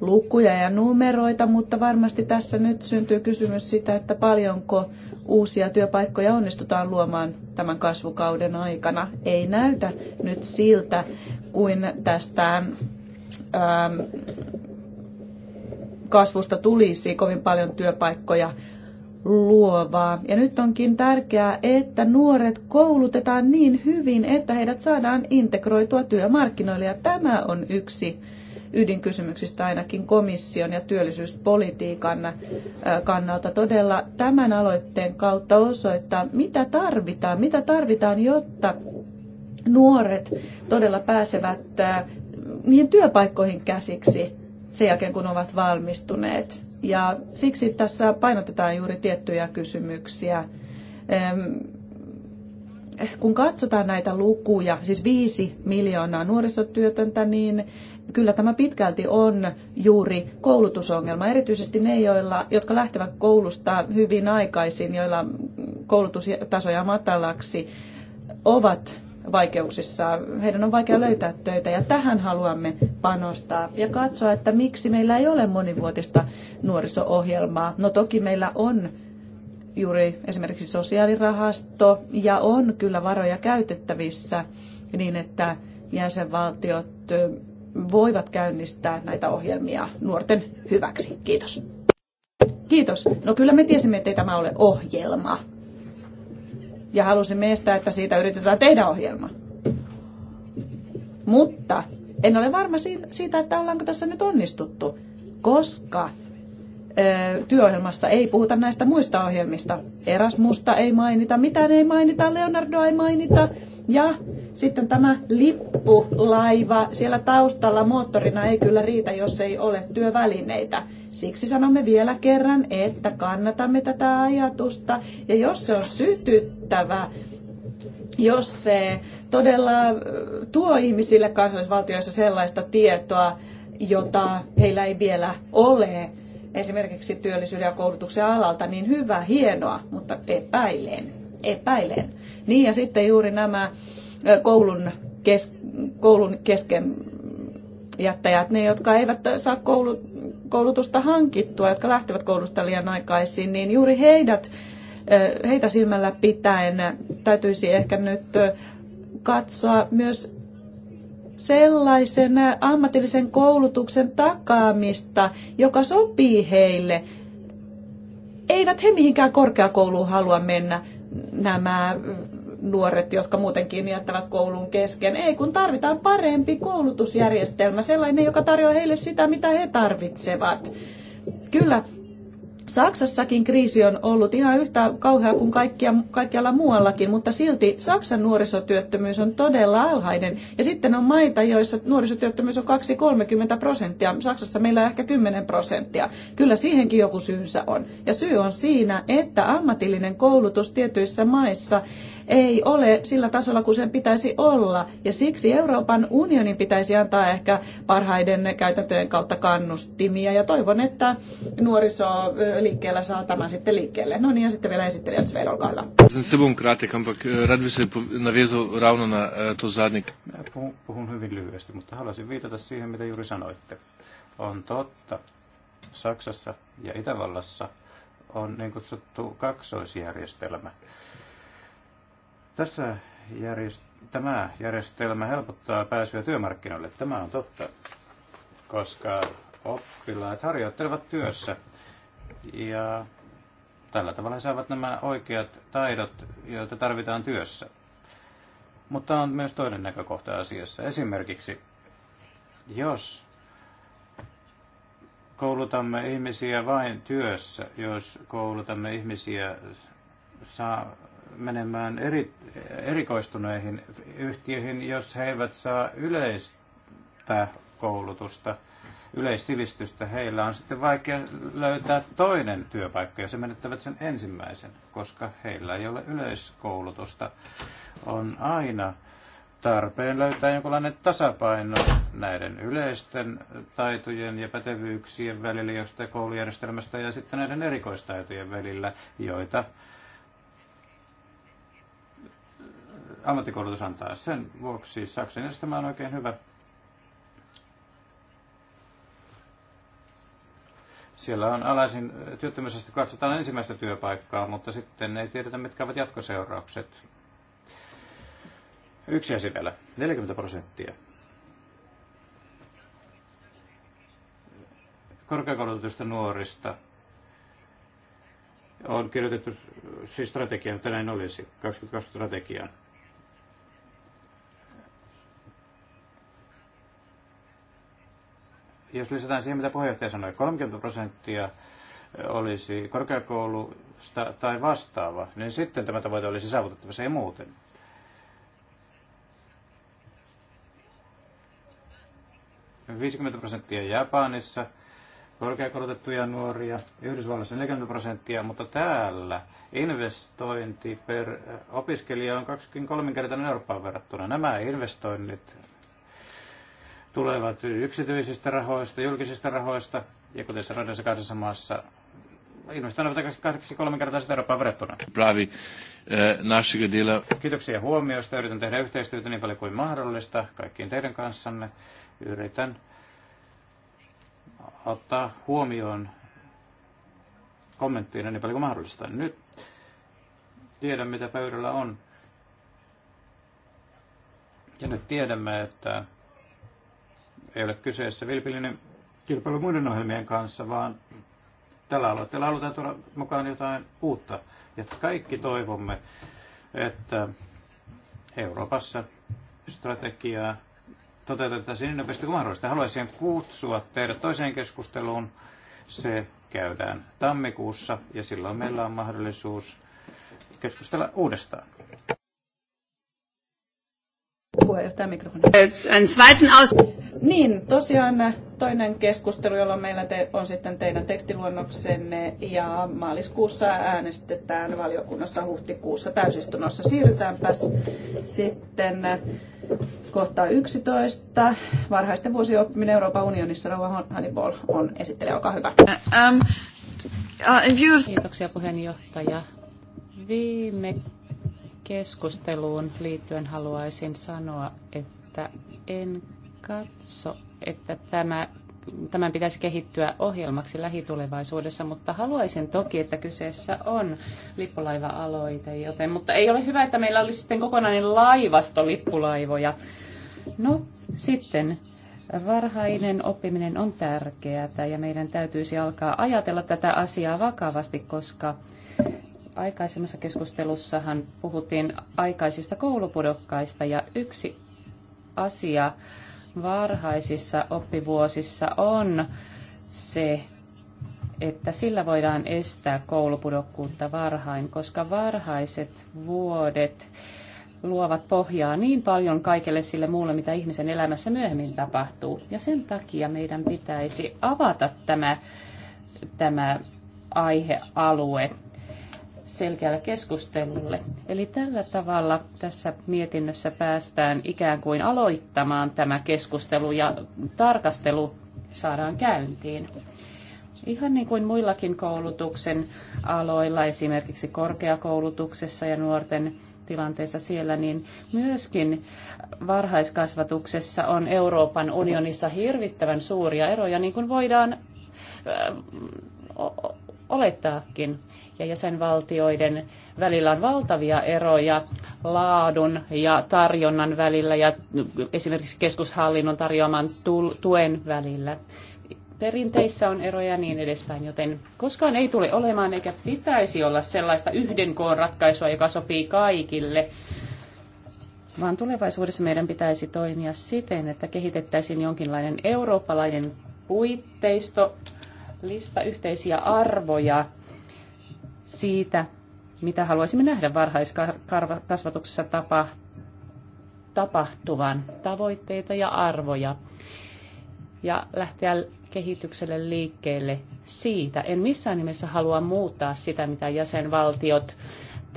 lukuja ja numeroita, mutta varmasti tässä nyt syntyy kysymys sitä, että paljonko uusia työpaikkoja onnistutaan luomaan tämän kasvukauden aikana. Ei näytä nyt siltä kuin tästä ähm, kasvusta tulisi kovin paljon työpaikkoja luovaa. Ja nyt onkin tärkeää, että nuoret koulutetaan niin hyvin, että heidät saadaan integroitua työmarkkinoille. Ja tämä on yksi ydinkysymyksistä ainakin komission ja työllisyyspolitiikan kannalta todella tämän aloitteen kautta osoittaa, mitä tarvitaan, mitä tarvitaan, jotta nuoret todella pääsevät niihin työpaikkoihin käsiksi sen jälkeen, kun ovat valmistuneet. Ja siksi tässä painotetaan juuri tiettyjä kysymyksiä. Kun katsotaan näitä lukuja, siis viisi miljoonaa nuorisotyötöntä, niin kyllä tämä pitkälti on juuri koulutusongelma, erityisesti ne, joilla, jotka lähtevät koulusta hyvin aikaisin, joilla koulutustasoja matalaksi, ovat vaikeuksissa. Heidän on vaikea löytää töitä ja tähän haluamme panostaa ja katsoa, että miksi meillä ei ole monivuotista nuoriso-ohjelmaa. No toki meillä on juuri esimerkiksi sosiaalirahasto ja on kyllä varoja käytettävissä niin, että jäsenvaltiot voivat käynnistää näitä ohjelmia nuorten hyväksi. Kiitos. Kiitos. No kyllä me tiesimme, että ei tämä ole ohjelma ja halusimme estää, että siitä yritetään tehdä ohjelma. Mutta en ole varma siitä, että ollaanko tässä nyt onnistuttu, koska työohjelmassa ei puhuta näistä muista ohjelmista. Erasmusta ei mainita, mitään ei mainita, Leonardoa ei mainita. Ja sitten tämä lippulaiva siellä taustalla moottorina ei kyllä riitä, jos ei ole työvälineitä. Siksi sanomme vielä kerran, että kannatamme tätä ajatusta. Ja jos se on sytyttävä, jos se todella tuo ihmisille kansallisvaltioissa sellaista tietoa, jota heillä ei vielä ole, esimerkiksi työllisyyden ja koulutuksen alalta, niin hyvä, hienoa, mutta epäilen. Epäilen. Niin ja sitten juuri nämä koulun, kes, koulun kesken jättäjät, ne jotka eivät saa koulu, koulutusta hankittua, jotka lähtevät koulusta liian aikaisin, niin juuri heidät, heitä silmällä pitäen täytyisi ehkä nyt katsoa myös sellaisen ammatillisen koulutuksen takaamista, joka sopii heille. Eivät he mihinkään korkeakouluun halua mennä nämä nuoret, jotka muutenkin jättävät koulun kesken. Ei, kun tarvitaan parempi koulutusjärjestelmä, sellainen, joka tarjoaa heille sitä, mitä he tarvitsevat. Kyllä, Saksassakin kriisi on ollut ihan yhtä kauhea kuin kaikkia, kaikkialla muuallakin, mutta silti Saksan nuorisotyöttömyys on todella alhainen. Ja sitten on maita, joissa nuorisotyöttömyys on 2-30 prosenttia. Saksassa meillä on ehkä 10 prosenttia. Kyllä siihenkin joku syynsä on. Ja syy on siinä, että ammatillinen koulutus tietyissä maissa ei ole sillä tasolla kuin sen pitäisi olla. Ja siksi Euroopan unionin pitäisi antaa ehkä parhaiden käytäntöjen kautta kannustimia. Ja toivon, että nuoriso liikkeellä saa tämän sitten liikkeelle. No niin, ja sitten vielä esittelijät Sveil, olkaa hyvä. Se on Puhun, puhun hyvin lyhyesti, mutta haluaisin viitata siihen, mitä juuri sanoitte. On totta, Saksassa ja Itävallassa on niin kutsuttu kaksoisjärjestelmä, tässä järjest- tämä järjestelmä helpottaa pääsyä työmarkkinoille. Tämä on totta, koska oppilaat harjoittelevat työssä ja tällä tavalla he saavat nämä oikeat taidot, joita tarvitaan työssä. Mutta on myös toinen näkökohta asiassa. Esimerkiksi, jos koulutamme ihmisiä vain työssä, jos koulutamme ihmisiä saa menemään eri, erikoistuneihin yhtiöihin, jos he eivät saa yleistä koulutusta, yleissivistystä. Heillä on sitten vaikea löytää toinen työpaikka, jos he menettävät sen ensimmäisen, koska heillä ei ole yleiskoulutusta. On aina tarpeen löytää jonkinlainen tasapaino näiden yleisten taitojen ja pätevyyksien välillä, josta koulujärjestelmästä ja sitten näiden erikoistaitojen välillä, joita ammattikoulutus antaa. Sen vuoksi Saksan järjestelmä on oikein hyvä. Siellä on alaisin työttömyysaste, katsotaan ensimmäistä työpaikkaa, mutta sitten ei tiedetä, mitkä ovat jatkoseuraukset. Yksi asia vielä, 40 prosenttia. Korkeakoulutetuista nuorista on kirjoitettu siis strategiaan, että näin olisi, 22 strategiaa. Jos lisätään siihen, mitä puheenjohtaja sanoi, 30 prosenttia olisi korkeakoulusta tai vastaava, niin sitten tämä tavoite olisi saavutettavissa ei muuten. Noin 50 prosenttia Japanissa, korkeakoulutettuja nuoria, Yhdysvalloissa 40 prosenttia, mutta täällä investointi per opiskelija on 23 kertainen Eurooppaan verrattuna. Nämä investoinnit tulevat yksityisistä rahoista, julkisista rahoista, ja kuten radassa kahdessa maassa investoinnit ovat kaksi kolminkertaisesti Eurooppaan verrattuna. Pravi eh, našega Kiitoksia huomioista. Yritän tehdä yhteistyötä niin paljon kuin mahdollista kaikkien teidän kanssanne. Yritän ottaa huomioon kommenttina niin paljon kuin mahdollista. Nyt tiedän, mitä pöydällä on. Ja nyt tiedämme, että ei ole kyseessä vilpillinen kilpailu muiden ohjelmien kanssa, vaan tällä aloitteella halutaan tuoda mukaan jotain uutta. Ja kaikki toivomme, että Euroopassa strategiaa toteutettaisiin niin nopeasti kuin mahdollista. Haluaisin kutsua teidät toiseen keskusteluun. Se käydään tammikuussa ja silloin meillä on mahdollisuus keskustella uudestaan. Puheenjohtaja mikrofoni. Äh, niin, tosiaan toinen keskustelu, jolla meillä te, on sitten teidän tekstiluonnoksenne ja maaliskuussa äänestetään valiokunnassa huhtikuussa täysistunnossa. Siirrytäänpäs sitten kohta 11. Varhaisten vuosien oppiminen Euroopan unionissa. Rauha Hannibal on esittelijä, olkaa hyvä. Um, uh, Kiitoksia puheenjohtaja. Viime keskusteluun liittyen haluaisin sanoa, että en katso, että tämä, tämän pitäisi kehittyä ohjelmaksi lähitulevaisuudessa, mutta haluaisin toki, että kyseessä on lippulaiva-aloite, joten, mutta ei ole hyvä, että meillä olisi sitten kokonainen laivasto lippulaivoja. No, sitten Varhainen oppiminen on tärkeää ja meidän täytyisi alkaa ajatella tätä asiaa vakavasti, koska aikaisemmassa keskustelussahan puhuttiin aikaisista koulupudokkaista ja yksi asia varhaisissa oppivuosissa on se, että sillä voidaan estää koulupudokkuutta varhain, koska varhaiset vuodet luovat pohjaa niin paljon kaikelle sille muulle, mitä ihmisen elämässä myöhemmin tapahtuu. Ja sen takia meidän pitäisi avata tämä, tämä aihealue selkeälle keskustelulle. Eli tällä tavalla tässä mietinnössä päästään ikään kuin aloittamaan tämä keskustelu ja tarkastelu saadaan käyntiin. Ihan niin kuin muillakin koulutuksen aloilla, esimerkiksi korkeakoulutuksessa ja nuorten tilanteessa siellä, niin myöskin varhaiskasvatuksessa on Euroopan unionissa hirvittävän suuria eroja, niin kuin voidaan olettaakin. Ja jäsenvaltioiden välillä on valtavia eroja laadun ja tarjonnan välillä ja esimerkiksi keskushallinnon tarjoaman tuen välillä. Perinteissä on eroja niin edespäin, joten koskaan ei tule olemaan eikä pitäisi olla sellaista yhden koon ratkaisua, joka sopii kaikille vaan tulevaisuudessa meidän pitäisi toimia siten, että kehitettäisiin jonkinlainen eurooppalainen puitteisto lista yhteisiä arvoja siitä, mitä haluaisimme nähdä varhaiskasvatuksessa tapahtuvan, tavoitteita ja arvoja. Ja lähteä kehitykselle liikkeelle siitä. En missään nimessä halua muuttaa sitä, mitä jäsenvaltiot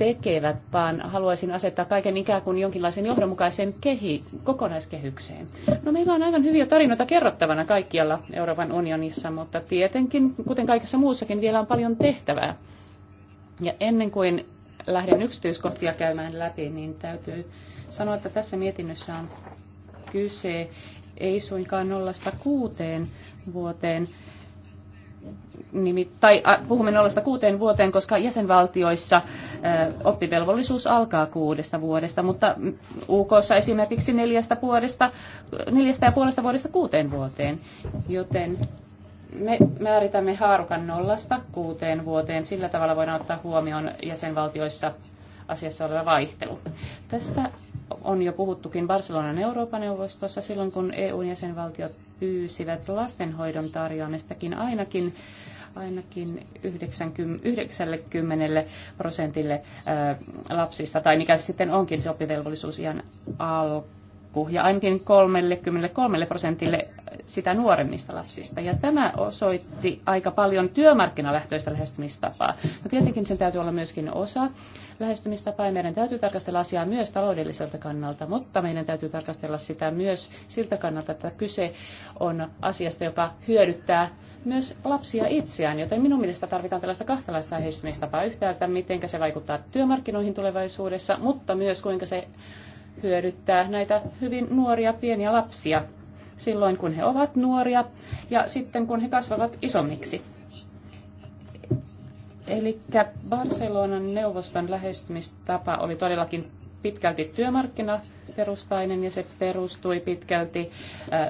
tekevät, vaan haluaisin asettaa kaiken ikään kuin jonkinlaisen johdonmukaisen kehi, kokonaiskehykseen. No meillä on aivan hyviä tarinoita kerrottavana kaikkialla Euroopan unionissa, mutta tietenkin, kuten kaikessa muussakin, vielä on paljon tehtävää. Ja ennen kuin lähden yksityiskohtia käymään läpi, niin täytyy sanoa, että tässä mietinnössä on kyse ei suinkaan nollasta kuuteen vuoteen tai puhumme 0 kuuteen vuoteen, koska jäsenvaltioissa oppivelvollisuus alkaa kuudesta vuodesta, mutta UK esimerkiksi neljästä, vuodesta, neljästä ja puolesta vuodesta kuuteen vuoteen. Joten me määritämme haarukan nollasta kuuteen vuoteen. Sillä tavalla voidaan ottaa huomioon jäsenvaltioissa asiassa oleva vaihtelu. Tästä on jo puhuttukin Barcelonan Euroopan neuvostossa silloin, kun EUn jäsenvaltiot pyysivät lastenhoidon tarjoamistakin ainakin ainakin 90 prosentille lapsista, tai mikä sitten onkin se ihan alku, ja ainakin 33 prosentille sitä nuoremmista lapsista. Ja tämä osoitti aika paljon työmarkkinalähtöistä lähestymistapaa. No tietenkin sen täytyy olla myöskin osa lähestymistapaa ja meidän täytyy tarkastella asiaa myös taloudelliselta kannalta, mutta meidän täytyy tarkastella sitä myös siltä kannalta, että kyse on asiasta, joka hyödyttää myös lapsia itseään, joten minun mielestä tarvitaan tällaista kahtalaista lähestymistapaa yhtäältä, miten se vaikuttaa työmarkkinoihin tulevaisuudessa, mutta myös kuinka se hyödyttää näitä hyvin nuoria pieniä lapsia silloin, kun he ovat nuoria ja sitten, kun he kasvavat isommiksi. Eli Barcelonan neuvoston lähestymistapa oli todellakin pitkälti työmarkkinaperustainen ja se perustui pitkälti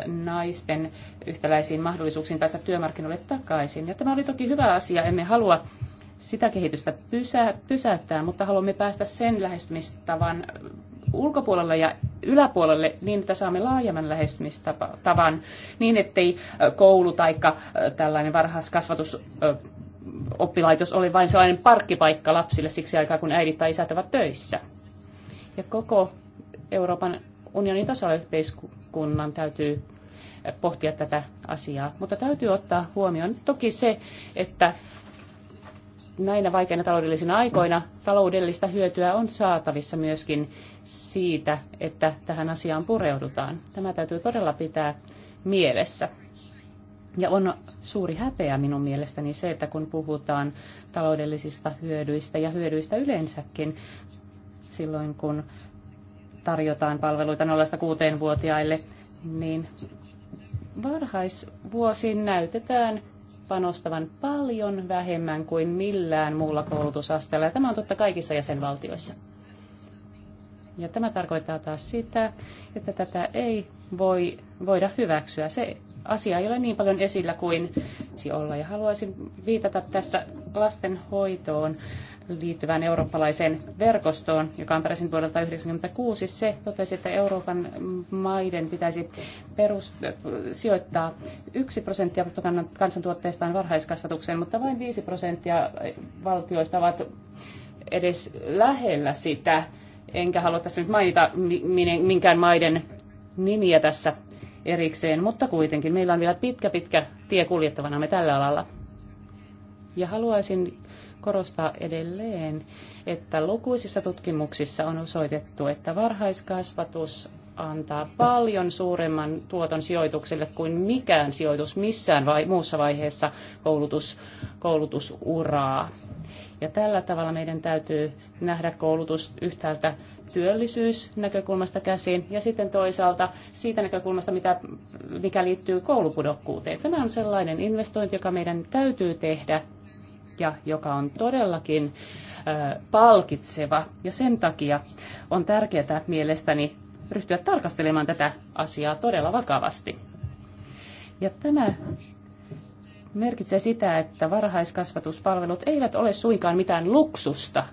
naisten yhtäläisiin mahdollisuuksiin päästä työmarkkinoille takaisin. Ja tämä oli toki hyvä asia, emme halua sitä kehitystä pysä, pysäyttää, mutta haluamme päästä sen lähestymistavan ulkopuolelle ja yläpuolelle niin, että saamme laajemman lähestymistavan niin, ettei koulu tai tällainen varhaiskasvatus oppilaitos oli vain sellainen parkkipaikka lapsille siksi aikaa, kun äidit tai isät ovat töissä. Ja koko Euroopan unionin tasolla yhteiskunnan täytyy pohtia tätä asiaa. Mutta täytyy ottaa huomioon toki se, että näinä vaikeina taloudellisina aikoina taloudellista hyötyä on saatavissa myöskin siitä, että tähän asiaan pureudutaan. Tämä täytyy todella pitää mielessä. Ja on suuri häpeä minun mielestäni se, että kun puhutaan taloudellisista hyödyistä ja hyödyistä yleensäkin, silloin kun tarjotaan palveluita 0-6-vuotiaille, niin varhaisvuosiin näytetään panostavan paljon vähemmän kuin millään muulla koulutusasteella. Ja tämä on totta kaikissa jäsenvaltioissa. Ja tämä tarkoittaa taas sitä, että tätä ei voi, voida hyväksyä. Se asia ei ole niin paljon esillä kuin olla. Ja haluaisin viitata tässä lastenhoitoon liittyvään eurooppalaiseen verkostoon, joka on peräisin vuodelta 1996. Se totesi, että Euroopan maiden pitäisi perus, sijoittaa 1 prosenttia kansantuotteestaan varhaiskasvatukseen, mutta vain 5 prosenttia valtioista ovat edes lähellä sitä. Enkä halua tässä nyt mainita minkään maiden nimiä tässä erikseen, mutta kuitenkin meillä on vielä pitkä, pitkä tie kuljettavana me tällä alalla. Ja haluaisin korostaa edelleen, että lukuisissa tutkimuksissa on osoitettu, että varhaiskasvatus antaa paljon suuremman tuoton sijoitukselle kuin mikään sijoitus missään vai, muussa vaiheessa koulutus, koulutusuraa. Ja tällä tavalla meidän täytyy nähdä koulutus yhtäältä työllisyysnäkökulmasta käsin ja sitten toisaalta siitä näkökulmasta, mitä, mikä liittyy koulupudokkuuteen. Tämä on sellainen investointi, joka meidän täytyy tehdä ja joka on todellakin palkitseva. Ja sen takia on tärkeää mielestäni ryhtyä tarkastelemaan tätä asiaa todella vakavasti. Ja tämä merkitsee sitä, että varhaiskasvatuspalvelut eivät ole suinkaan mitään luksusta,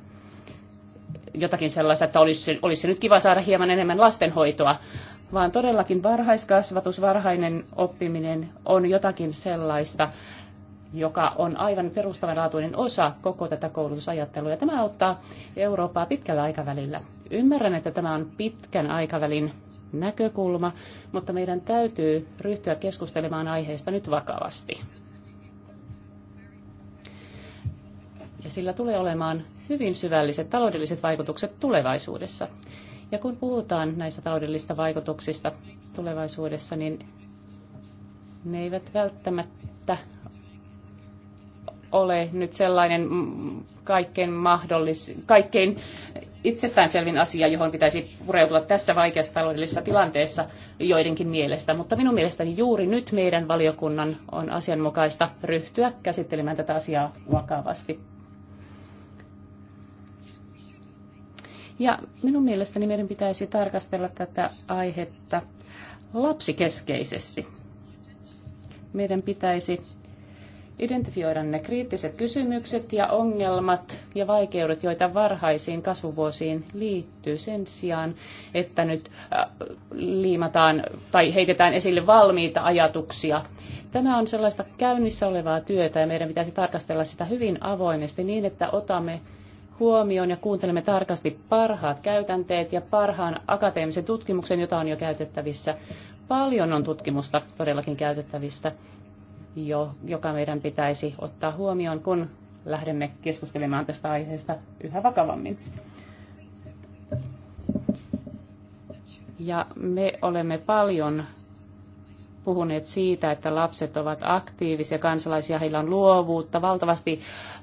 jotakin sellaista, että olisi, olisi nyt kiva saada hieman enemmän lastenhoitoa, vaan todellakin varhaiskasvatus, varhainen oppiminen on jotakin sellaista, joka on aivan perustavanlaatuinen osa koko tätä koulutusajattelua. Ja tämä auttaa Eurooppaa pitkällä aikavälillä. Ymmärrän, että tämä on pitkän aikavälin näkökulma, mutta meidän täytyy ryhtyä keskustelemaan aiheesta nyt vakavasti. Ja sillä tulee olemaan hyvin syvälliset taloudelliset vaikutukset tulevaisuudessa. Ja kun puhutaan näistä taloudellisista vaikutuksista tulevaisuudessa, niin ne eivät välttämättä ole nyt sellainen kaikkein, mahdollis, kaikkein itsestäänselvin asia, johon pitäisi pureutua tässä vaikeassa taloudellisessa tilanteessa joidenkin mielestä. Mutta minun mielestäni juuri nyt meidän valiokunnan on asianmukaista ryhtyä käsittelemään tätä asiaa vakavasti. Ja minun mielestäni meidän pitäisi tarkastella tätä aihetta lapsikeskeisesti. Meidän pitäisi identifioida ne kriittiset kysymykset ja ongelmat ja vaikeudet, joita varhaisiin kasvuvuosiin liittyy sen sijaan, että nyt äh, liimataan tai heitetään esille valmiita ajatuksia. Tämä on sellaista käynnissä olevaa työtä ja meidän pitäisi tarkastella sitä hyvin avoimesti niin, että otamme huomioon ja kuuntelemme tarkasti parhaat käytänteet ja parhaan akateemisen tutkimuksen, jota on jo käytettävissä. Paljon on tutkimusta todellakin käytettävissä jo, joka meidän pitäisi ottaa huomioon, kun lähdemme keskustelemaan tästä aiheesta yhä vakavammin. Ja me olemme paljon puhuneet siitä, että lapset ovat aktiivisia kansalaisia, heillä on luovuutta, valtavasti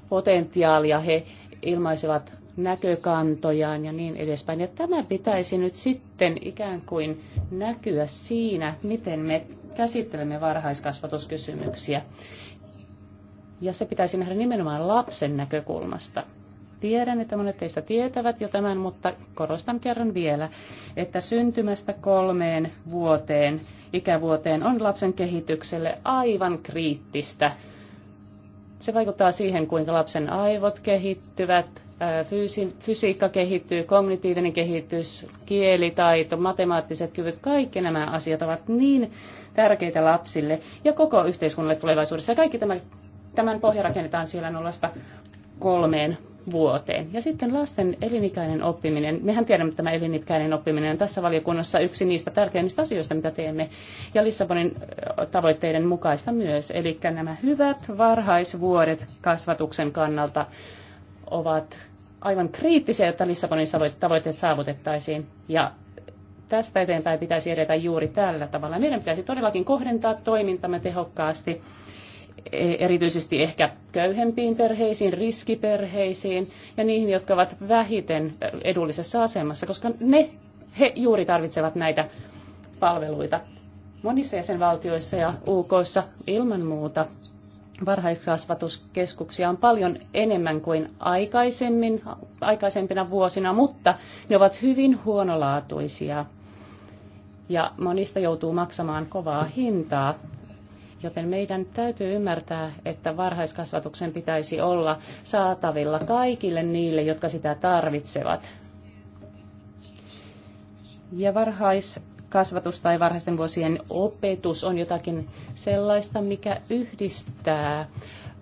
potentiaalia, he ilmaisevat näkökantojaan ja niin edespäin. Ja tämä pitäisi nyt sitten ikään kuin näkyä siinä, miten me käsittelemme varhaiskasvatuskysymyksiä. Ja se pitäisi nähdä nimenomaan lapsen näkökulmasta. Tiedän, että monet teistä tietävät jo tämän, mutta korostan kerran vielä, että syntymästä kolmeen vuoteen, ikävuoteen on lapsen kehitykselle aivan kriittistä. Se vaikuttaa siihen, kuinka lapsen aivot kehittyvät, fysi- fysiikka kehittyy, kognitiivinen kehitys, kielitaito, matemaattiset kyvyt, kaikki nämä asiat ovat niin tärkeitä lapsille ja koko yhteiskunnalle tulevaisuudessa. Ja kaikki tämä, tämän pohja rakennetaan siellä nollasta kolmeen vuoteen. Ja sitten lasten elinikäinen oppiminen. Mehän tiedämme, että tämä elinikäinen oppiminen on tässä valiokunnassa yksi niistä tärkeimmistä asioista, mitä teemme, ja Lissabonin tavoitteiden mukaista myös. Eli nämä hyvät varhaisvuodet kasvatuksen kannalta ovat aivan kriittisiä, että Lissabonin tavoitteet saavutettaisiin. Ja tästä eteenpäin pitäisi edetä juuri tällä tavalla. Meidän pitäisi todellakin kohdentaa toimintamme tehokkaasti e- erityisesti ehkä köyhempiin perheisiin, riskiperheisiin ja niihin, jotka ovat vähiten edullisessa asemassa, koska ne, he juuri tarvitsevat näitä palveluita. Monissa jäsenvaltioissa ja UKssa ilman muuta varhaiskasvatuskeskuksia on paljon enemmän kuin aikaisemmin, aikaisempina vuosina, mutta ne ovat hyvin huonolaatuisia ja monista joutuu maksamaan kovaa hintaa. Joten meidän täytyy ymmärtää, että varhaiskasvatuksen pitäisi olla saatavilla kaikille niille, jotka sitä tarvitsevat. Ja varhais varhaiskasvatus tai varhaisten vuosien opetus on jotakin sellaista, mikä yhdistää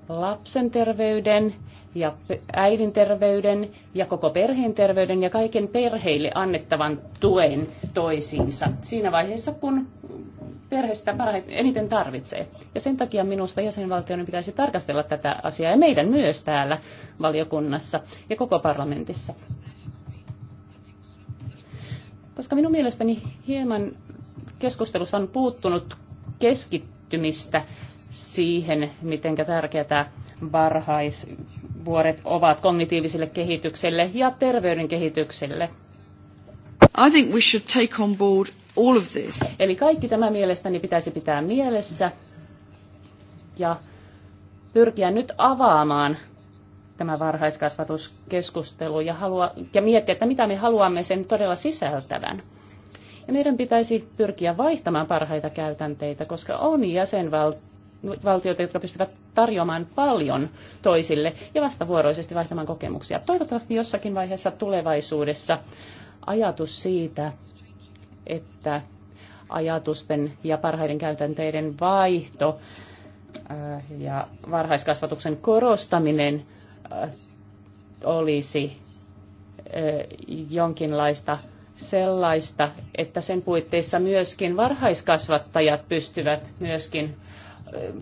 lapsen terveyden ja äidin terveyden ja koko perheen terveyden ja kaiken perheille annettavan tuen toisiinsa siinä vaiheessa, kun perhe sitä parhaiten, eniten tarvitsee. Ja sen takia minusta jäsenvaltioiden pitäisi tarkastella tätä asiaa ja meidän myös täällä valiokunnassa ja koko parlamentissa koska minun mielestäni hieman keskustelussa on puuttunut keskittymistä siihen, miten tärkeätä varhaisvuoret ovat kognitiiviselle kehitykselle ja terveyden kehitykselle. I think we should take on board all of this. Eli kaikki tämä mielestäni pitäisi pitää mielessä ja pyrkiä nyt avaamaan tämä varhaiskasvatuskeskustelu ja, halua, ja miettiä, että mitä me haluamme sen todella sisältävän. Ja meidän pitäisi pyrkiä vaihtamaan parhaita käytänteitä, koska on jäsenvaltioita, jotka pystyvät tarjoamaan paljon toisille ja vastavuoroisesti vaihtamaan kokemuksia. Toivottavasti jossakin vaiheessa tulevaisuudessa ajatus siitä, että ajatusten ja parhaiden käytänteiden vaihto ja varhaiskasvatuksen korostaminen olisi jonkinlaista sellaista, että sen puitteissa myöskin varhaiskasvattajat pystyvät myöskin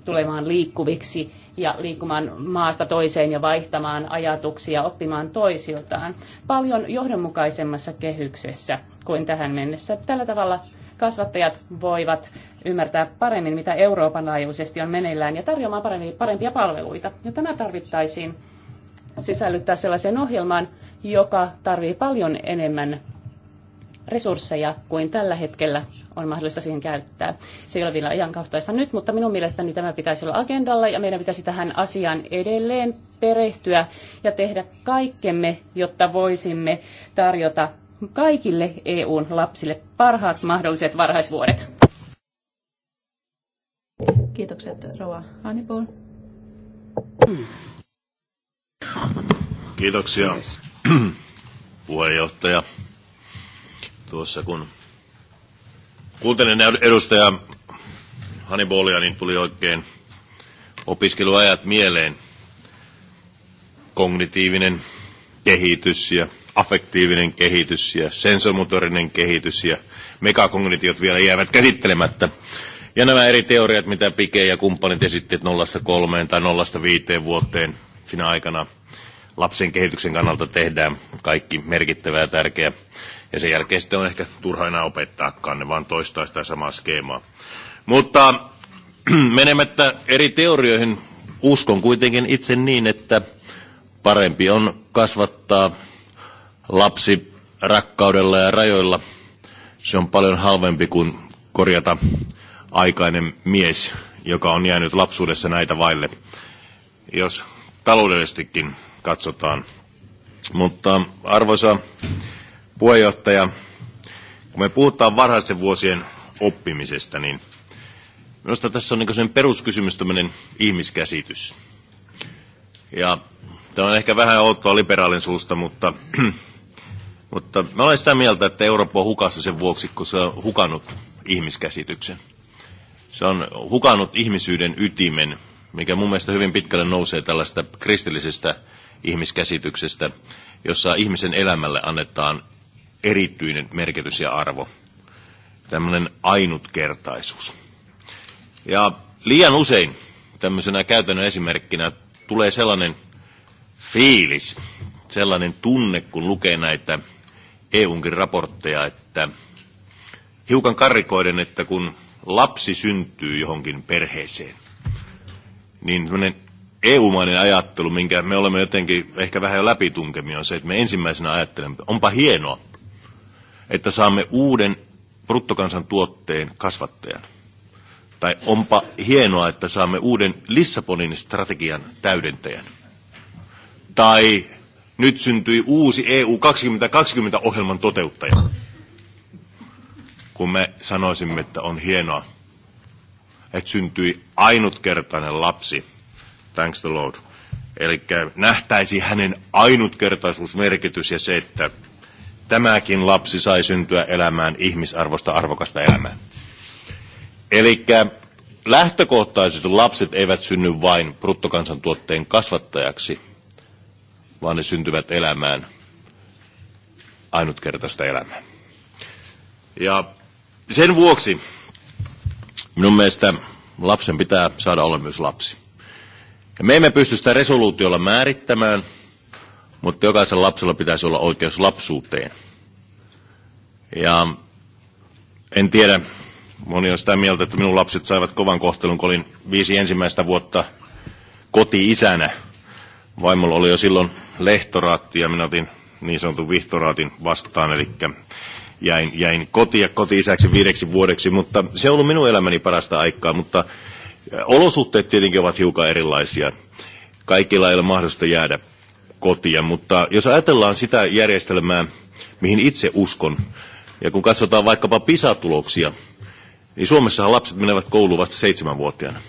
tulemaan liikkuviksi ja liikkumaan maasta toiseen ja vaihtamaan ajatuksia, oppimaan toisiltaan paljon johdonmukaisemmassa kehyksessä kuin tähän mennessä. Tällä tavalla kasvattajat voivat ymmärtää paremmin, mitä Euroopan laajuisesti on meneillään ja tarjoamaan parempia palveluita. Ja tämä tarvittaisiin sisällyttää sellaisen ohjelman, joka tarvii paljon enemmän resursseja kuin tällä hetkellä on mahdollista siihen käyttää. Se ei ole vielä ajankohtaista nyt, mutta minun mielestäni tämä pitäisi olla agendalla ja meidän pitäisi tähän asiaan edelleen perehtyä ja tehdä kaikkemme, jotta voisimme tarjota kaikille EUn lapsille parhaat mahdolliset varhaisvuodet. Kiitokset Roa Hannibal. Hmm. Kiitoksia [clears throat] puheenjohtaja. Tuossa kun kuuntelin edustaja Hannibolia, niin tuli oikein opiskeluajat mieleen. Kognitiivinen kehitys ja affektiivinen kehitys ja sensomotorinen kehitys ja megakognitiot vielä jäävät käsittelemättä. Ja nämä eri teoriat, mitä Pike ja kumppanit esittivät 0-3 tai 0-5 vuoteen – sinä aikana lapsen kehityksen kannalta tehdään kaikki merkittävää ja tärkeää. Ja sen jälkeen sitten on ehkä turha enää opettaakaan, ne vaan toistaa sitä samaa skeemaa. Mutta [clears throat] menemättä eri teorioihin uskon kuitenkin itse niin, että parempi on kasvattaa lapsi rakkaudella ja rajoilla. Se on paljon halvempi kuin korjata aikainen mies, joka on jäänyt lapsuudessa näitä vaille. Jos taloudellisestikin katsotaan. Mutta arvoisa puheenjohtaja, kun me puhutaan varhaisten vuosien oppimisesta, niin minusta tässä on niin sen peruskysymys tämmöinen ihmiskäsitys. Ja tämä on ehkä vähän outoa liberaalin suusta, mutta, [clears throat] mutta mä olen sitä mieltä, että Eurooppa on hukassa sen vuoksi, kun se on hukannut ihmiskäsityksen. Se on hukannut ihmisyyden ytimen mikä mun mielestä hyvin pitkälle nousee tällaista kristillisestä ihmiskäsityksestä, jossa ihmisen elämälle annetaan erityinen merkitys ja arvo. Tämmöinen ainutkertaisuus. Ja liian usein tämmöisenä käytännön esimerkkinä tulee sellainen fiilis, sellainen tunne, kun lukee näitä EUnkin raportteja, että hiukan karrikoiden, että kun lapsi syntyy johonkin perheeseen, niin EU-mainen ajattelu, minkä me olemme jotenkin ehkä vähän jo läpitunkemia, on se, että me ensimmäisenä ajattelemme, onpa hienoa, että saamme uuden bruttokansantuotteen kasvattajan. Tai onpa hienoa, että saamme uuden Lissabonin strategian täydentäjän. Tai nyt syntyi uusi EU 2020-ohjelman toteuttaja. Kun me sanoisimme, että on hienoa, että syntyi ainutkertainen lapsi, thanks the Lord. Eli nähtäisi hänen ainutkertaisuusmerkitys ja se, että tämäkin lapsi sai syntyä elämään ihmisarvosta arvokasta elämää. Eli lähtökohtaisesti lapset eivät synny vain bruttokansantuotteen kasvattajaksi, vaan ne syntyvät elämään ainutkertaista elämää. Ja sen vuoksi Minun mielestä lapsen pitää saada olla myös lapsi. Ja me emme pysty sitä resoluutiolla määrittämään, mutta jokaisella lapsella pitäisi olla oikeus lapsuuteen. Ja en tiedä, moni on sitä mieltä, että minun lapset saivat kovan kohtelun, kun olin viisi ensimmäistä vuotta koti-isänä. Vaimolla oli jo silloin lehtoraatti ja minä otin niin sanotun vihtoraatin vastaan, eli jäin, jäin ja koti-isäksi viideksi vuodeksi, mutta se on ollut minun elämäni parasta aikaa, mutta olosuhteet tietenkin ovat hiukan erilaisia. Kaikilla ei ole mahdollista jäädä kotia, mutta jos ajatellaan sitä järjestelmää, mihin itse uskon, ja kun katsotaan vaikkapa PISA-tuloksia, niin Suomessahan lapset menevät kouluun vasta seitsemänvuotiaana.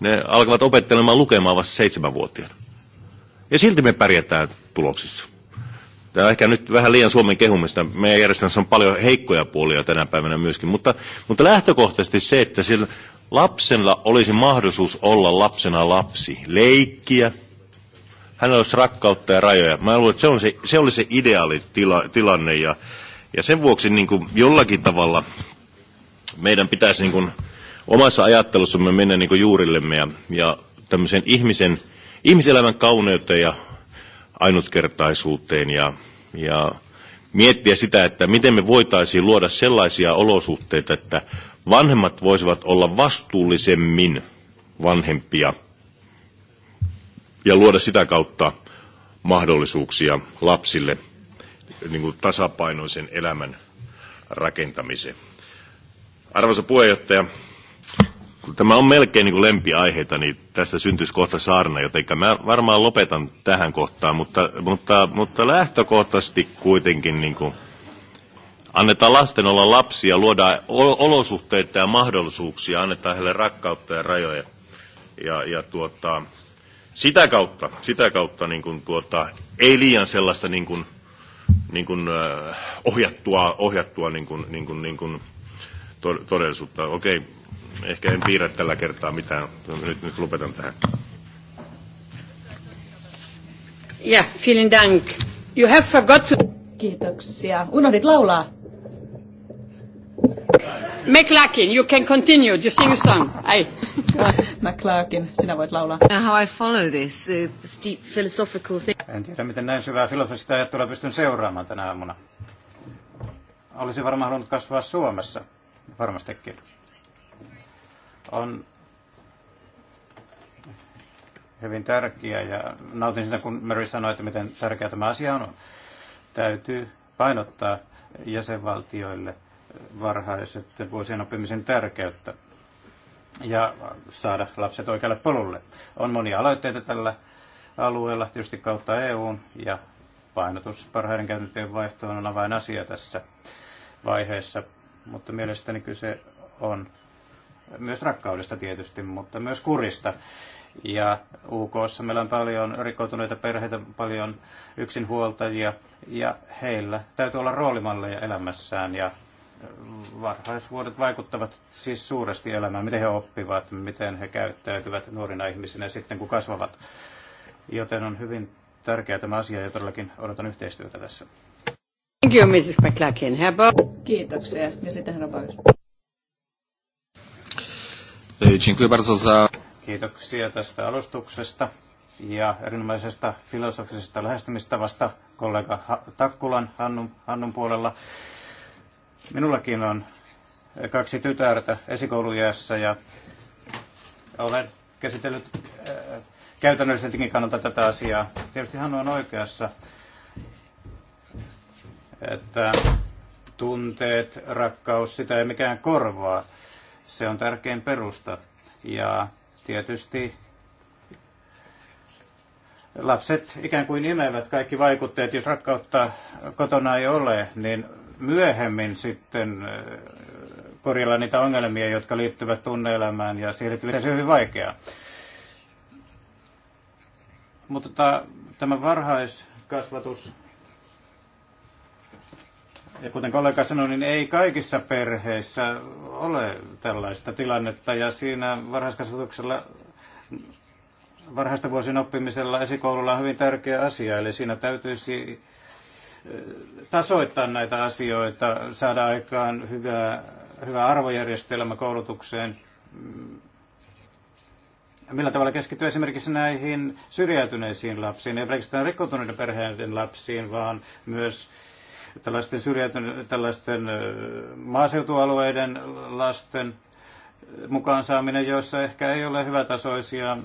Ne alkavat opettelemaan lukemaan vasta seitsemänvuotiaana. Ja silti me pärjätään tuloksissa. Tämä on ehkä nyt vähän liian Suomen kehumista. Meidän järjestelmässä on paljon heikkoja puolia tänä päivänä myöskin, mutta, mutta lähtökohtaisesti se, että sillä lapsella olisi mahdollisuus olla lapsena lapsi, leikkiä, hänellä olisi rakkautta ja rajoja. Mä luulen, että se, on se, se oli se ideaali tila, tilanne ja, ja sen vuoksi niin kuin jollakin tavalla meidän pitäisi niin kuin omassa ajattelussamme mennä niin kuin juurillemme ja, ja tämmöisen ihmisen, ihmiselämän kauneuteen ja ainutkertaisuuteen ja, ja miettiä sitä, että miten me voitaisiin luoda sellaisia olosuhteita, että vanhemmat voisivat olla vastuullisemmin vanhempia ja luoda sitä kautta mahdollisuuksia lapsille niin kuin tasapainoisen elämän rakentamiseen. Arvoisa puheenjohtaja, tämä on melkein niin kuin lempiaiheita, niin tästä syntyisi kohta saarna, joten mä varmaan lopetan tähän kohtaan, mutta, mutta, mutta lähtökohtaisesti kuitenkin niin kuin annetaan lasten olla lapsia, luodaan olosuhteita ja mahdollisuuksia, annetaan heille rakkautta ja rajoja. Ja, ja tuota, sitä kautta, sitä kautta niin kuin tuota, ei liian sellaista niin kuin, niin kuin, äh, ohjattua, ohjattua niin kuin, niin kuin, niin kuin, todellisuutta. Okei, Ehkä en piirrä tällä kertaa mitään. No, nyt, nyt lopetan tähän. Ja, vielen dank. You have forgotten... Kiitoksia. Unohdit laulaa. McLarkin, you can continue. You sing a song. Ai. [laughs] McLarkin, sinä voit laulaa. How I follow this uh, steep philosophical thing. En tiedä, miten näin syvää filosofista ajattelua pystyn seuraamaan tänä aamuna. Olisi varmaan halunnut kasvaa Suomessa, varmastikin on hyvin tärkeä ja nautin sitä, kun Mary sanoi, että miten tärkeä tämä asia on. Täytyy painottaa jäsenvaltioille varhaiset vuosien oppimisen tärkeyttä ja saada lapset oikealle polulle. On monia aloitteita tällä alueella, tietysti kautta EUn, ja painotus parhaiden käytäntöjen vaihtoon on avainasia tässä vaiheessa, mutta mielestäni kyse on myös rakkaudesta tietysti, mutta myös kurista. Ja UKssa meillä on paljon rikkoutuneita perheitä, paljon yksinhuoltajia, ja heillä täytyy olla roolimalleja elämässään, ja varhaisvuodet vaikuttavat siis suuresti elämään, miten he oppivat, miten he käyttäytyvät nuorina ihmisinä sitten, kun kasvavat. Joten on hyvin tärkeä tämä asia, ja todellakin odotan yhteistyötä tässä. Thank you, Mrs. McClacken. Kiitoksia. Ja sitten herra Barnes. E, dziękuję bardzo za... Kiitoksia tästä alustuksesta ja erinomaisesta filosofisesta lähestymistavasta kollega Takkulan Hannun, Hannun puolella. Minullakin on kaksi tytärtä esikoulujäässä ja olen käsitellyt äh, e, käytännöllisestikin kannalta tätä asiaa. Tietysti Hannu on oikeassa, että tunteet, rakkaus, sitä ei mikään korvaa. Se on tärkein perusta. Ja tietysti lapset ikään kuin imevät kaikki vaikutteet. Jos rakkautta kotona ei ole, niin myöhemmin sitten äh, korjella niitä ongelmia, jotka liittyvät tunneelämään ja siihen liittyvät se hyvin vaikeaa. Mutta tämä varhaiskasvatus ja kuten kollega sanoi, niin ei kaikissa perheissä ole tällaista tilannetta ja siinä varhaiskasvatuksella varhaista vuosien oppimisella esikoululla on hyvin tärkeä asia, eli siinä täytyisi tasoittaa näitä asioita, saada aikaan hyvä, hyvä arvojärjestelmä koulutukseen. Millä tavalla keskittyä esimerkiksi näihin syrjäytyneisiin lapsiin, ei pelkästään rikkoutuneiden perheiden lapsiin, vaan myös tällaisten, tällaisten maaseutualueiden lasten mukaan saaminen, joissa ehkä ei ole hyvätasoisia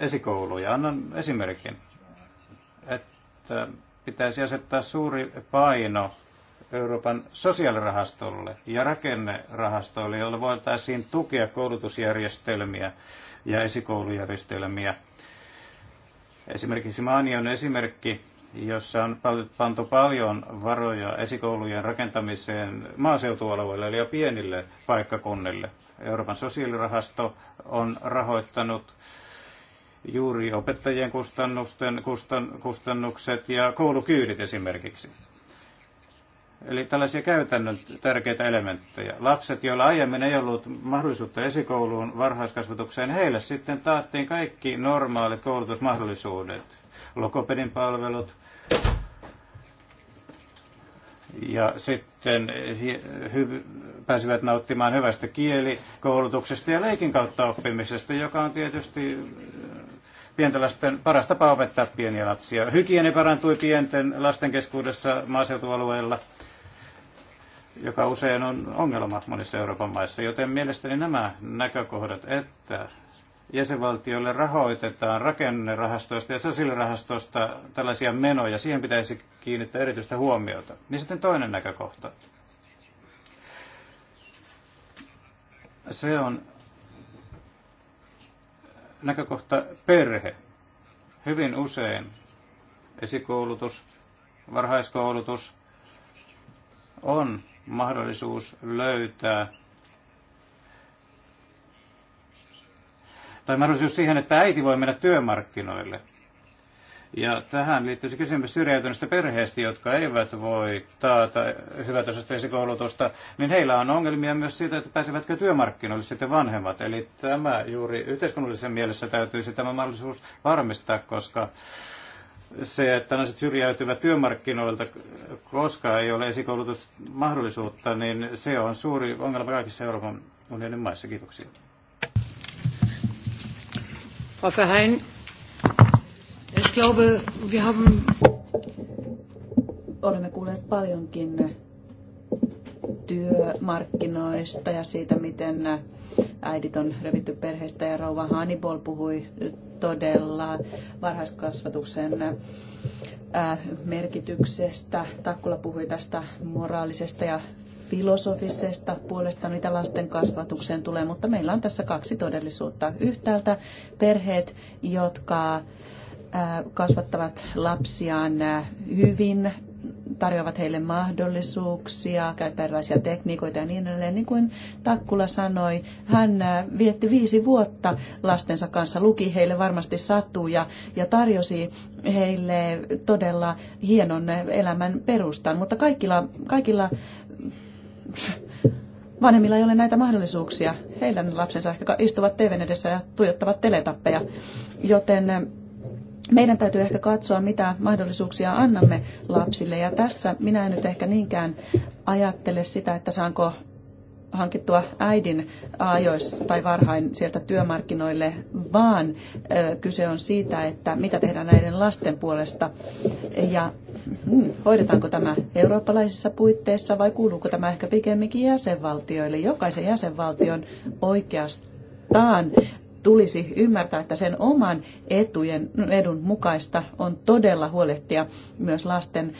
esikouluja. Annan esimerkin, että pitäisi asettaa suuri paino Euroopan sosiaalirahastolle ja rakennerahastolle, jolla voitaisiin tukea koulutusjärjestelmiä ja esikoulujärjestelmiä. Esimerkiksi Maani on esimerkki jossa on pantu paljon varoja esikoulujen rakentamiseen maaseutualueille eli jo pienille paikkakunnille. Euroopan sosiaalirahasto on rahoittanut juuri opettajien kustannusten, kustan, kustannukset ja koulukyydit esimerkiksi. Eli tällaisia käytännön tärkeitä elementtejä. Lapset, joilla aiemmin ei ollut mahdollisuutta esikouluun, varhaiskasvatukseen, heille sitten taattiin kaikki normaalit koulutusmahdollisuudet. Lokopedin palvelut, ja sitten hy- pääsivät nauttimaan hyvästä kielikoulutuksesta ja leikin kautta oppimisesta, joka on tietysti äh, pienten lasten paras tapa opettaa pieniä lapsia. Hygieni parantui pienten lasten keskuudessa maaseutualueella, joka usein on ongelma monissa Euroopan maissa. Joten mielestäni nämä näkökohdat, että jäsenvaltioille rahoitetaan rakennerahastoista ja sosiaalirahastoista tällaisia menoja. Siihen pitäisi kiinnittää erityistä huomiota. Ja niin sitten toinen näkökohta. Se on näkökohta perhe. Hyvin usein esikoulutus, varhaiskoulutus on mahdollisuus löytää tai mahdollisuus siihen, että äiti voi mennä työmarkkinoille. Ja tähän liittyy se kysymys syrjäytyneistä perheistä, jotka eivät voi taata hyvätosasteisi koulutusta, niin heillä on ongelmia myös siitä, että pääsevätkö työmarkkinoille sitten vanhemmat. Eli tämä juuri yhteiskunnallisen mielessä täytyisi tämä mahdollisuus varmistaa, koska se, että naiset syrjäytyvät työmarkkinoilta, koska ei ole esikoulutusmahdollisuutta, niin se on suuri ongelma kaikissa Euroopan unionin maissa. Kiitoksia. Frau Verheyen, ich glaube, wir haben... Olemme kuulleet paljonkin työmarkkinoista ja siitä, miten äidit on revitty perheestä ja rouva Hannibal puhui todella varhaiskasvatuksen äh, merkityksestä. Takkula puhui tästä moraalisesta ja filosofisesta puolesta, mitä lasten kasvatukseen tulee, mutta meillä on tässä kaksi todellisuutta. Yhtäältä perheet, jotka kasvattavat lapsiaan hyvin, tarjoavat heille mahdollisuuksia, käyttää erilaisia tekniikoita ja niin edelleen. Niin kuin Takkula sanoi, hän vietti viisi vuotta lastensa kanssa, luki heille varmasti satuja ja tarjosi heille todella hienon elämän perustan. Mutta kaikilla, kaikilla Vanhemmilla ei ole näitä mahdollisuuksia. Heidän lapsensa ehkä istuvat TVn edessä ja tuijottavat teletappeja. Joten meidän täytyy ehkä katsoa, mitä mahdollisuuksia annamme lapsille. Ja tässä minä en nyt ehkä niinkään ajattele sitä, että saanko hankittua äidin ajois tai varhain sieltä työmarkkinoille, vaan kyse on siitä, että mitä tehdään näiden lasten puolesta ja hmm, hoidetaanko tämä eurooppalaisissa puitteissa vai kuuluuko tämä ehkä pikemminkin jäsenvaltioille. Jokaisen jäsenvaltion oikeastaan tulisi ymmärtää, että sen oman etujen, edun mukaista on todella huolehtia myös lasten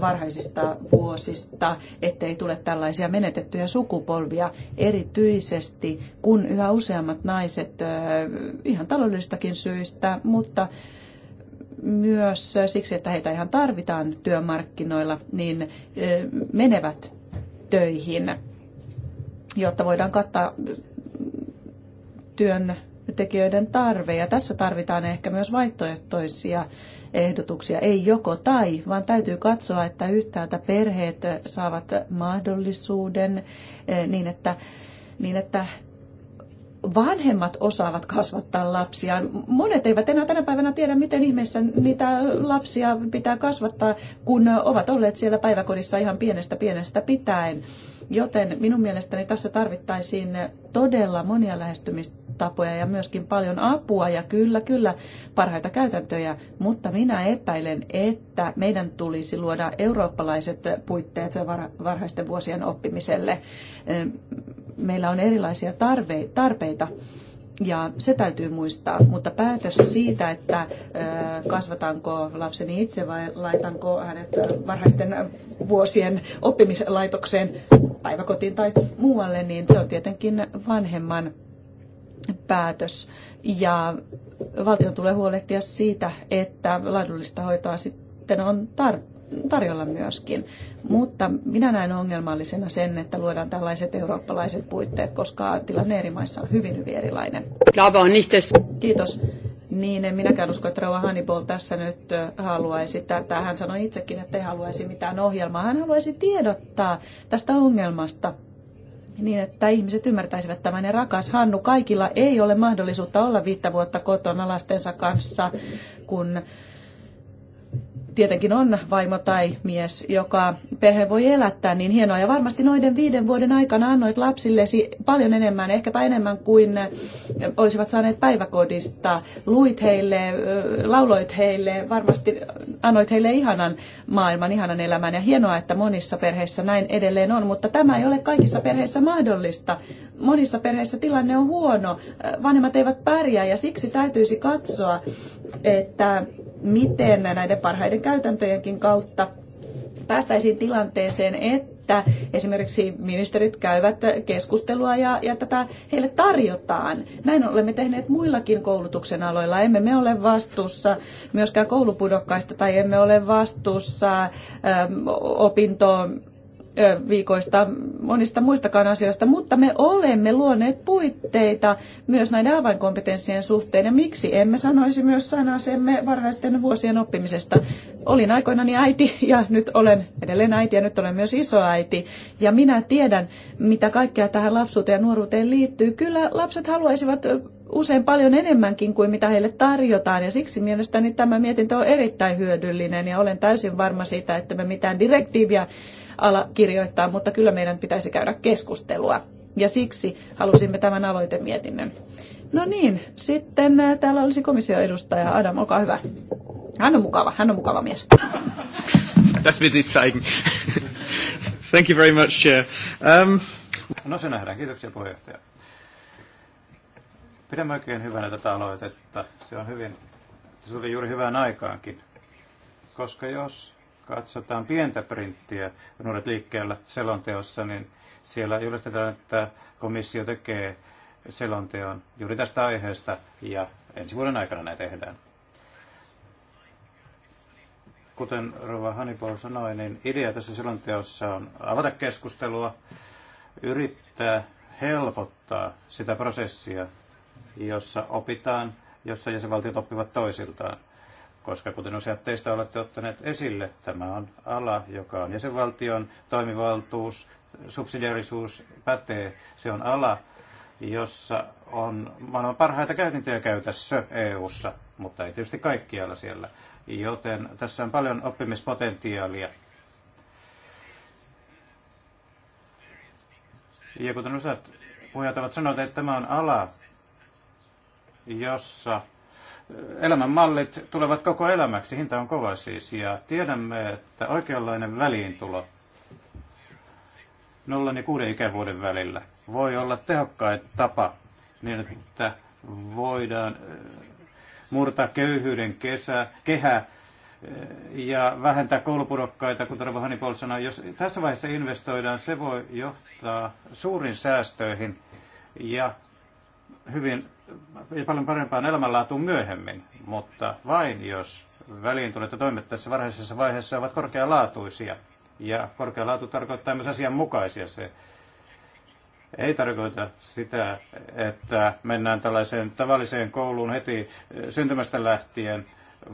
varhaisista vuosista, ettei tule tällaisia menetettyjä sukupolvia, erityisesti kun yhä useammat naiset ihan taloudellistakin syistä, mutta myös siksi, että heitä ihan tarvitaan työmarkkinoilla, niin menevät töihin, jotta voidaan kattaa työn tekijöiden tarve. Ja tässä tarvitaan ehkä myös vaihtoehtoisia ehdotuksia. Ei joko tai, vaan täytyy katsoa, että yhtäältä perheet saavat mahdollisuuden eh, niin, että, niin että vanhemmat osaavat kasvattaa lapsiaan. Monet eivät enää tänä päivänä tiedä, miten ihmeessä niitä lapsia pitää kasvattaa, kun ovat olleet siellä päiväkodissa ihan pienestä pienestä pitäen. Joten minun mielestäni tässä tarvittaisiin todella monia lähestymistä tapoja ja myöskin paljon apua ja kyllä, kyllä parhaita käytäntöjä, mutta minä epäilen, että meidän tulisi luoda eurooppalaiset puitteet varhaisten vuosien oppimiselle. Meillä on erilaisia tarpeita ja se täytyy muistaa, mutta päätös siitä, että kasvataanko lapseni itse vai laitanko hänet varhaisten vuosien oppimislaitokseen, päiväkotiin tai muualle, niin se on tietenkin vanhemman päätös ja valtion tulee huolehtia siitä, että laadullista hoitoa sitten on tar- tarjolla myöskin. Mutta minä näen ongelmallisena sen, että luodaan tällaiset eurooppalaiset puitteet, koska tilanne eri maissa on hyvin, hyvin erilainen. Kiitos. Niin, en minäkään usko, että Rauha Hannibal tässä nyt haluaisi tätä. Hän sanoi itsekin, että ei haluaisi mitään ohjelmaa. Hän haluaisi tiedottaa tästä ongelmasta niin, että ihmiset ymmärtäisivät tämän. Ja rakas Hannu, kaikilla ei ole mahdollisuutta olla viittä vuotta kotona lastensa kanssa, kun tietenkin on vaimo tai mies, joka perhe voi elättää, niin hienoa. Ja varmasti noiden viiden vuoden aikana annoit lapsillesi paljon enemmän, ehkäpä enemmän kuin olisivat saaneet päiväkodista. Luit heille, lauloit heille, varmasti annoit heille ihanan maailman, ihanan elämän. Ja hienoa, että monissa perheissä näin edelleen on, mutta tämä ei ole kaikissa perheissä mahdollista. Monissa perheissä tilanne on huono, vanhemmat eivät pärjää ja siksi täytyisi katsoa, että miten näiden parhaiden käytäntöjenkin kautta päästäisiin tilanteeseen, että esimerkiksi ministerit käyvät keskustelua ja, ja tätä heille tarjotaan. Näin olemme tehneet muillakin koulutuksen aloilla. Emme me ole vastuussa myöskään koulupudokkaista tai emme ole vastuussa ähm, opintoon viikoista, monista muistakaan asioista, mutta me olemme luoneet puitteita myös näiden avainkompetenssien suhteen. Ja miksi emme sanoisi myös sanasemme varhaisten vuosien oppimisesta? Olin aikoinani äiti ja nyt olen edelleen äiti ja nyt olen myös isoäiti. Ja minä tiedän, mitä kaikkea tähän lapsuuteen ja nuoruuteen liittyy. Kyllä lapset haluaisivat usein paljon enemmänkin kuin mitä heille tarjotaan. Ja siksi mielestäni tämä mietintö on erittäin hyödyllinen ja olen täysin varma siitä, että me mitään direktiiviä ala kirjoittaa, mutta kyllä meidän pitäisi käydä keskustelua. Ja siksi halusimme tämän aloitemietinnön. No niin, sitten äh, täällä olisi komission edustaja Adam, olkaa hyvä. Hän on mukava, hän on mukava mies. Das wird nicht Thank you very much, Chair. Um... No se nähdään, kiitoksia puheenjohtaja. Pidämme oikein hyvänä tätä aloitetta. Se on hyvin, se oli juuri hyvään aikaankin. Koska jos katsotaan pientä printtiä nuoret liikkeellä selonteossa, niin siellä julistetaan, että komissio tekee selonteon juuri tästä aiheesta ja ensi vuoden aikana näin tehdään. Kuten Rova Hannibal sanoi, niin idea tässä selonteossa on avata keskustelua, yrittää helpottaa sitä prosessia, jossa opitaan, jossa jäsenvaltiot oppivat toisiltaan. Koska kuten useat teistä olette ottaneet esille, tämä on ala, joka on jäsenvaltion toimivaltuus, subsidiarisuus pätee. Se on ala, jossa on maailman parhaita käytäntöjä käytössä EU-ssa, mutta ei tietysti kaikkialla siellä. Joten tässä on paljon oppimispotentiaalia. Ja kuten useat puhujat ovat sanoneet, että tämä on ala, jossa elämänmallit tulevat koko elämäksi. Hinta on kova siis ja tiedämme, että oikeanlainen väliintulo 0 ja 6 ikävuoden välillä voi olla tehokkain tapa niin, että voidaan murtaa köyhyyden kesä, kehä ja vähentää koulupudokkaita, kun Tarvo Hanipol sanoi. Jos tässä vaiheessa investoidaan, se voi johtaa suurin säästöihin ja hyvin paljon parempaan elämänlaatuun myöhemmin, mutta vain jos väliintunnot ja toimet tässä varhaisessa vaiheessa ovat korkealaatuisia. Ja korkealaatu tarkoittaa myös asianmukaisia. Se ei tarkoita sitä, että mennään tällaiseen tavalliseen kouluun heti eh, syntymästä lähtien,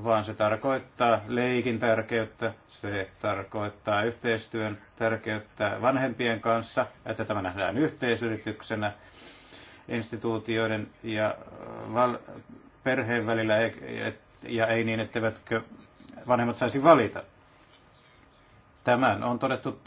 vaan se tarkoittaa leikin tärkeyttä, se tarkoittaa yhteistyön tärkeyttä vanhempien kanssa, että tämä nähdään yhteisyrityksenä instituutioiden ja äh, val- perheen välillä ja ei niin, etteivätkö vanhemmat saisi valita. Tämän on todettu,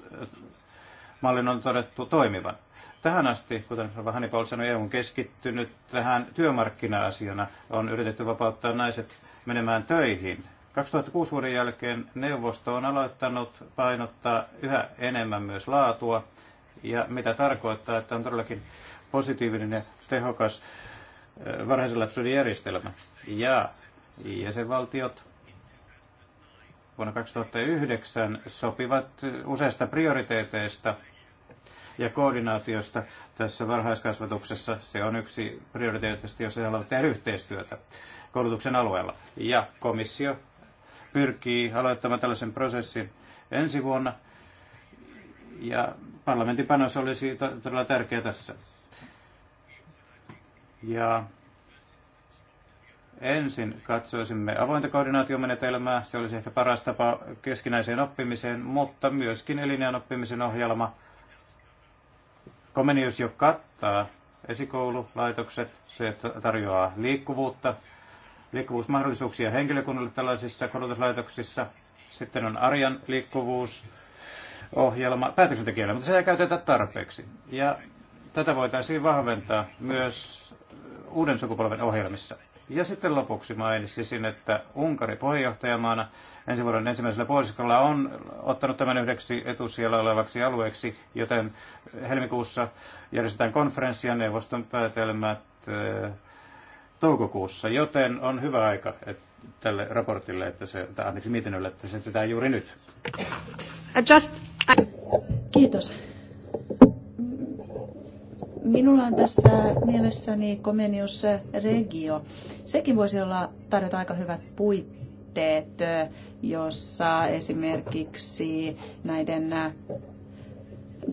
mallin on todettu toimivan. Tähän asti, kuten Hanni Paul sanoi, EU on keskittynyt tähän työmarkkina-asiana. On yritetty vapauttaa naiset menemään töihin. 2006 vuoden jälkeen neuvosto on aloittanut painottaa yhä enemmän myös laatua ja mitä tarkoittaa, että on todellakin positiivinen ja tehokas lapsuuden järjestelmä. Ja jäsenvaltiot vuonna 2009 sopivat useista prioriteeteista ja koordinaatiosta tässä varhaiskasvatuksessa. Se on yksi prioriteetista, jos he haluavat tehdä yhteistyötä koulutuksen alueella. Ja komissio pyrkii aloittamaan tällaisen prosessin ensi vuonna. Ja parlamentin panos olisi todella tärkeä tässä. Ja ensin katsoisimme avointa koordinaatiomenetelmää. Se olisi ehkä paras tapa keskinäiseen oppimiseen, mutta myöskin elinjään oppimisen ohjelma. Komenius jo kattaa esikoululaitokset. Se tarjoaa liikkuvuutta, liikkuvuusmahdollisuuksia henkilökunnalle tällaisissa koulutuslaitoksissa. Sitten on arjan liikkuvuus, ohjelma päätöksentekijöille, mutta se ei käytetä tarpeeksi. Ja tätä voitaisiin vahventaa myös uuden sukupolven ohjelmissa. Ja sitten lopuksi mainitsisin, että Unkari puheenjohtajamaana ensi vuoden ensimmäisellä puoliskolla on ottanut tämän yhdeksi etusijalla olevaksi alueeksi, joten helmikuussa järjestetään konferenssia neuvoston päätelmät eh, toukokuussa, joten on hyvä aika että tälle raportille, että se, tai anteeksi mietinnölle, että se tehdään juuri nyt. Just Kiitos. Minulla on tässä mielessäni Comenius Regio. Sekin voisi olla tarjota aika hyvät puitteet, jossa esimerkiksi näiden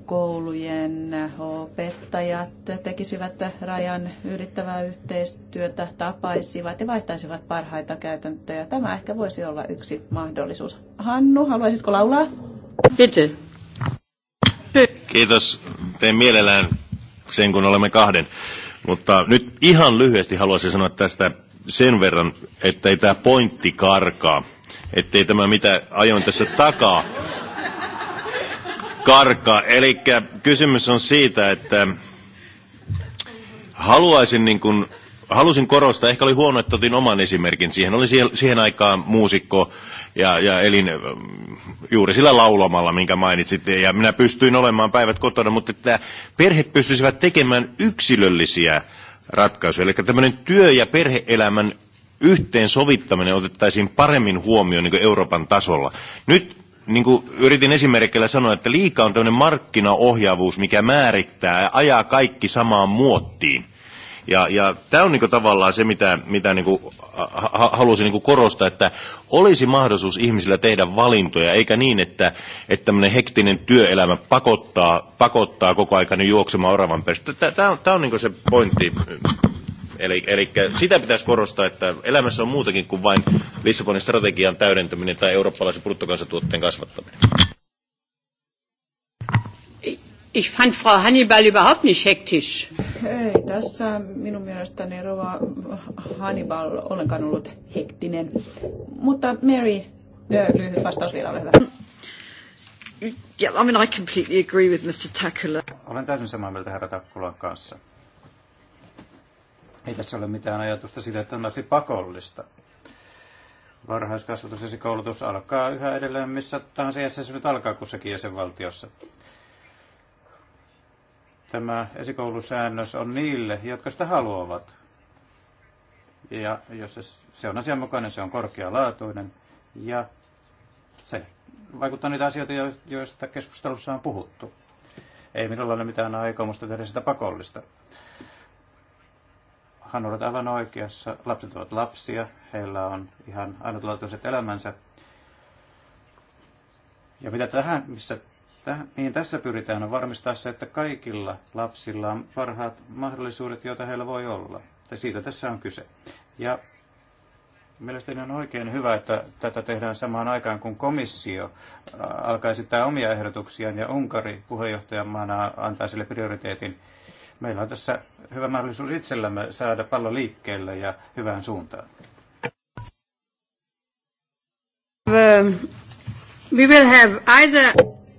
koulujen opettajat tekisivät rajan ylittävää yhteistyötä, tapaisivat ja vaihtaisivat parhaita käytäntöjä. Tämä ehkä voisi olla yksi mahdollisuus. Hannu, haluaisitko laulaa? Bitte. Kiitos. Teen mielellään sen, kun olemme kahden. Mutta nyt ihan lyhyesti haluaisin sanoa tästä sen verran, että ei tämä pointti karkaa. ei tämä mitä ajoin tässä takaa karkaa. Eli kysymys on siitä, että haluaisin niin kuin, halusin korostaa, ehkä oli huono, että otin oman esimerkin siihen. Oli siihen aikaan muusikko ja, ja elin juuri sillä laulamalla, minkä mainitsit, Ja minä pystyin olemaan päivät kotona, mutta että perheet pystyisivät tekemään yksilöllisiä ratkaisuja. Eli tämmöinen työ- ja perheelämän yhteensovittaminen otettaisiin paremmin huomioon niin Euroopan tasolla. Nyt niin kuin yritin esimerkillä sanoa, että liika on tämmöinen markkinaohjaavuus, mikä määrittää ja ajaa kaikki samaan muottiin. Ja, ja tämä on niinku tavallaan se, mitä, mitä niinku, ha, halusin niinku korostaa, että olisi mahdollisuus ihmisillä tehdä valintoja, eikä niin, että, että tämmöinen hektinen työelämä pakottaa, pakottaa koko ajan niin juoksemaan oravan perässä. Tämä on, tää on niinku se pointti. Eli, eli sitä pitäisi korostaa, että elämässä on muutakin kuin vain Lissabonin strategian täydentäminen tai eurooppalaisen bruttokansantuotteen kasvattaminen. Ich fand Frau Hannibal überhaupt nicht hektisch. Ei tässä minun mielestäni Rova Hannibal ollenkaan ollut hektinen. Mutta Mary, lyhyt vastaus vielä, ole hyvä. Yeah, I mean, I completely agree with Mr. Takula. Olen täysin samaa mieltä herra Takkulan kanssa. Ei tässä ole mitään ajatusta siitä, että on olisi pakollista. Varhaiskasvatus ja koulutus alkaa yhä edelleen missä tahansa jäsenessä nyt alkaa kussakin jäsenvaltiossa. Tämä esikoulusäännös on niille, jotka sitä haluavat. Ja jos se, se on asianmukainen, se on korkealaatuinen ja se vaikuttaa niitä asioita, joista keskustelussa on puhuttu. Ei minulla ole mitään aikomusta tehdä sitä pakollista. Hän olet aivan oikeassa. Lapset ovat lapsia. Heillä on ihan ainutlaatuiset elämänsä. Ja mitä tähän, missä Täh, niin tässä pyritään varmistaa se, että kaikilla lapsilla on parhaat mahdollisuudet, joita heillä voi olla. Ja siitä tässä on kyse. Ja mielestäni on oikein hyvä, että tätä tehdään samaan aikaan, kun komissio alkaa esittää omia ehdotuksiaan ja Unkari puheenjohtajamaana antaa sille prioriteetin. Meillä on tässä hyvä mahdollisuus itsellämme saada pallo liikkeelle ja hyvään suuntaan. Um, we will have either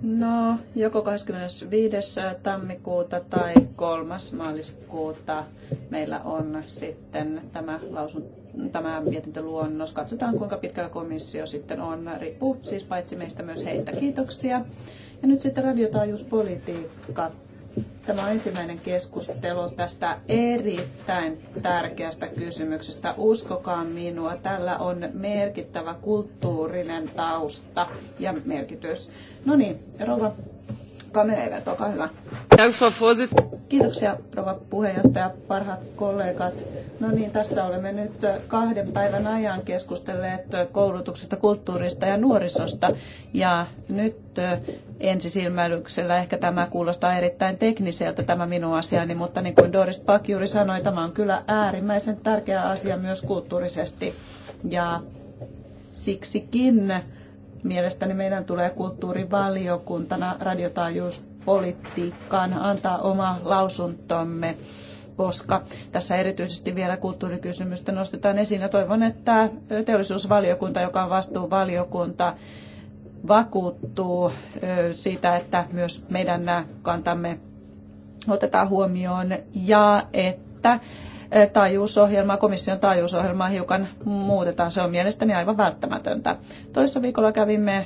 No, joko 25. tammikuuta tai 3. maaliskuuta meillä on sitten tämä, lausun, tämä mietintöluonnos. Katsotaan, kuinka pitkällä komissio sitten on. Riippuu siis paitsi meistä myös heistä. Kiitoksia. Ja nyt sitten radiotaajuuspolitiikka. Tämä on ensimmäinen keskustelu tästä erittäin tärkeästä kysymyksestä. Uskokaa minua, tällä on merkittävä kulttuurinen tausta ja merkitys. No niin, Rova Kamereivert, olkaa hyvä. Kiitoksia, rouva puheenjohtaja, parhaat kollegat. No niin, tässä olemme nyt kahden päivän ajan keskustelleet koulutuksesta, kulttuurista ja nuorisosta. Ja nyt ensisilmäilyksellä ehkä tämä kuulostaa erittäin tekniseltä tämä minun asiani, mutta niin kuin Doris Pak juuri sanoi, tämä on kyllä äärimmäisen tärkeä asia myös kulttuurisesti. Ja siksikin mielestäni meidän tulee kulttuurivaliokuntana radiotaajuuspolitiikkaan antaa oma lausuntomme koska tässä erityisesti vielä kulttuurikysymystä nostetaan esiin. Ja toivon, että teollisuusvaliokunta, joka on vastuuvaliokunta, vakuuttuu siitä, että myös meidän kantamme otetaan huomioon ja että taajuusohjelmaa, komission taajuusohjelmaa hiukan muutetaan. Se on mielestäni aivan välttämätöntä. Toissa viikolla kävimme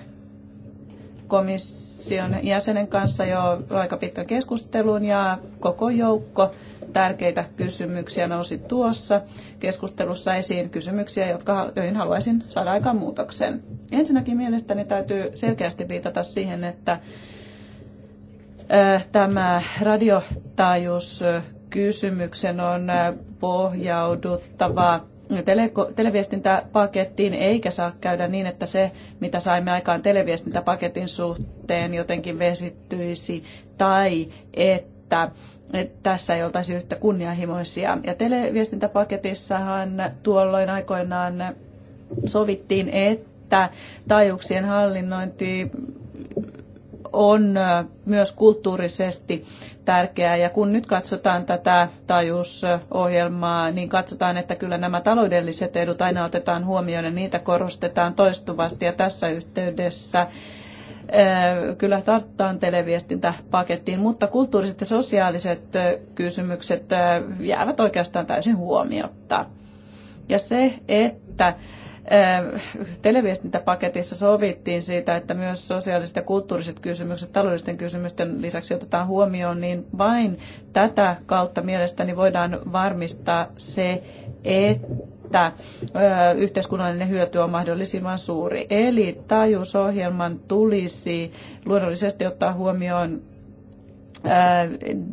komission jäsenen kanssa jo aika pitkän keskustelun ja koko joukko tärkeitä kysymyksiä nousi tuossa keskustelussa esiin kysymyksiä, jotka, joihin haluaisin saada aikaan muutoksen. Ensinnäkin mielestäni täytyy selkeästi viitata siihen, että tämä radiotaajuus kysymyksen on äh, pohjauduttava tele- televiestintäpakettiin, eikä saa käydä niin, että se, mitä saimme aikaan televiestintäpaketin suhteen, jotenkin vesittyisi tai että tässä ei oltaisi yhtä kunnianhimoisia. Ja televiestintäpaketissahan tuolloin aikoinaan sovittiin, että taajuuksien hallinnointi on äh, myös kulttuurisesti tärkeää. Ja kun nyt katsotaan tätä taajuusohjelmaa, niin katsotaan, että kyllä nämä taloudelliset edut aina otetaan huomioon ja niitä korostetaan toistuvasti. Ja tässä yhteydessä eh, kyllä tarttaan televiestintäpakettiin, mutta kulttuuriset ja sosiaaliset eh, kysymykset eh, jäävät oikeastaan täysin huomiotta. Ja se, että Äh, televiestintäpaketissa sovittiin siitä, että myös sosiaaliset ja kulttuuriset kysymykset taloudellisten kysymysten lisäksi otetaan huomioon, niin vain tätä kautta mielestäni voidaan varmistaa se, että äh, yhteiskunnallinen hyöty on mahdollisimman suuri. Eli taajuusohjelman tulisi luonnollisesti ottaa huomioon äh,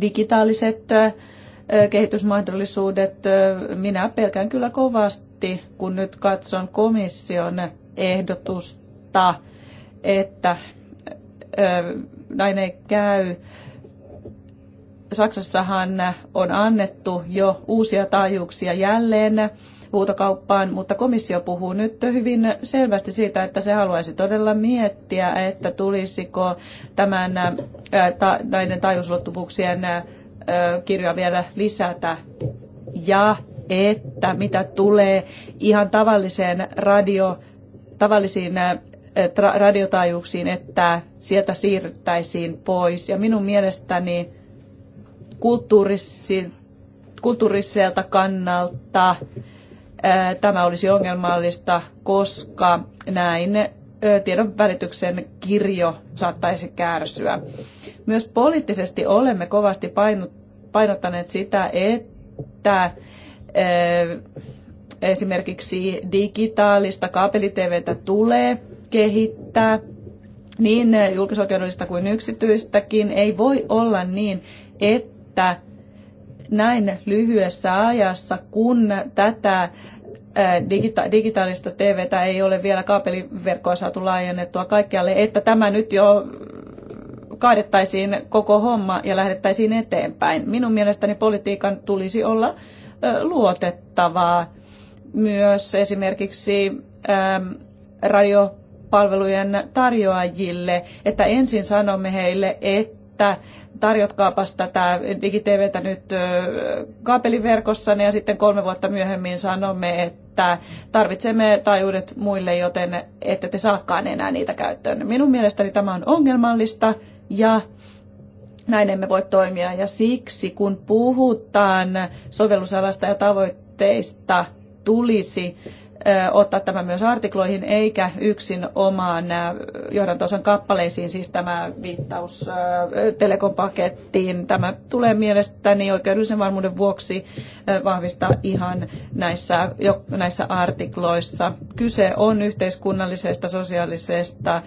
digitaaliset kehitysmahdollisuudet. Minä pelkään kyllä kovasti vaikutti, kun nyt katson komission ehdotusta, että näin ei käy. Saksassahan on annettu jo uusia taajuuksia jälleen huutokauppaan, mutta komissio puhuu nyt hyvin selvästi siitä, että se haluaisi todella miettiä, että tulisiko tämän, näiden taajuusulottuvuuksien kirjoa vielä lisätä ja että mitä tulee ihan tavalliseen radio, tavallisiin äh, radiotaajuuksiin, että sieltä siirryttäisiin pois. Ja minun mielestäni kulttuuriselta kannalta ää, äh, tämä olisi ongelmallista, koska näin äh, tiedon välityksen kirjo saattaisi kärsyä. Myös poliittisesti olemme kovasti painottaneet sitä, että esimerkiksi digitaalista kaapelitvtä tulee kehittää, niin julkisoikeudellista kuin yksityistäkin. Ei voi olla niin, että näin lyhyessä ajassa, kun tätä digita- digitaalista TVtä ei ole vielä kaapeliverkkoa saatu laajennettua kaikkialle, että tämä nyt jo kaadettaisiin koko homma ja lähdettäisiin eteenpäin. Minun mielestäni politiikan tulisi olla luotettavaa. Myös esimerkiksi radiopalvelujen tarjoajille, että ensin sanomme heille, että tarjotkaapas tätä digitevtä nyt kaapeliverkossa, ja sitten kolme vuotta myöhemmin sanomme, että tarvitsemme taajuudet muille, joten ette te saakaan enää niitä käyttöön. Minun mielestäni tämä on ongelmallista ja näin emme voi toimia ja siksi kun puhutaan sovellusalasta ja tavoitteista, tulisi ottaa tämä myös artikloihin eikä yksin omaan johdantosan kappaleisiin, siis tämä viittaus telekompakettiin. Tämä tulee mielestäni oikeudellisen varmuuden vuoksi vahvistaa ihan näissä, jo, näissä artikloissa. Kyse on yhteiskunnallisesta, sosiaalisesta,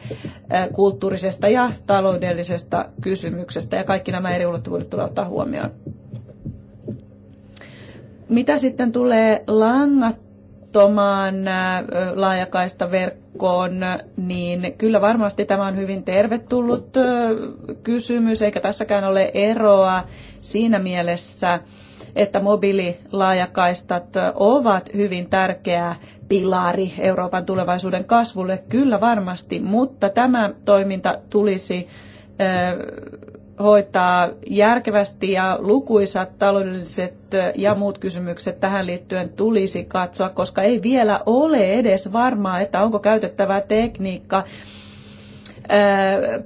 kulttuurisesta ja taloudellisesta kysymyksestä ja kaikki nämä eri ulottuvuudet tulee ottaa huomioon. Mitä sitten tulee langat laittomaan äh, laajakaistaverkkoon, niin kyllä varmasti tämä on hyvin tervetullut äh, kysymys, eikä tässäkään ole eroa siinä mielessä, että mobiililaajakaistat äh, ovat hyvin tärkeä pilari Euroopan tulevaisuuden kasvulle, kyllä varmasti, mutta tämä toiminta tulisi hoitaa järkevästi ja lukuisat taloudelliset ja muut kysymykset tähän liittyen tulisi katsoa, koska ei vielä ole edes varmaa, että onko käytettävä tekniikka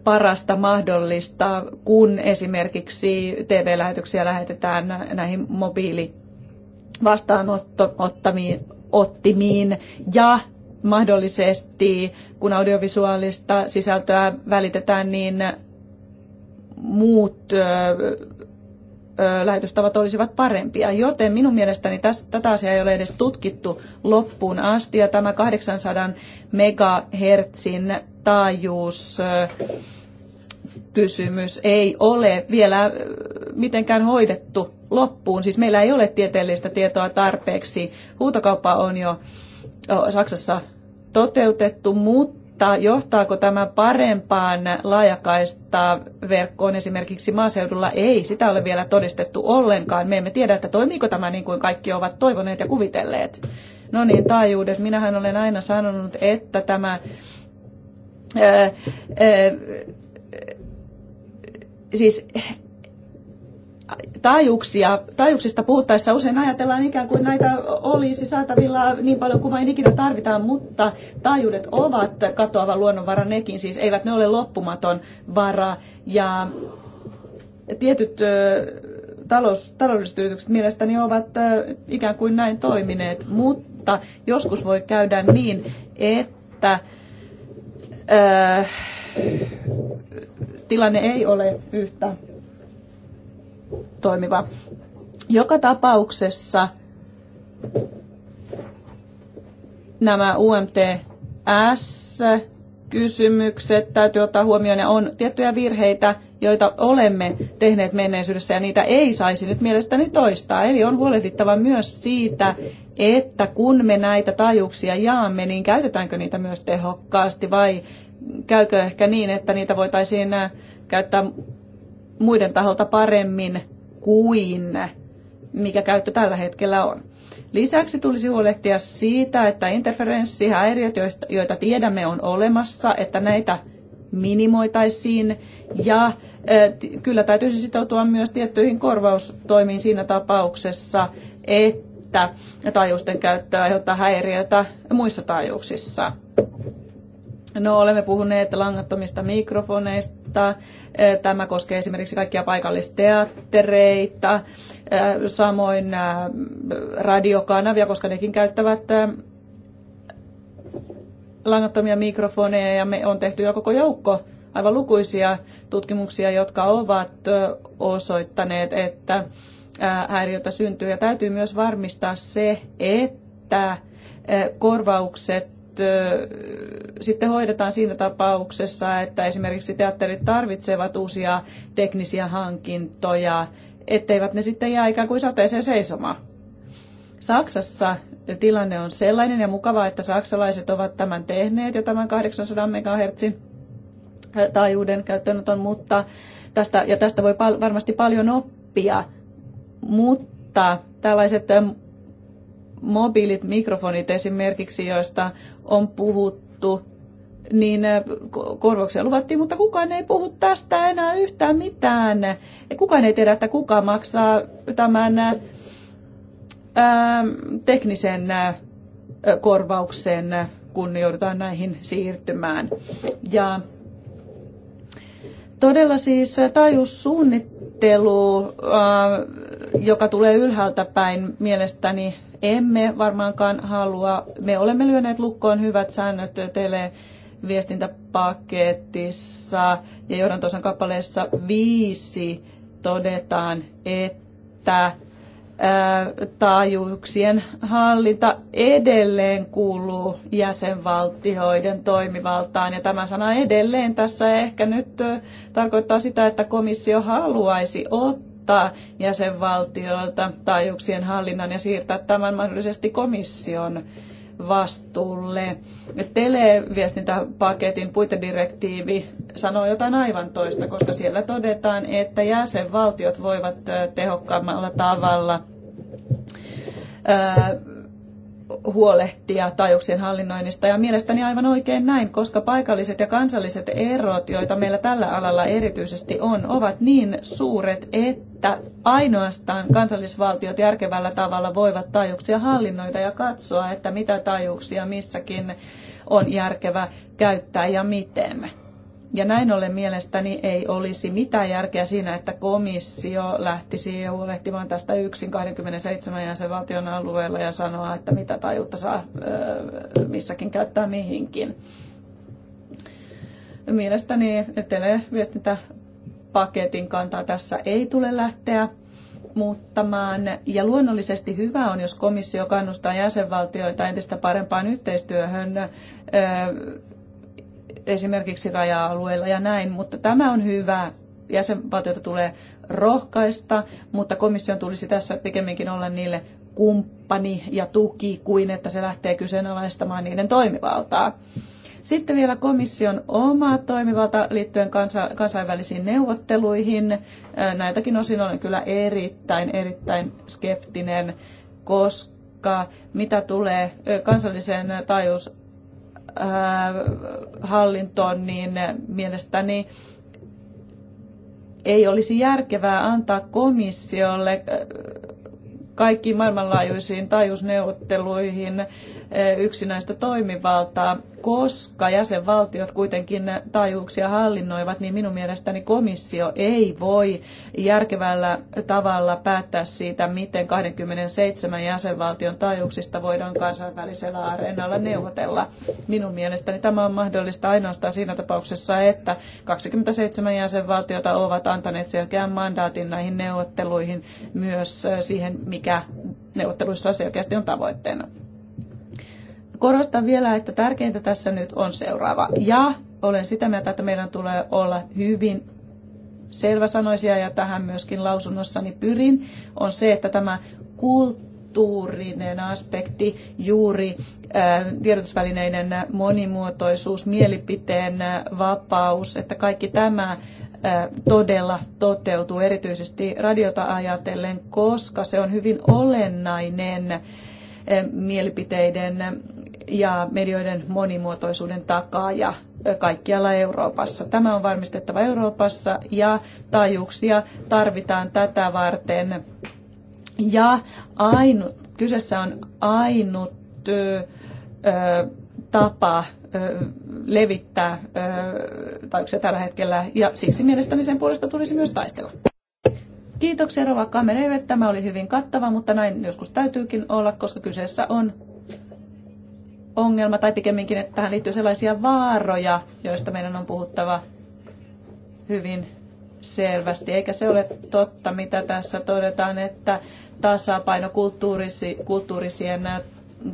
parasta mahdollista, kun esimerkiksi TV-lähetyksiä lähetetään näihin mobiilivastaanottimiin ja mahdollisesti, kun audiovisuaalista sisältöä välitetään, niin muut lähetystavat olisivat parempia. Joten minun mielestäni täs, tätä asiaa ei ole edes tutkittu loppuun asti. Ja tämä 800 megahertsin taajuus kysymys ei ole vielä mitenkään hoidettu loppuun. Siis meillä ei ole tieteellistä tietoa tarpeeksi. Huutokauppa on jo Saksassa toteutettu, mutta mutta johtaako tämä parempaan laajakaistaa verkkoon esimerkiksi maaseudulla? Ei, sitä ole vielä todistettu ollenkaan. Me emme tiedä, että toimiiko tämä niin kuin kaikki ovat toivoneet ja kuvitelleet. No niin, taajuudet. Minähän olen aina sanonut, että tämä... ää, äh, ää, äh, siis taajuuksia, taajuuksista puhuttaessa usein ajatellaan ikään kuin näitä olisi saatavilla niin paljon kuin vain ikinä tarvitaan, mutta taajuudet ovat katoava luonnonvara nekin, siis eivät ne ole loppumaton vara. Ja tietyt talous, taloudelliset yritykset mielestäni ovat ikään kuin näin toimineet, mutta joskus voi käydä niin, että äh, tilanne ei ole yhtä toimiva. Joka tapauksessa nämä UMTS-kysymykset täytyy ottaa huomioon ja on tiettyjä virheitä, joita olemme tehneet menneisyydessä ja niitä ei saisi nyt mielestäni toistaa. Eli on huolehdittava myös siitä, että kun me näitä tajuuksia jaamme, niin käytetäänkö niitä myös tehokkaasti vai käykö ehkä niin, että niitä voitaisiin äh, käyttää muiden taholta paremmin kuin mikä käyttö tällä hetkellä on. Lisäksi tulisi huolehtia siitä, että interferenssihäiriöt, joita tiedämme on olemassa, että näitä minimoitaisiin ja kyllä täytyisi sitoutua myös tiettyihin korvaustoimiin siinä tapauksessa, että taajuusten käyttö aiheuttaa häiriöitä muissa taajuuksissa. No olemme puhuneet langattomista mikrofoneista. Tämä koskee esimerkiksi kaikkia paikallisteattereita, samoin radiokanavia, koska nekin käyttävät langattomia mikrofoneja ja me on tehty jo koko joukko aivan lukuisia tutkimuksia, jotka ovat osoittaneet, että häiriötä syntyy ja täytyy myös varmistaa se, että korvaukset sitten hoidetaan siinä tapauksessa, että esimerkiksi teatterit tarvitsevat uusia teknisiä hankintoja, etteivät ne sitten jää ikään kuin sateeseen seisomaan. Saksassa tilanne on sellainen ja mukava, että saksalaiset ovat tämän tehneet ja tämän 800 MHz taajuuden käyttöönoton, mutta tästä, ja tästä voi pal- varmasti paljon oppia, mutta tällaiset mobiilit mikrofonit esimerkiksi, joista on puhuttu, niin äh, korvauksia luvattiin, mutta kukaan ei puhu tästä enää yhtään mitään. kukaan ei tiedä, että kuka maksaa tämän ää, äh, ähm, teknisen ää, äh, korvauksen, kun joudutaan näihin siirtymään. Ja todella siis taajuussuunnittelu, joka tulee ylhäältä päin, mielestäni emme varmaankaan halua. Me olemme lyöneet lukkoon hyvät säännöt tele viestintäpaketissa ja johdantosan kappaleessa viisi todetaan, että taajuuksien hallinta edelleen kuuluu jäsenvaltioiden toimivaltaan. Ja tämä sana edelleen tässä ehkä nyt tarkoittaa sitä, että komissio haluaisi ottaa ottaa jäsenvaltioilta taajuuksien hallinnan ja siirtää tämän mahdollisesti komission vastuulle. Televiestintäpaketin puitedirektiivi sanoo jotain aivan toista, koska siellä todetaan, että jäsenvaltiot voivat tehokkaammalla tavalla huolehtia taajuuksien hallinnoinnista ja mielestäni aivan oikein näin, koska paikalliset ja kansalliset erot, joita meillä tällä alalla erityisesti on, ovat niin suuret, että ainoastaan kansallisvaltiot järkevällä tavalla voivat taajuuksia hallinnoida ja katsoa, että mitä taajuuksia missäkin on järkevä käyttää ja miten. Ja näin ollen mielestäni ei olisi mitään järkeä siinä, että komissio lähtisi huolehtimaan tästä yksin 27 jäsenvaltion alueella ja sanoa, että mitä tajuutta saa missäkin käyttää mihinkin. Mielestäni televiestintäpaketin kantaa tässä ei tule lähteä muuttamaan. Ja luonnollisesti hyvä on, jos komissio kannustaa jäsenvaltioita entistä parempaan yhteistyöhön esimerkiksi raja-alueilla ja näin, mutta tämä on hyvä. jäsenvaltiota tulee rohkaista, mutta komission tulisi tässä pikemminkin olla niille kumppani ja tuki kuin että se lähtee kyseenalaistamaan niiden toimivaltaa. Sitten vielä komission oma toimivalta liittyen kansa, kansainvälisiin neuvotteluihin. Näiltäkin osin olen kyllä erittäin, erittäin skeptinen, koska mitä tulee kansalliseen taajuus Äh, hallintoon, niin mielestäni ei olisi järkevää antaa komissiolle äh, kaikkiin maailmanlaajuisiin taajuusneuvotteluihin eh, yksinäistä toimivaltaa, koska jäsenvaltiot kuitenkin taajuuksia hallinnoivat, niin minun mielestäni komissio ei voi järkevällä tavalla päättää siitä, miten 27 jäsenvaltion taajuuksista voidaan kansainvälisellä areenalla neuvotella. Minun mielestäni tämä on mahdollista ainoastaan siinä tapauksessa, että 27 jäsenvaltiota ovat antaneet selkeän mandaatin näihin neuvotteluihin myös eh, siihen, mikä mikä neuvotteluissa selkeästi on tavoitteena. Korostan vielä, että tärkeintä tässä nyt on seuraava. Ja olen sitä mieltä, että meidän tulee olla hyvin selväsanoisia ja tähän myöskin lausunnossani pyrin, on se, että tämä kulttuurinen aspekti, juuri tiedotusvälineiden monimuotoisuus, mielipiteen vapaus, että kaikki tämä todella toteutuu, erityisesti radiota ajatellen, koska se on hyvin olennainen mielipiteiden ja medioiden monimuotoisuuden takaaja kaikkialla Euroopassa. Tämä on varmistettava Euroopassa ja taajuuksia tarvitaan tätä varten. Ja ainut, kyseessä on ainut ö, tapa ö, levittää tai se tällä hetkellä, ja siksi mielestäni sen puolesta tulisi myös taistella. Kiitoksia Rova Kamereille. Tämä oli hyvin kattava, mutta näin joskus täytyykin olla, koska kyseessä on ongelma, tai pikemminkin, että tähän liittyy sellaisia vaaroja, joista meidän on puhuttava hyvin selvästi. Eikä se ole totta, mitä tässä todetaan, että tasapaino kulttuurisi, kulttuurisien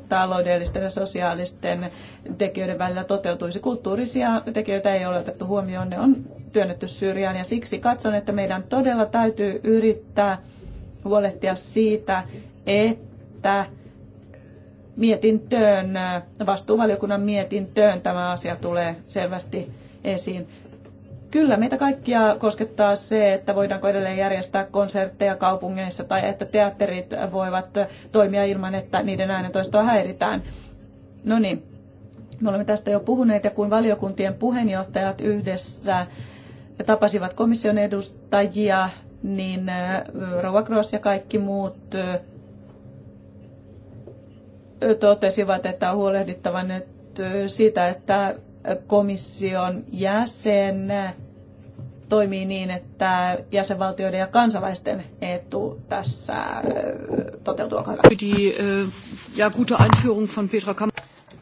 taloudellisten ja sosiaalisten tekijöiden välillä toteutuisi. Kulttuurisia tekijöitä ei ole otettu huomioon, ne on työnnetty syrjään ja siksi katson, että meidän todella täytyy yrittää huolehtia siitä, että mietintöön, vastuuvaliokunnan mietintöön tämä asia tulee selvästi esiin. Kyllä meitä kaikkia koskettaa se, että voidaanko edelleen järjestää konsertteja kaupungeissa tai että teatterit voivat toimia ilman, että niiden äänentoistoa häiritään. No niin, me olemme tästä jo puhuneet ja kun valiokuntien puheenjohtajat yhdessä tapasivat komission edustajia, niin Rova Gross ja kaikki muut totesivat, että on huolehdittava nyt siitä, että komission jäsen toimii niin, että jäsenvaltioiden ja kansalaisten etu tässä toteutuu. Olkaa hyvä. Äh,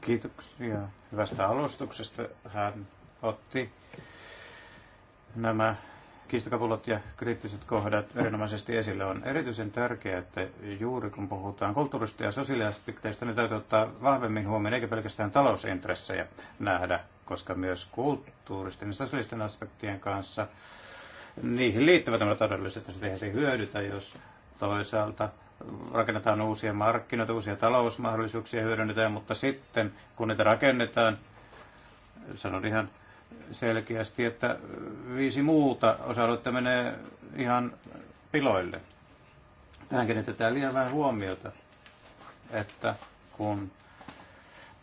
Kiitoksia hyvästä alustuksesta. Hän otti nämä kiistakapulot ja kriittiset kohdat erinomaisesti esille. On erityisen tärkeää, että juuri kun puhutaan kulttuurista ja sosiaaliaspekteista, niin täytyy ottaa vahvemmin huomioon, eikä pelkästään talousintressejä nähdä koska myös kulttuuristen ja sosiaalisten aspektien kanssa niihin liittyvät nämä todelliset että eihän se hyödytä, jos toisaalta rakennetaan uusia markkinoita, uusia talousmahdollisuuksia hyödynnetään, mutta sitten kun niitä rakennetaan, sanon ihan selkeästi, että viisi muuta osa-aluetta menee ihan piloille. Tähän kiinnitetään liian vähän huomiota, että kun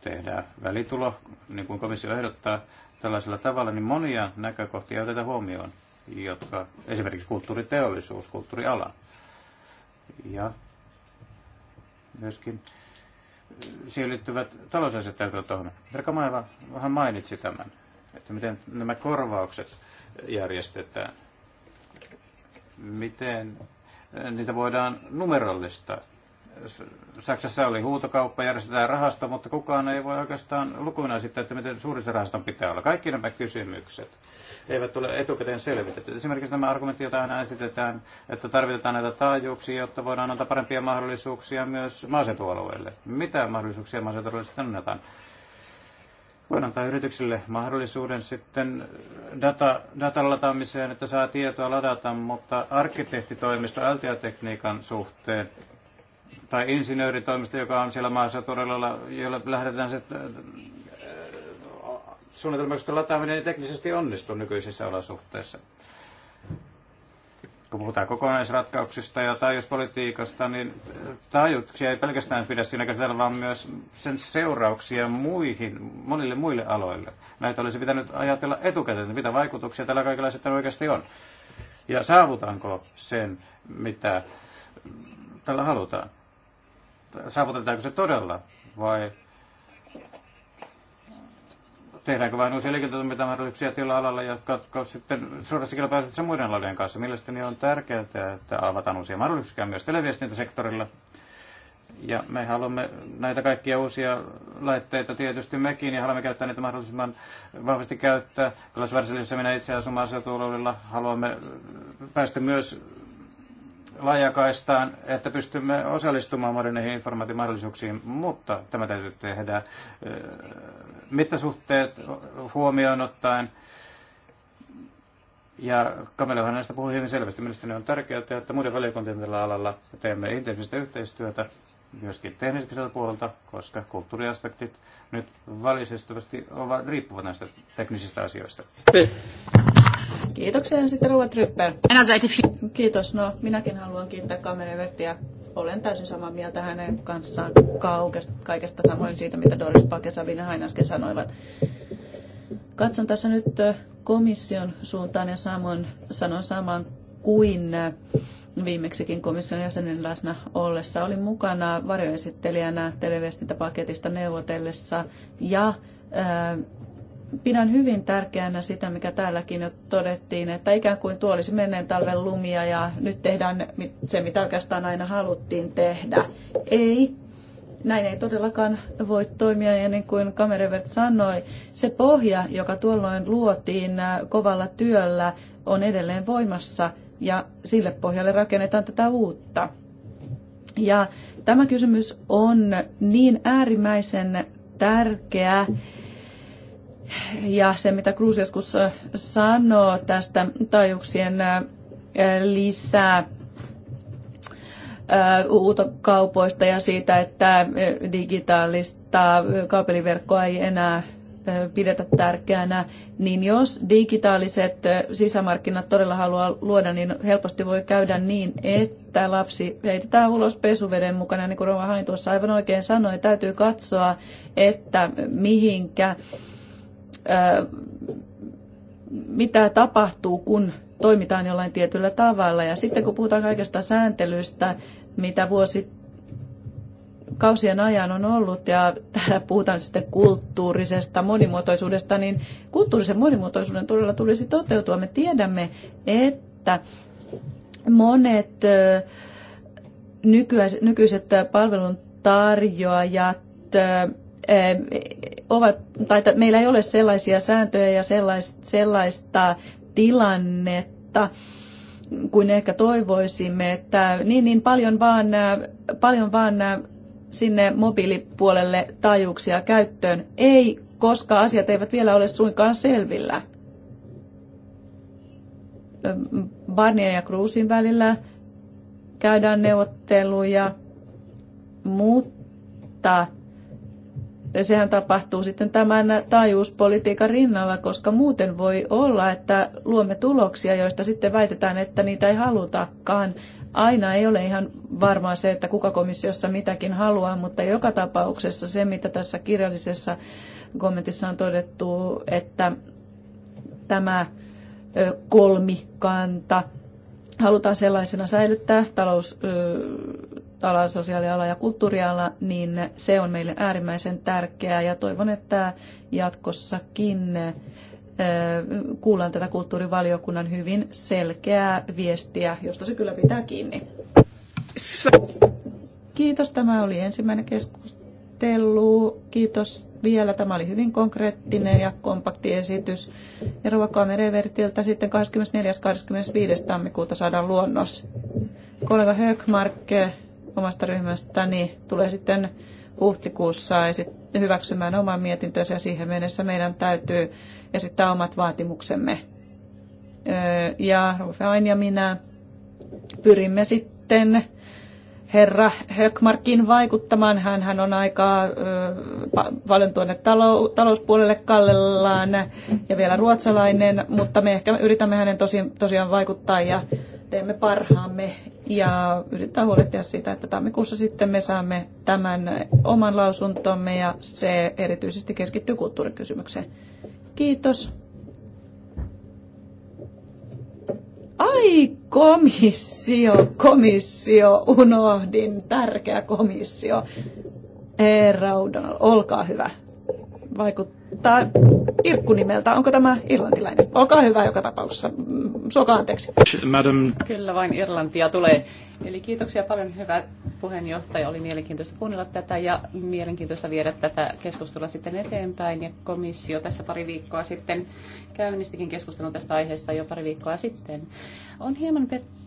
tehdään välitulo, niin kuin komissio ehdottaa tällaisella tavalla, niin monia näkökohtia otetaan huomioon, jotka esimerkiksi kulttuuriteollisuus, kulttuuriala ja myöskin siihen liittyvät talousasiat täytyy tuohon. Verka Maiva vähän mainitsi tämän, että miten nämä korvaukset järjestetään, miten niitä voidaan numerollistaa Saksassa oli huutokauppa, järjestetään rahasto, mutta kukaan ei voi oikeastaan lukuina sitä, että miten suuri se rahaston pitää olla. Kaikki nämä kysymykset eivät ole etukäteen selvitetty. Esimerkiksi nämä argumentit, joita aina esitetään, että tarvitaan näitä taajuuksia, jotta voidaan antaa parempia mahdollisuuksia myös maaseutualueille. Mitä mahdollisuuksia maaseutualueille sitten annetaan? Voidaan antaa yrityksille mahdollisuuden sitten data, datan lataamiseen, että saa tietoa ladata, mutta arkkitehtitoimisto LTA-tekniikan suhteen tai insinööritoimisto, joka on siellä maassa todella, jolla lähdetään se äh, suunnitelma, koska lataaminen ei teknisesti onnistuu nykyisissä olosuhteissa. Kun puhutaan kokonaisratkauksista ja taajuuspolitiikasta, niin taajuuksia ei pelkästään pidä siinä käsitellä, vaan myös sen seurauksia muihin, monille muille aloille. Näitä olisi pitänyt ajatella etukäteen, mitä vaikutuksia tällä kaikilla sitten oikeasti on. Ja saavutaanko sen, mitä tällä halutaan saavutetaanko se todella vai tehdäänkö vain uusia liiketoimintamahdollisuuksia tällä alalla, jotka ovat sitten suorassa kilpailussa muiden alojen kanssa. Mielestäni on tärkeää, että avataan uusia mahdollisuuksia myös televiestintäsektorilla. Ja me haluamme näitä kaikkia uusia laitteita tietysti mekin ja haluamme käyttää niitä mahdollisimman vahvasti käyttää. Kyllä Svärsilössä minä itse asun maaseutualueella. Haluamme päästä myös laajakaistaan, että pystymme osallistumaan moderneihin informaatiomahdollisuuksiin, mutta tämä täytyy tehdä mittasuhteet huomioon ottaen. Ja Kamelehan näistä puhui hyvin selvästi. Mielestäni on tärkeää, että muiden valiokuntien tällä alalla teemme intensiivistä yhteistyötä myöskin tekniseltä puolelta, koska kulttuuriaspektit nyt valitettavasti ovat riippuvat näistä teknisistä asioista. Kiitoksia ja sitten Ruva Trypper. Kiitos. No, minäkin haluan kiittää kamerivettiä. Olen täysin samaa mieltä hänen kanssaan kaukesta, kaikesta samoin siitä, mitä Doris Pak ja Hain äsken sanoivat. Katson tässä nyt komission suuntaan ja samoin, sanon saman kuin viimeksikin komission jäsenen läsnä ollessa. Olin mukana varjoesittelijänä televestintäpaketista neuvotellessa ja pidän hyvin tärkeänä sitä, mikä täälläkin jo todettiin, että ikään kuin tuo olisi menneen talven lumia ja nyt tehdään se, mitä oikeastaan aina haluttiin tehdä. Ei, näin ei todellakaan voi toimia ja niin kuin Kamerevert sanoi, se pohja, joka tuolloin luotiin äh, kovalla työllä, on edelleen voimassa ja sille pohjalle rakennetaan tätä uutta. Ja tämä kysymys on niin äärimmäisen tärkeä, ja se, mitä Kruus joskus äh, sanoo tästä taajuuksien äh, lisää äh, uutokaupoista ja siitä, että digitaalista kaapeliverkkoa ei enää pidetä tärkeänä, niin jos digitaaliset sisämarkkinat todella haluaa luoda, niin helposti voi käydä niin, että lapsi heitetään ulos pesuveden mukana, niin kuin Rova Hain tuossa aivan oikein sanoi, täytyy katsoa, että mihinkä mitä tapahtuu, kun toimitaan jollain tietyllä tavalla. Ja sitten kun puhutaan kaikesta sääntelystä, mitä vuosi kausien ajan on ollut, ja täällä puhutaan sitten kulttuurisesta monimuotoisuudesta, niin kulttuurisen monimuotoisuuden todella tulisi toteutua. Me tiedämme, että monet nykyiset palvelun tarjoajat ovat, tai että meillä ei ole sellaisia sääntöjä ja sellaista, sellaista tilannetta, kuin ehkä toivoisimme, että niin, niin paljon vaan, paljon vaan sinne mobiilipuolelle taajuuksia käyttöön. Ei, koska asiat eivät vielä ole suinkaan selvillä. Barnien ja Cruisin välillä käydään neuvotteluja, mutta sehän tapahtuu sitten tämän taajuuspolitiikan rinnalla, koska muuten voi olla, että luomme tuloksia, joista sitten väitetään, että niitä ei halutakaan. Aina ei ole ihan varmaa se, että kuka komissiossa mitäkin haluaa, mutta joka tapauksessa se, mitä tässä kirjallisessa kommentissa on todettu, että tämä kolmikanta halutaan sellaisena säilyttää talous ala, sosiaaliala ja kulttuuriala, niin se on meille äärimmäisen tärkeää ja toivon, että jatkossakin kuullaan tätä kulttuurivaliokunnan hyvin selkeää viestiä, josta se kyllä pitää kiinni. Kiitos, tämä oli ensimmäinen keskustelu. Kiitos vielä, tämä oli hyvin konkreettinen ja kompakti esitys. Ja Ruokaa sitten 24.–25. tammikuuta saadaan luonnos. Kollega Högmark omasta ryhmästäni niin tulee sitten huhtikuussa hyväksymään oman mietintönsä ja siihen mennessä meidän täytyy esittää omat vaatimuksemme. Ja Rufein ja minä pyrimme sitten herra Höckmarkin vaikuttamaan. hän hän on aika paljon tuonne talouspuolelle kallellaan ja vielä ruotsalainen, mutta me ehkä yritämme hänen tosiaan vaikuttaa ja teemme parhaamme, ja yritetään huolehtia siitä, että tammikuussa sitten me saamme tämän oman lausuntomme ja se erityisesti keskittyy kulttuurikysymykseen. Kiitos. Ai komissio, komissio, unohdin, tärkeä komissio. Herra Udonal, olkaa hyvä vaikuttaa nimeltä. Onko tämä irlantilainen? Olkaa hyvä joka tapauksessa. Mm, suokaa anteeksi. Madam. Kyllä vain Irlantia tulee. Eli kiitoksia paljon hyvä puheenjohtaja. Oli mielenkiintoista kuunnella tätä ja mielenkiintoista viedä tätä keskustelua sitten eteenpäin. Ja komissio tässä pari viikkoa sitten käynnistikin keskustelun tästä aiheesta jo pari viikkoa sitten. On hieman pettynyt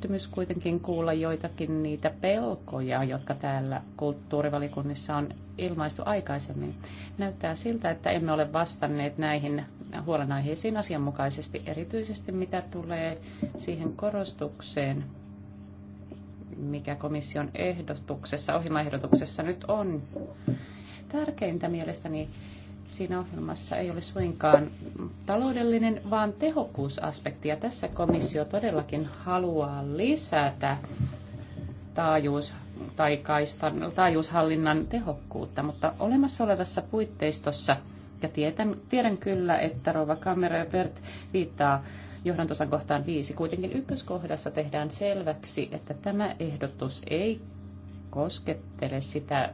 pettymys kuitenkin kuulla joitakin niitä pelkoja, jotka täällä kulttuurivalikunnissa on ilmaistu aikaisemmin. Näyttää siltä, että emme ole vastanneet näihin huolenaiheisiin asianmukaisesti, erityisesti mitä tulee siihen korostukseen, mikä komission ehdotuksessa, ohjelmaehdotuksessa nyt on. Tärkeintä mielestäni siinä ohjelmassa ei ole suinkaan taloudellinen, vaan tehokkuusaspekti. Ja tässä komissio todellakin haluaa lisätä taajuus tai kaistan, taajuushallinnan tehokkuutta, mutta olemassa olevassa puitteistossa, ja tiedän, tiedän kyllä, että Rova Kammerevert viittaa johdantosan kohtaan viisi, kuitenkin ykköskohdassa tehdään selväksi, että tämä ehdotus ei koskettele sitä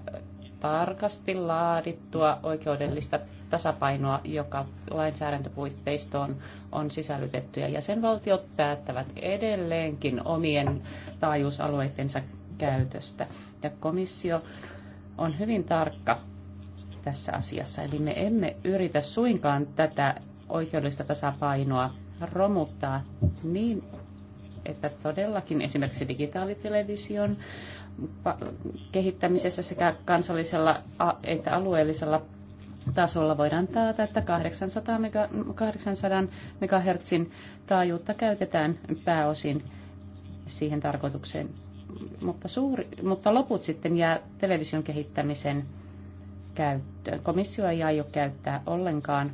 tarkasti laadittua oikeudellista tasapainoa, joka lainsäädäntöpuitteistoon on sisällytetty. Ja jäsenvaltiot päättävät edelleenkin omien taajuusalueidensa käytöstä. Ja komissio on hyvin tarkka tässä asiassa. Eli me emme yritä suinkaan tätä oikeudellista tasapainoa romuttaa niin, että todellakin esimerkiksi digitaalitelevision kehittämisessä sekä kansallisella että alueellisella tasolla voidaan taata, että 800, mega, 800 MHz taajuutta käytetään pääosin siihen tarkoitukseen, mutta, suuri, mutta loput sitten jää television kehittämisen käyttöön. Komissio ei aio käyttää ollenkaan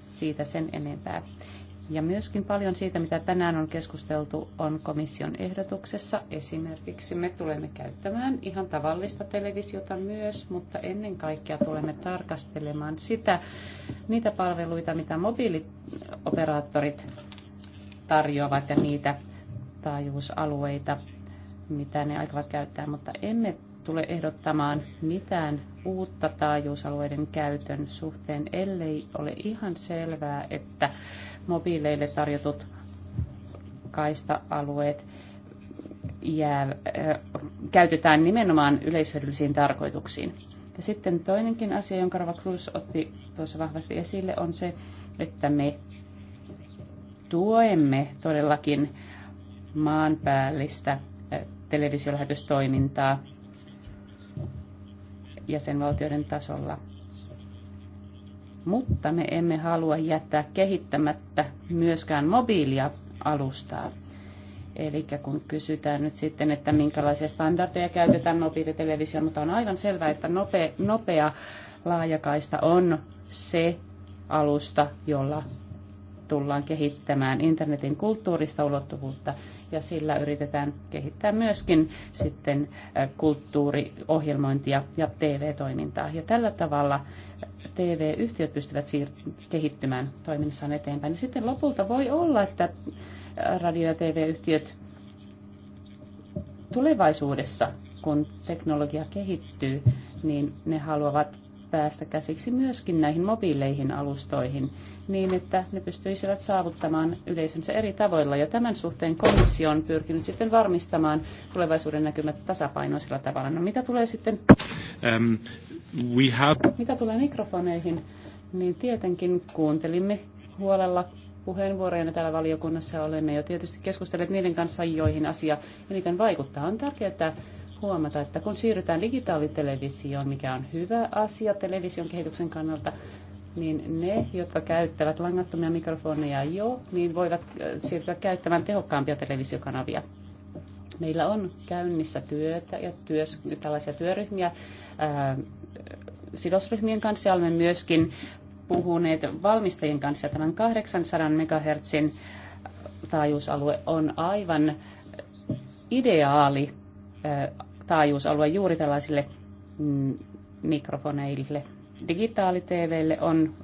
siitä sen enempää. Ja myöskin paljon siitä, mitä tänään on keskusteltu, on komission ehdotuksessa. Esimerkiksi me tulemme käyttämään ihan tavallista televisiota myös, mutta ennen kaikkea tulemme tarkastelemaan sitä, niitä palveluita, mitä mobiilioperaattorit tarjoavat ja niitä taajuusalueita, mitä ne aikovat käyttää, mutta emme tule ehdottamaan mitään uutta taajuusalueiden käytön suhteen, ellei ole ihan selvää, että mobiileille tarjotut kaista-alueet jää, äh, käytetään nimenomaan yleishyödyllisiin tarkoituksiin. Ja sitten toinenkin asia, jonka Rava Cruz otti tuossa vahvasti esille, on se, että me tuemme todellakin maanpäällistä televisiolähetystoimintaa jäsenvaltioiden tasolla – mutta me emme halua jättää kehittämättä myöskään mobiilia alustaa. Eli kun kysytään nyt sitten, että minkälaisia standardeja käytetään mobiilitelevisioon, mutta on aivan selvää, että nopea, nopea laajakaista on se alusta, jolla tullaan kehittämään internetin kulttuurista ulottuvuutta ja sillä yritetään kehittää myöskin sitten kulttuuriohjelmointia ja TV-toimintaa. Ja tällä tavalla TV-yhtiöt pystyvät siir- kehittymään toiminnassaan eteenpäin. Ja sitten lopulta voi olla, että radio- ja TV-yhtiöt tulevaisuudessa, kun teknologia kehittyy, niin ne haluavat päästä käsiksi myöskin näihin mobiileihin alustoihin niin, että ne pystyisivät saavuttamaan yleisönsä eri tavoilla. Ja tämän suhteen komissio on pyrkinyt sitten varmistamaan tulevaisuuden näkymät tasapainoisella tavalla. No mitä tulee sitten... Um, we have... Mitä tulee mikrofoneihin, niin tietenkin kuuntelimme huolella puheenvuoroja täällä valiokunnassa olemme jo tietysti keskustelleet niiden kanssa, joihin asia eniten vaikuttaa. On tärkeää huomata, että kun siirrytään digitaalitelevisioon, mikä on hyvä asia television kehityksen kannalta, niin ne, jotka käyttävät langattomia mikrofoneja jo, niin voivat äh, siirtyä käyttämään tehokkaampia televisiokanavia. Meillä on käynnissä työtä ja työs, tällaisia työryhmiä ää, äh, sidosryhmien kanssa. Olemme myöskin puhuneet valmistajien kanssa. Tämän 800 MHz äh, taajuusalue on aivan ideaali taajuusalue juuri tällaisille mm, mikrofoneille – digitaali-TVlle on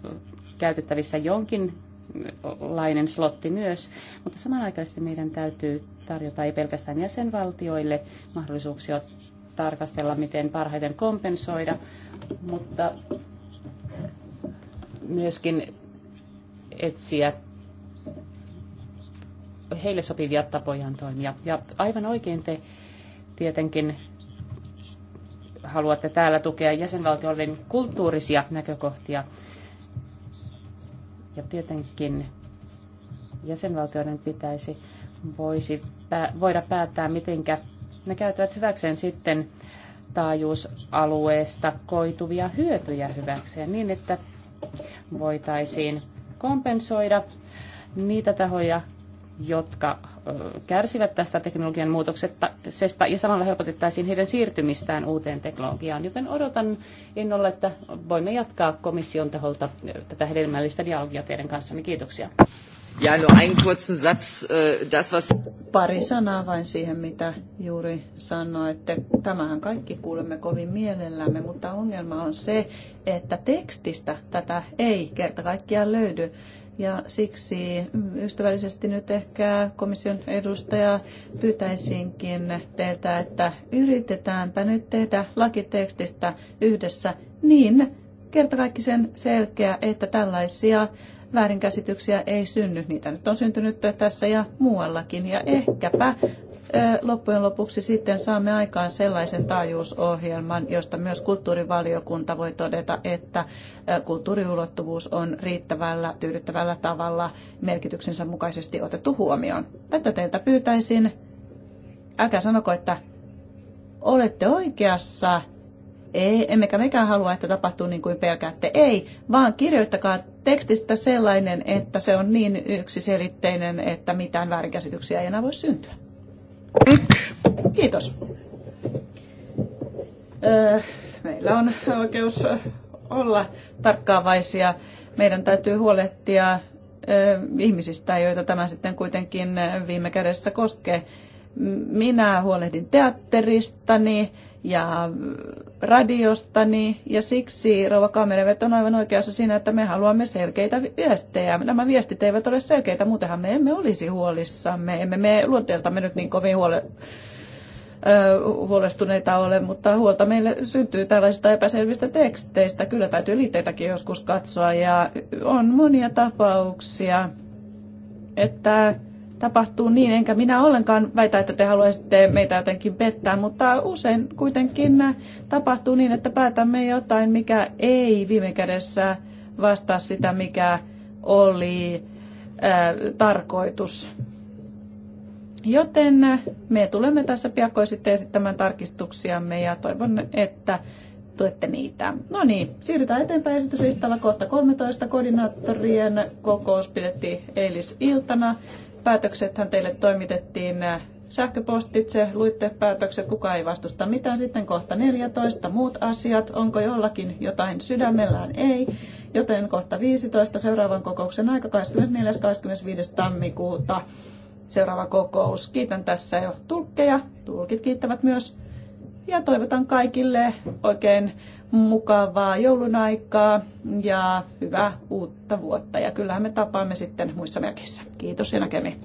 käytettävissä jonkinlainen slotti myös, mutta samanaikaisesti meidän täytyy tarjota ei pelkästään jäsenvaltioille mahdollisuuksia tarkastella, miten parhaiten kompensoida, mutta myöskin etsiä heille sopivia tapojaan toimia. Ja aivan oikein te tietenkin haluatte täällä tukea jäsenvaltioiden kulttuurisia näkökohtia. Ja tietenkin jäsenvaltioiden pitäisi voisi voida päättää, miten ne käyttävät hyväkseen sitten taajuusalueesta koituvia hyötyjä hyväkseen niin, että voitaisiin kompensoida niitä tahoja, jotka kärsivät tästä teknologian muutoksesta ja samalla helpotettaisiin heidän siirtymistään uuteen teknologiaan. Joten odotan innolla, että voimme jatkaa komission taholta tätä hedelmällistä dialogia teidän kanssanne. Kiitoksia. Ja no einen kurzen Satz, das was... Pari sanaa vain siihen, mitä juuri sanoitte. Tämähän kaikki kuulemme kovin mielellämme, mutta ongelma on se, että tekstistä tätä ei kerta kaikkiaan löydy. Ja siksi ystävällisesti nyt ehkä komission edustaja pyytäisinkin teiltä, että yritetäänpä nyt tehdä lakitekstistä yhdessä niin kertakaikkisen selkeä, että tällaisia väärinkäsityksiä ei synny. Niitä nyt on syntynyt tässä ja muuallakin. Ja ehkäpä loppujen lopuksi sitten saamme aikaan sellaisen taajuusohjelman, josta myös kulttuurivaliokunta voi todeta, että kulttuuriulottuvuus on riittävällä, tyydyttävällä tavalla merkityksensä mukaisesti otettu huomioon. Tätä teiltä pyytäisin. Älkää sanoko, että olette oikeassa. Ei, emmekä mekään halua, että tapahtuu niin kuin pelkäätte. Ei, vaan kirjoittakaa tekstistä sellainen, että se on niin yksiselitteinen, että mitään väärinkäsityksiä ei enää voi syntyä. Kiitos. Meillä on oikeus olla tarkkaavaisia. Meidän täytyy huolehtia ihmisistä, joita tämä sitten kuitenkin viime kädessä koskee. Minä huolehdin teatteristani, ja radiostani. Ja siksi Rova Kamerevet on aivan oikeassa siinä, että me haluamme selkeitä viestejä. Nämä viestit eivät ole selkeitä, muutenhan me emme olisi huolissamme. Emme me luonteeltamme nyt niin kovin huole, huolestuneita ole, mutta huolta meille syntyy tällaisista epäselvistä teksteistä. Kyllä täytyy liitteitäkin joskus katsoa ja on monia tapauksia, että tapahtuu niin, enkä minä ollenkaan väitä, että te haluaisitte meitä jotenkin pettää, mutta usein kuitenkin äh, tapahtuu niin, että päätämme jotain, mikä ei viime kädessä vastaa sitä, mikä oli ää, äh, tarkoitus. Joten äh, me tulemme tässä piakkoin sitten esittämään tarkistuksiamme ja toivon, että tuette niitä. No niin, siirrytään eteenpäin esityslistalla kohta 13. Koordinaattorien kokous pidettiin eilisiltana päätöksethän teille toimitettiin äh, sähköpostitse, luitte päätökset, kuka ei vastusta mitään. Sitten kohta 14, muut asiat, onko jollakin jotain sydämellään, ei. Joten kohta 15, seuraavan kokouksen aika 24.25. tammikuuta. Seuraava kokous. Kiitän tässä jo tulkkeja. Tulkit kiittävät myös ja toivotan kaikille oikein mukavaa joulun aikaa ja hyvää uutta vuotta. Ja kyllähän me tapaamme sitten muissa merkissä. Kiitos ja näkemiin.